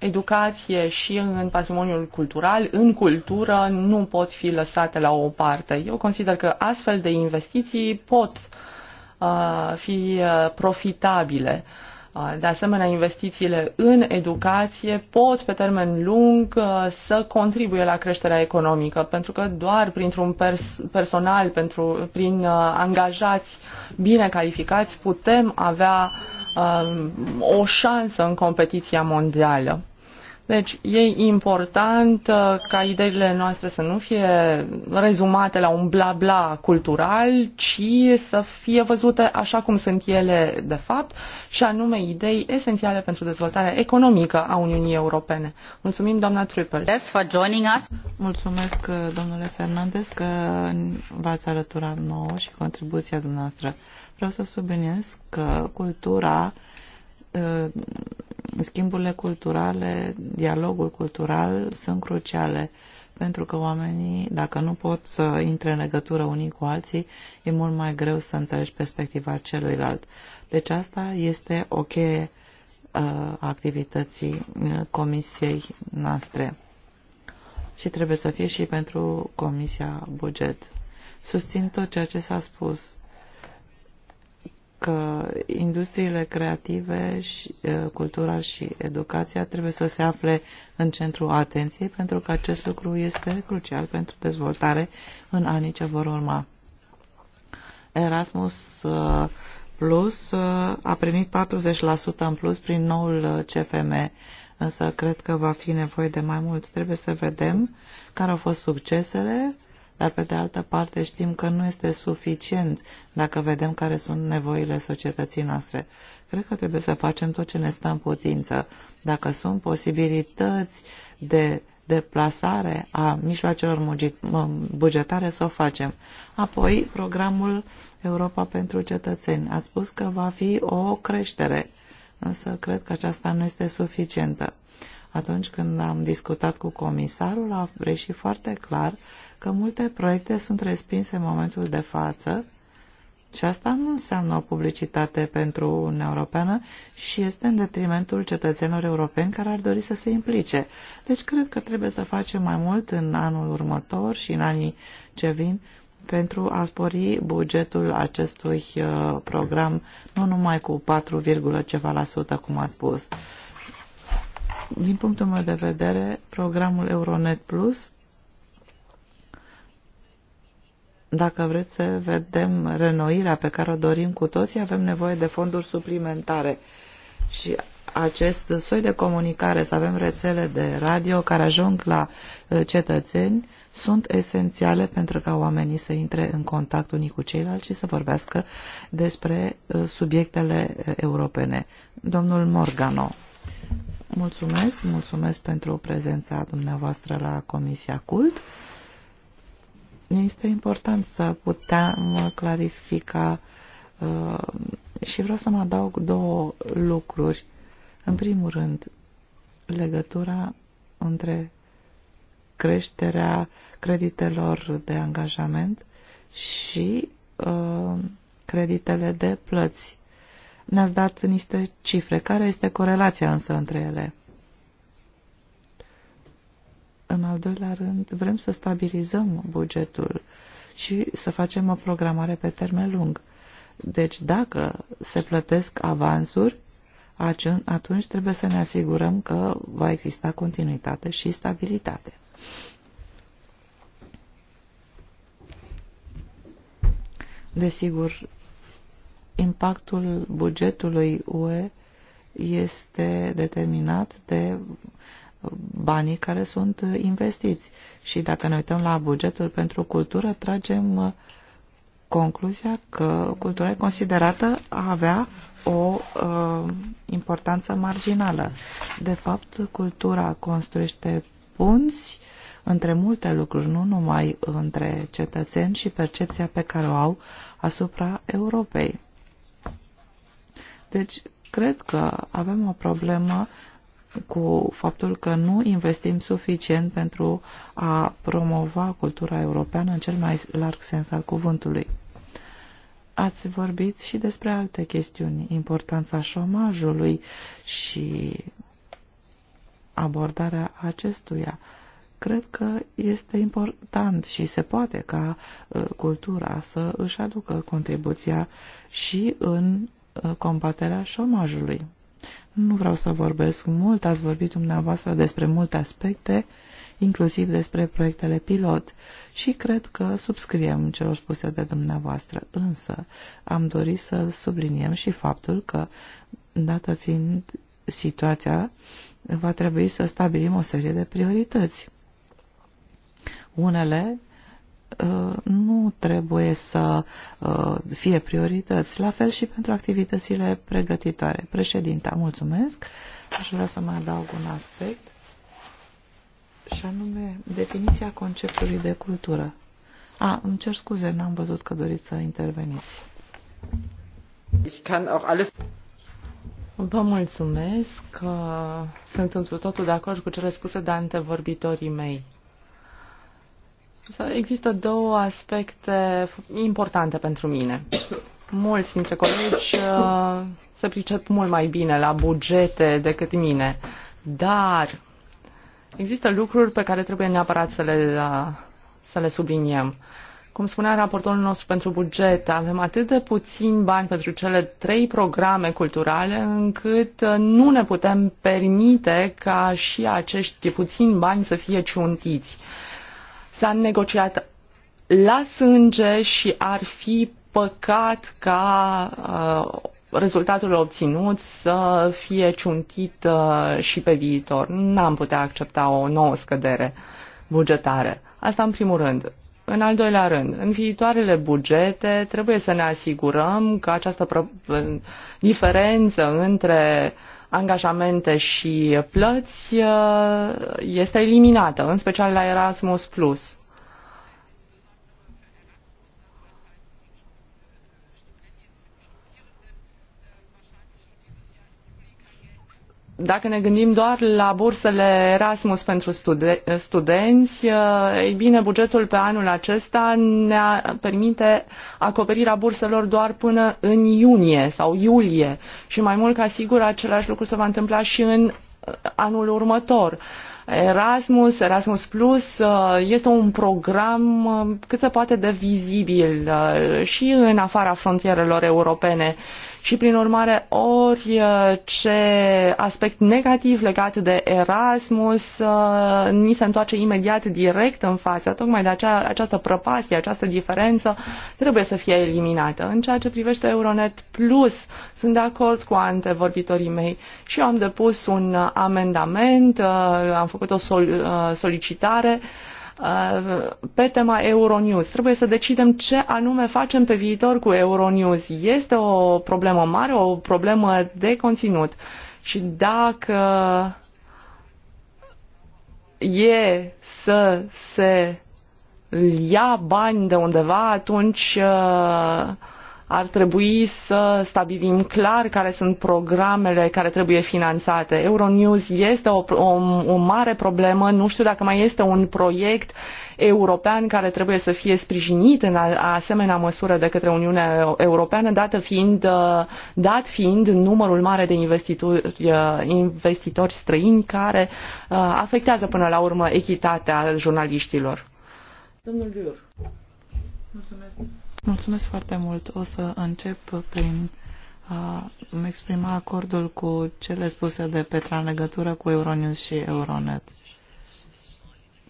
educație și în patrimoniul cultural, în cultură, nu pot fi lăsate la o parte. Eu consider că astfel de investiții pot uh, fi uh, profitabile. Uh, de asemenea, investițiile în educație pot pe termen lung uh, să contribuie la creșterea economică, pentru că doar printr-un pers- personal, pentru, prin angajați bine calificați, putem avea um, o șansă în competiția mondială. Deci e important uh, ca ideile noastre să nu fie rezumate la un bla bla cultural, ci să fie văzute așa cum sunt ele de fapt, și anume idei esențiale pentru dezvoltarea economică a Uniunii Europene. Mulțumim, doamna Triple. Mulțumesc, uh, domnule Fernandez, că v-ați alăturat nouă și contribuția dumneavoastră. Vreau să subliniez că cultura uh, schimburile culturale, dialogul cultural sunt cruciale pentru că oamenii, dacă nu pot să intre în legătură unii cu alții, e mult mai greu să înțelegi perspectiva celuilalt. Deci asta este o cheie uh, activității uh, comisiei noastre și trebuie să fie și pentru Comisia Buget. Susțin tot ceea ce s-a spus că industriile creative, și, cultura și educația trebuie să se afle în centrul atenției, pentru că acest lucru este crucial pentru dezvoltare în anii ce vor urma. Erasmus Plus a primit 40% în plus prin noul CFM, însă cred că va fi nevoie de mai mult. Trebuie să vedem care au fost succesele dar pe de altă parte știm că nu este suficient dacă vedem care sunt nevoile societății noastre. Cred că trebuie să facem tot ce ne stă în putință. Dacă sunt posibilități de deplasare a mijloacelor bugetare, să o facem. Apoi, programul Europa pentru cetățeni. Ați spus că va fi o creștere, însă cred că aceasta nu este suficientă. Atunci când am discutat cu comisarul, a reșit foarte clar că multe proiecte sunt respinse în momentul de față și asta nu înseamnă o publicitate pentru Uniunea Europeană și este în detrimentul cetățenilor europeni care ar dori să se implice. Deci cred că trebuie să facem mai mult în anul următor și în anii ce vin pentru a spori bugetul acestui uh, program, nu numai cu 4, ceva la sută, cum ați spus. Din punctul meu de vedere, programul Euronet Plus Dacă vreți să vedem renoirea pe care o dorim cu toții, avem nevoie de fonduri suplimentare. Și acest soi de comunicare, să avem rețele de radio care ajung la uh, cetățeni, sunt esențiale pentru ca oamenii să intre în contact unii cu ceilalți și să vorbească despre uh, subiectele uh, europene. Domnul Morgano. Mulțumesc, mulțumesc pentru prezența dumneavoastră la Comisia Cult. Este important să putem clarifica uh, și vreau să mă adaug două lucruri. În primul rând, legătura între creșterea creditelor de angajament și uh, creditele de plăți. Ne-ați dat niște cifre. Care este corelația însă între ele? În al doilea rând, vrem să stabilizăm bugetul și să facem o programare pe termen lung. Deci dacă se plătesc avansuri, atunci trebuie să ne asigurăm că va exista continuitate și stabilitate. Desigur, impactul bugetului UE este determinat de banii care sunt investiți. Și dacă ne uităm la bugetul pentru cultură, tragem uh, concluzia că cultura e considerată a avea o uh, importanță marginală. De fapt, cultura construiește punți între multe lucruri, nu numai între cetățeni și percepția pe care o au asupra Europei. Deci, cred că avem o problemă cu faptul că nu investim suficient pentru a promova cultura europeană în cel mai larg sens al cuvântului. Ați vorbit și despre alte chestiuni, importanța șomajului și abordarea acestuia. Cred că este important și se poate ca ă, cultura să își aducă contribuția și în ă, combaterea șomajului. Nu vreau să vorbesc mult, ați vorbit dumneavoastră despre multe aspecte, inclusiv despre proiectele pilot și cred că subscriem celor spuse de dumneavoastră, însă am dorit să subliniem și faptul că, dată fiind situația, va trebui să stabilim o serie de priorități. Unele Uh, nu trebuie să uh, fie priorități, la fel și pentru activitățile pregătitoare. Președinta, mulțumesc. Aș vrea să mai adaug un aspect și anume definiția conceptului de cultură. A, îmi cer scuze, n-am văzut că doriți să interveniți. Ich kann auch alles... Vă mulțumesc că sunt întru totul de acord cu cele spuse de antevorbitorii mei. Există două aspecte importante pentru mine. Mulți dintre colegi uh, se pricep mult mai bine la bugete decât mine, dar există lucruri pe care trebuie neapărat să le, uh, să le subliniem. Cum spunea raportorul nostru pentru buget, avem atât de puțin bani pentru cele trei programe culturale încât uh, nu ne putem permite ca și acești puțini bani să fie ciuntiți. Uh, s-a negociat la sânge și ar fi păcat ca uh, rezultatul obținut să fie ciuntit uh, și pe viitor. N-am putea accepta o nouă scădere bugetare. Asta în primul rând. În al doilea rând, în viitoarele bugete trebuie să ne asigurăm că această diferență între uh, angajamente și plăți uh, este eliminată, în special la Erasmus+. dacă ne gândim doar la bursele Erasmus pentru studen studenți, eh, ei bine, bugetul pe anul acesta ne permite acoperirea burselor doar până în iunie sau iulie și mai mult ca sigur același lucru se va întâmpla și în eh, anul următor. Erasmus, Erasmus Plus eh, este un program cât se poate de vizibil și în afara frontierelor europene și prin urmare orice uh, aspect negativ legat de Erasmus uh, ni se întoarce imediat direct în față. Tocmai de aceea această prăpastie, această diferență trebuie să fie eliminată. În ceea ce privește Euronet Plus, sunt de acord cu antevorbitorii mei și eu am depus un uh, amendament, am făcut o solicitare pe tema Euronews. Trebuie să decidem ce anume facem pe viitor cu Euronews. Este o problemă mare, o problemă de conținut. Și dacă e să se ia bani de undeva, atunci uh, ar trebui să stabilim clar care sunt programele care trebuie finanțate. Euronews este o, o, o mare problemă, nu știu dacă mai este un proiect european care trebuie să fie sprijinit în asemenea măsură de către Uniunea Europeană, dată fiind, uh, dat fiind numărul mare de investitori, uh, investitori străini care uh, afectează până la urmă echitatea jurnaliștilor. Domnul Biur. Mulțumesc. Mulțumesc foarte mult. O să încep prin a îmi exprima acordul cu cele spuse de Petra în legătură cu Euronews și Euronet.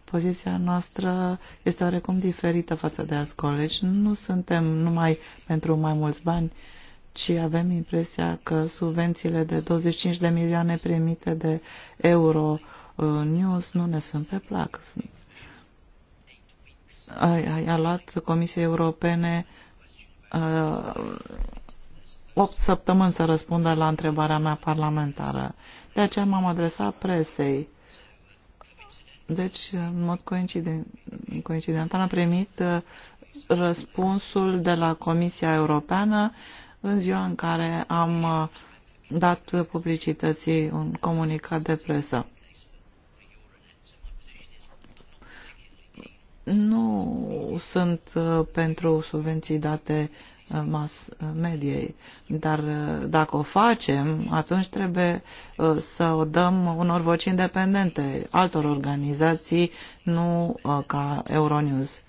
Poziția noastră este oarecum diferită față de alți colegi. Nu suntem numai pentru mai mulți bani, ci avem impresia că subvențiile de 25 de milioane primite de euro news nu ne sunt pe plac a luat Comisiei Europene opt săptămâni să răspundă la întrebarea mea parlamentară. De aceea m-am adresat presei. Deci, în mod coincident, am primit uh, răspunsul de la Comisia Europeană în ziua în care am uh, dat publicității un comunicat de presă. nu sunt uh, pentru subvenții date uh, mass uh, mediei, dar dacă o facem, atunci trebuie să o dăm unor voci independente, altor organizații, nu ca Euronews.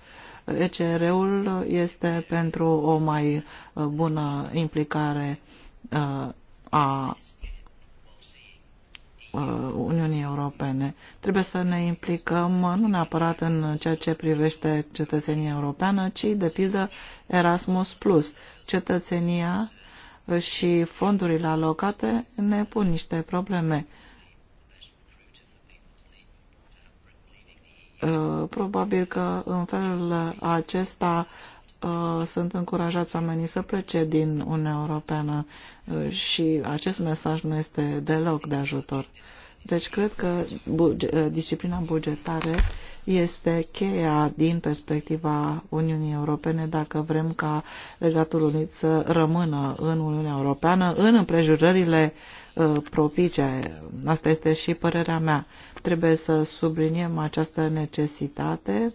ECR-ul este pentru o mai bună implicare a Uh, Uniunii Europene. Trebuie să ne implicăm uh, nu neapărat în ceea ce privește cetățenia europeană, ci, de pildă, Erasmus+. Plus. Cetățenia și fondurile alocate ne pun niște probleme. Uh, probabil că în felul acesta Uh, sunt încurajați oamenii să plece din Uniunea Europeană uh, și acest mesaj nu este deloc de ajutor. Deci cred că buge, uh, disciplina bugetare este cheia din perspectiva Uniunii Europene dacă vrem ca Regatul Unit să rămână în Uniunea Europeană în împrejurările propice. Asta este și părerea mea. Trebuie să subliniem această necesitate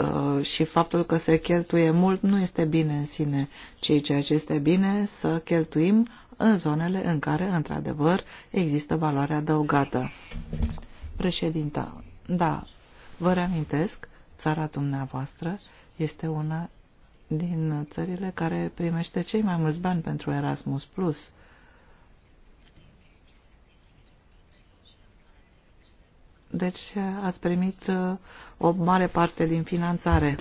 Uh, și faptul că se cheltuie mult nu este bine în sine, ci ceea ce este bine să cheltuim în zonele în care, într-adevăr, există valoare adăugată. Președinta, da, vă reamintesc, țara dumneavoastră este una din țările care primește cei mai mulți bani pentru Erasmus+. Plus Deci eh, ați primit eh, o mare parte din finanțare.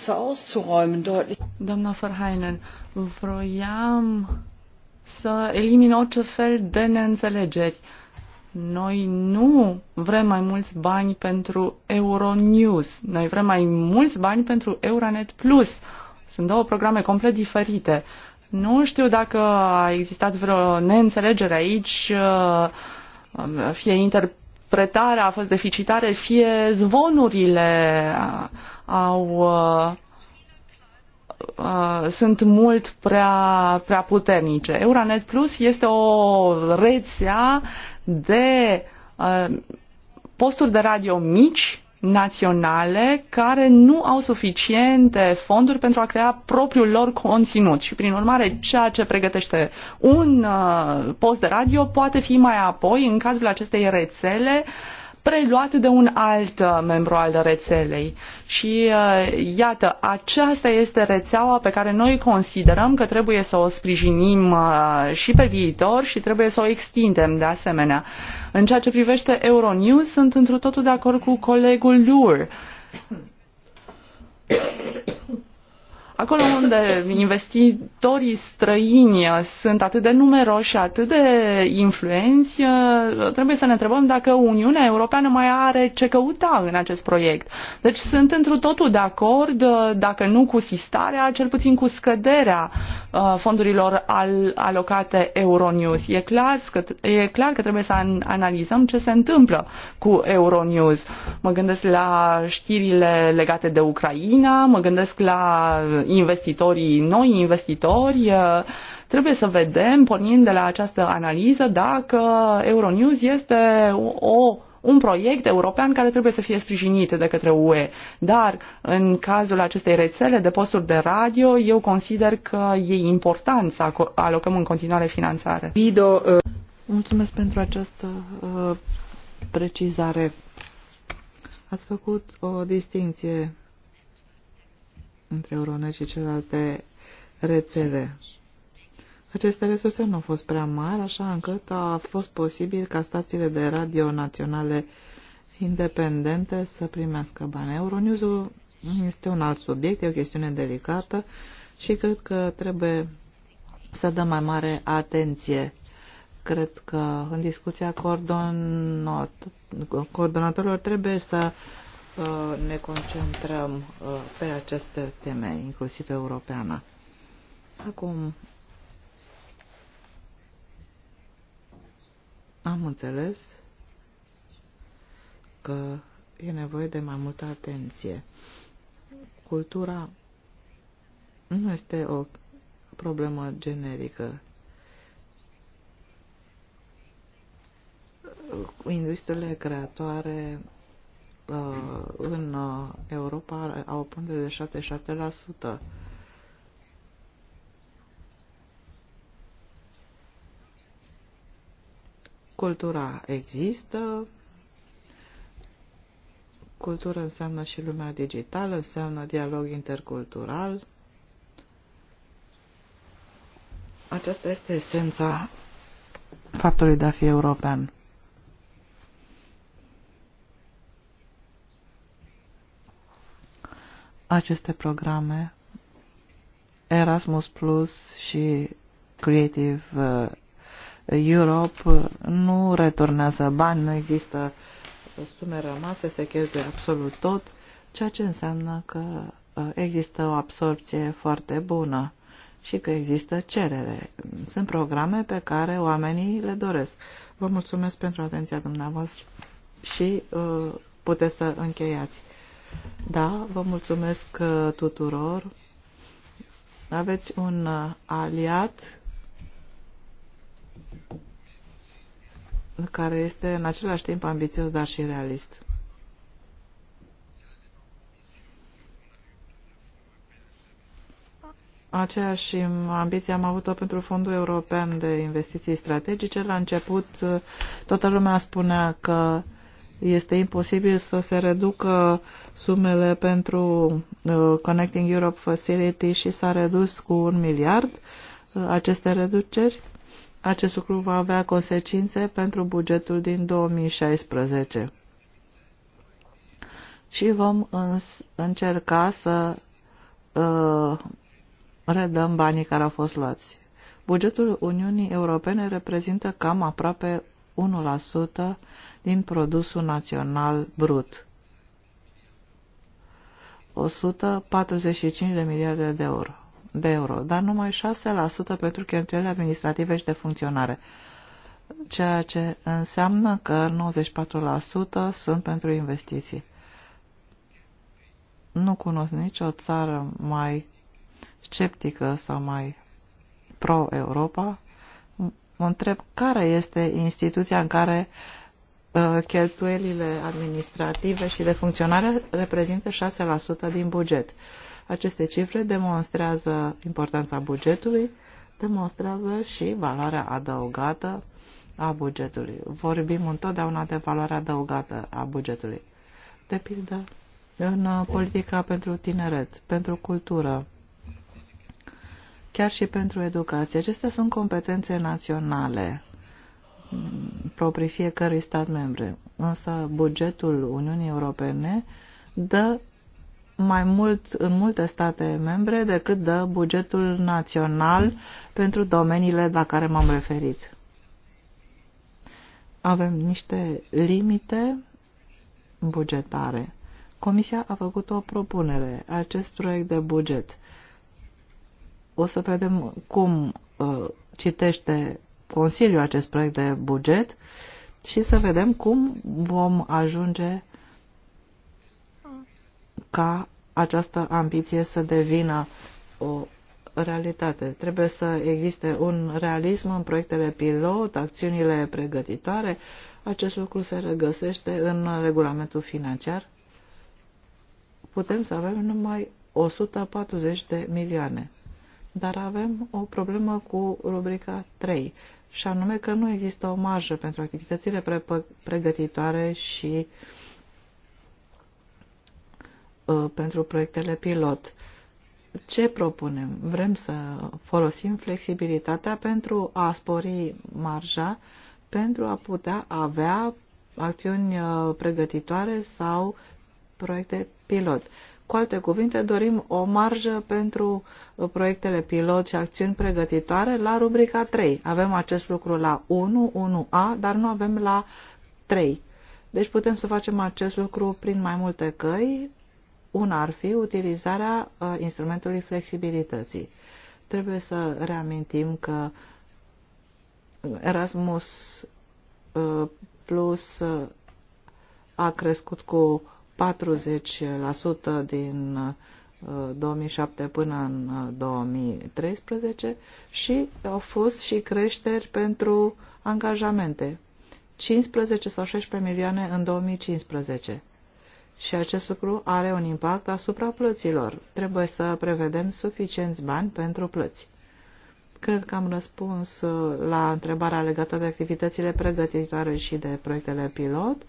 Doamna Verheinen, vroiam să elimin orice fel de neînțelegeri. Noi nu vrem mai mulți bani pentru Euronews. Noi vrem mai mulți bani pentru Euronet Plus. Sunt două programe complet diferite. Nu știu dacă a existat vreo neînțelegere aici, eh, fie inter interpretarea a fost deficitare fie zvonurile au uh, uh, sunt mult prea, prea puternice. Euronet Plus este o rețea de uh, posturi de radio mici naționale care nu au suficiente fonduri pentru a crea propriul lor conținut și prin urmare ceea ce pregătește un uh, post de radio poate fi mai apoi în cadrul acestei rețele preluat de un alt uh, membru al rețelei. Și uh, iată, aceasta este rețeaua pe care noi considerăm că trebuie să o sprijinim și pe viitor și trebuie să o extindem de asemenea. În ceea ce privește Euronews, sunt întru totul de acord cu colegul Lure. Acolo unde investitorii străini sunt atât de numeroși, atât de influenți, trebuie să ne întrebăm dacă Uniunea Europeană mai are ce căuta în acest proiect. Deci sunt într totul de acord, dacă nu cu sistarea, cel puțin cu scăderea uh, fondurilor al, alocate Euronews. E clar, e clar că trebuie să analizăm ce se întâmplă cu Euronews. Mă gândesc la știrile legate de Ucraina, mă gândesc la investitorii, noi investitori, uh, trebuie să vedem, pornind de la această analiză, dacă Euronews este o un proiect european care trebuie să fie sprijinit de către UE. Dar în cazul acestei rețele de posturi de radio, eu consider că e important să alocăm în continuare finanțare. Bido, uh... Mulțumesc pentru această uh, precizare. Ați făcut o distinție între Euronet și celelalte rețele. Aceste resurse nu au fost prea mari, așa încât a fost posibil ca stațiile de radio naționale independente să primească bani. Euronews este un alt subiect, e o chestiune delicată și cred că trebuie să dăm mai mare atenție. Cred că în discuția coordonatorilor trebuie să ne concentrăm uh, pe aceste teme, inclusiv europeană. Acum, am înțeles că e nevoie de mai multă atenție. Cultura nu este o problemă generică. Industriile creatoare Uh, în uh, Europa au o punte de 7-7%. Cultura există, Cultura înseamnă și lumea digitală, înseamnă dialog intercultural. Aceasta este esența faptului de a fi european. aceste programe, Erasmus Plus și Creative uh, Europe, nu returnează bani, nu există sume rămase, se cheltuie absolut tot, ceea ce înseamnă că uh, există o absorpție foarte bună și că există cerere. Sunt programe pe care oamenii le doresc. Vă mulțumesc pentru atenția dumneavoastră și uh, puteți să încheiați. Da, vă mulțumesc uh, tuturor. Aveți un uh, aliat care este în același timp ambițios, dar și realist. Aceeași ambiție am avut-o pentru Fondul European de Investiții Strategice. La început, uh, toată lumea spunea că este imposibil să se reducă sumele pentru uh, Connecting Europe Facility și s-a redus cu un miliard uh, aceste reduceri. Acest lucru va avea consecințe pentru bugetul din 2016. Și vom încerca să uh, redăm banii care au fost luați. Bugetul Uniunii Europene reprezintă cam aproape 1% din produsul național brut. 145 de miliarde de euro, de euro dar numai 6% pentru cheltuielile administrative și de funcționare, ceea ce înseamnă că 94% sunt pentru investiții. Nu cunosc nicio țară mai sceptică sau mai pro-Europa. Mă întreb care este instituția în care Uh, cheltuielile administrative și de funcționare reprezintă 6% din buget. Aceste cifre demonstrează importanța bugetului, demonstrează și valoarea adăugată a bugetului. Vorbim întotdeauna de valoarea adăugată a bugetului. De pildă, în uh, politica pentru tineret, pentru cultură, chiar și pentru educație. Acestea sunt competențe naționale proprii fiecărui stat membre. Însă bugetul Uniunii Europene dă mai mult în multe state membre decât dă bugetul național pentru domeniile la care m-am referit. Avem niște limite bugetare. Comisia a făcut o propunere, acest proiect de buget. O să vedem cum uh, citește Consiliu acest proiect de buget și să vedem cum vom ajunge ca această ambiție să devină o realitate. Trebuie să existe un realism în proiectele pilot, acțiunile pregătitoare. Acest lucru se regăsește în regulamentul financiar. Putem să avem numai 140 de milioane. Dar avem o problemă cu rubrica 3 și anume că nu există o marjă pentru activitățile pre pregătitoare și uh, pentru proiectele pilot. Ce propunem? Vrem să folosim flexibilitatea pentru a spori marja, pentru a putea avea acțiuni ă, pregătitoare sau proiecte pilot. Cu alte cuvinte, dorim o marjă pentru uh, proiectele pilot și acțiuni pregătitoare la rubrica 3. Avem acest lucru la 1, 1A, dar nu avem la 3. Deci putem să facem acest lucru prin mai multe căi. Una ar fi utilizarea uh, instrumentului flexibilității. Trebuie să reamintim că Erasmus uh, Plus a crescut cu 40% din 2007 uh, până în 2013 uh, și au fost și creșteri pentru angajamente, 15 sau 16 milioane în 2015. Și acest lucru are un impact asupra plăților. Trebuie să prevedem suficienți bani pentru plăți. Cred că am răspuns uh, la întrebarea legată de activitățile pregătitoare și de proiectele pilot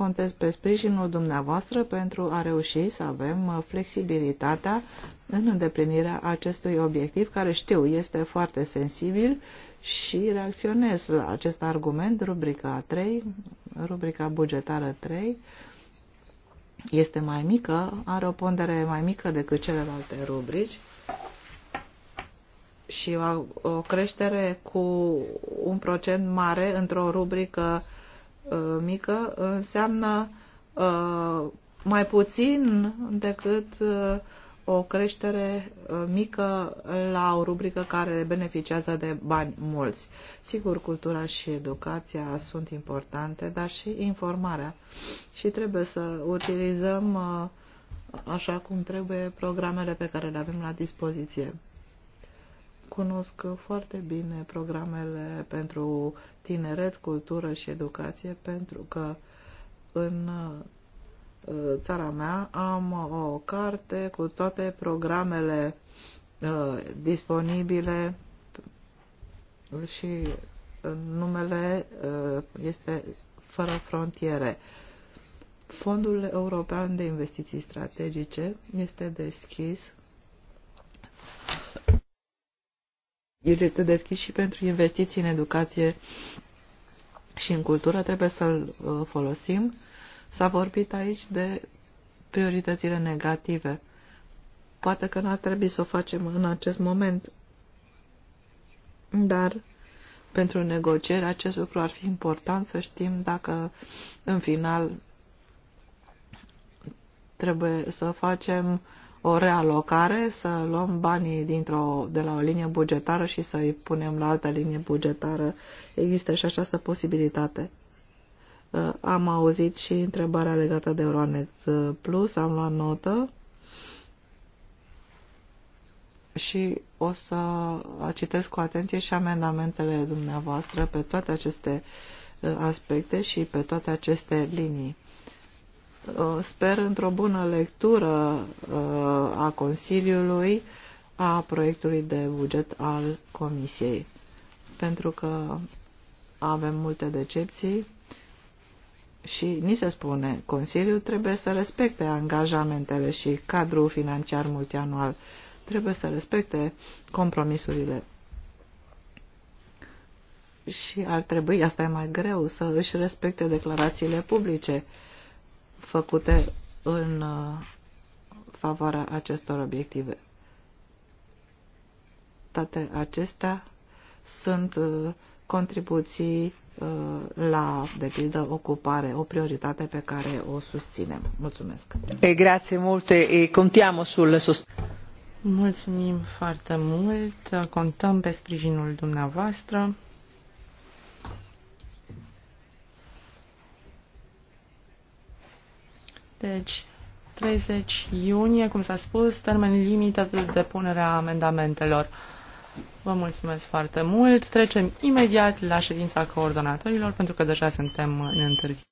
contez pe sprijinul dumneavoastră pentru a reuși să avem uh, flexibilitatea în îndeplinirea acestui obiectiv, care știu este foarte sensibil și reacționez la acest argument, rubrica 3, rubrica bugetară 3, este mai mică, are o pondere mai mică decât celelalte rubrici și o, creștere cu un procent mare într-o rubrică uh, Uh, mică înseamnă uh, mai puțin decât uh, o creștere mică la o rubrică care beneficiază de bani mulți. Sigur, cultura și educația sunt importante, dar și informarea. Și trebuie să utilizăm așa cum trebuie programele pe care le avem la dispoziție cunosc foarte bine programele pentru tineret, cultură și educație, pentru că în uh, țara mea am o carte cu toate programele uh, disponibile și numele uh, este Fără Frontiere. Fondul European de Investiții Strategice este deschis el este deschis și pentru investiții în educație și în cultură, trebuie să-l uh, folosim. S-a vorbit aici de prioritățile negative. Poate că n-ar trebui să o facem în acest moment, dar pentru negocieri acest lucru ar fi important să știm dacă în final trebuie să facem o realocare, să luăm banii dintr-o, de la o linie bugetară și să îi punem la altă linie bugetară. Există și această posibilitate. Uh, am auzit și întrebarea legată de Euronet uh, Plus, am luat notă și o să citesc cu atenție și amendamentele dumneavoastră pe toate aceste uh, aspecte și pe toate aceste linii. Uh, sper, într-o bună lectură uh, a Consiliului a proiectului de buget al Comisiei, pentru că avem multe decepții și ni se spune, Consiliul trebuie să respecte angajamentele și cadrul financiar multianual, trebuie să respecte compromisurile și ar trebui, asta e mai greu, să își respecte declarațiile publice făcute în uh, favoarea acestor obiective. Toate acestea sunt uh, contribuții uh, la, de pildă, ocupare, o prioritate pe care o susținem. Mulțumesc! E, grație multe e contiamo sul sus. Mulțumim foarte mult, contăm pe sprijinul dumneavoastră. Deci, 30 iunie, cum s-a spus, termen limită de depunerea a amendamentelor. Vă mulțumesc foarte mult. Trecem imediat la ședința coordonatorilor, pentru că deja suntem în întârziere.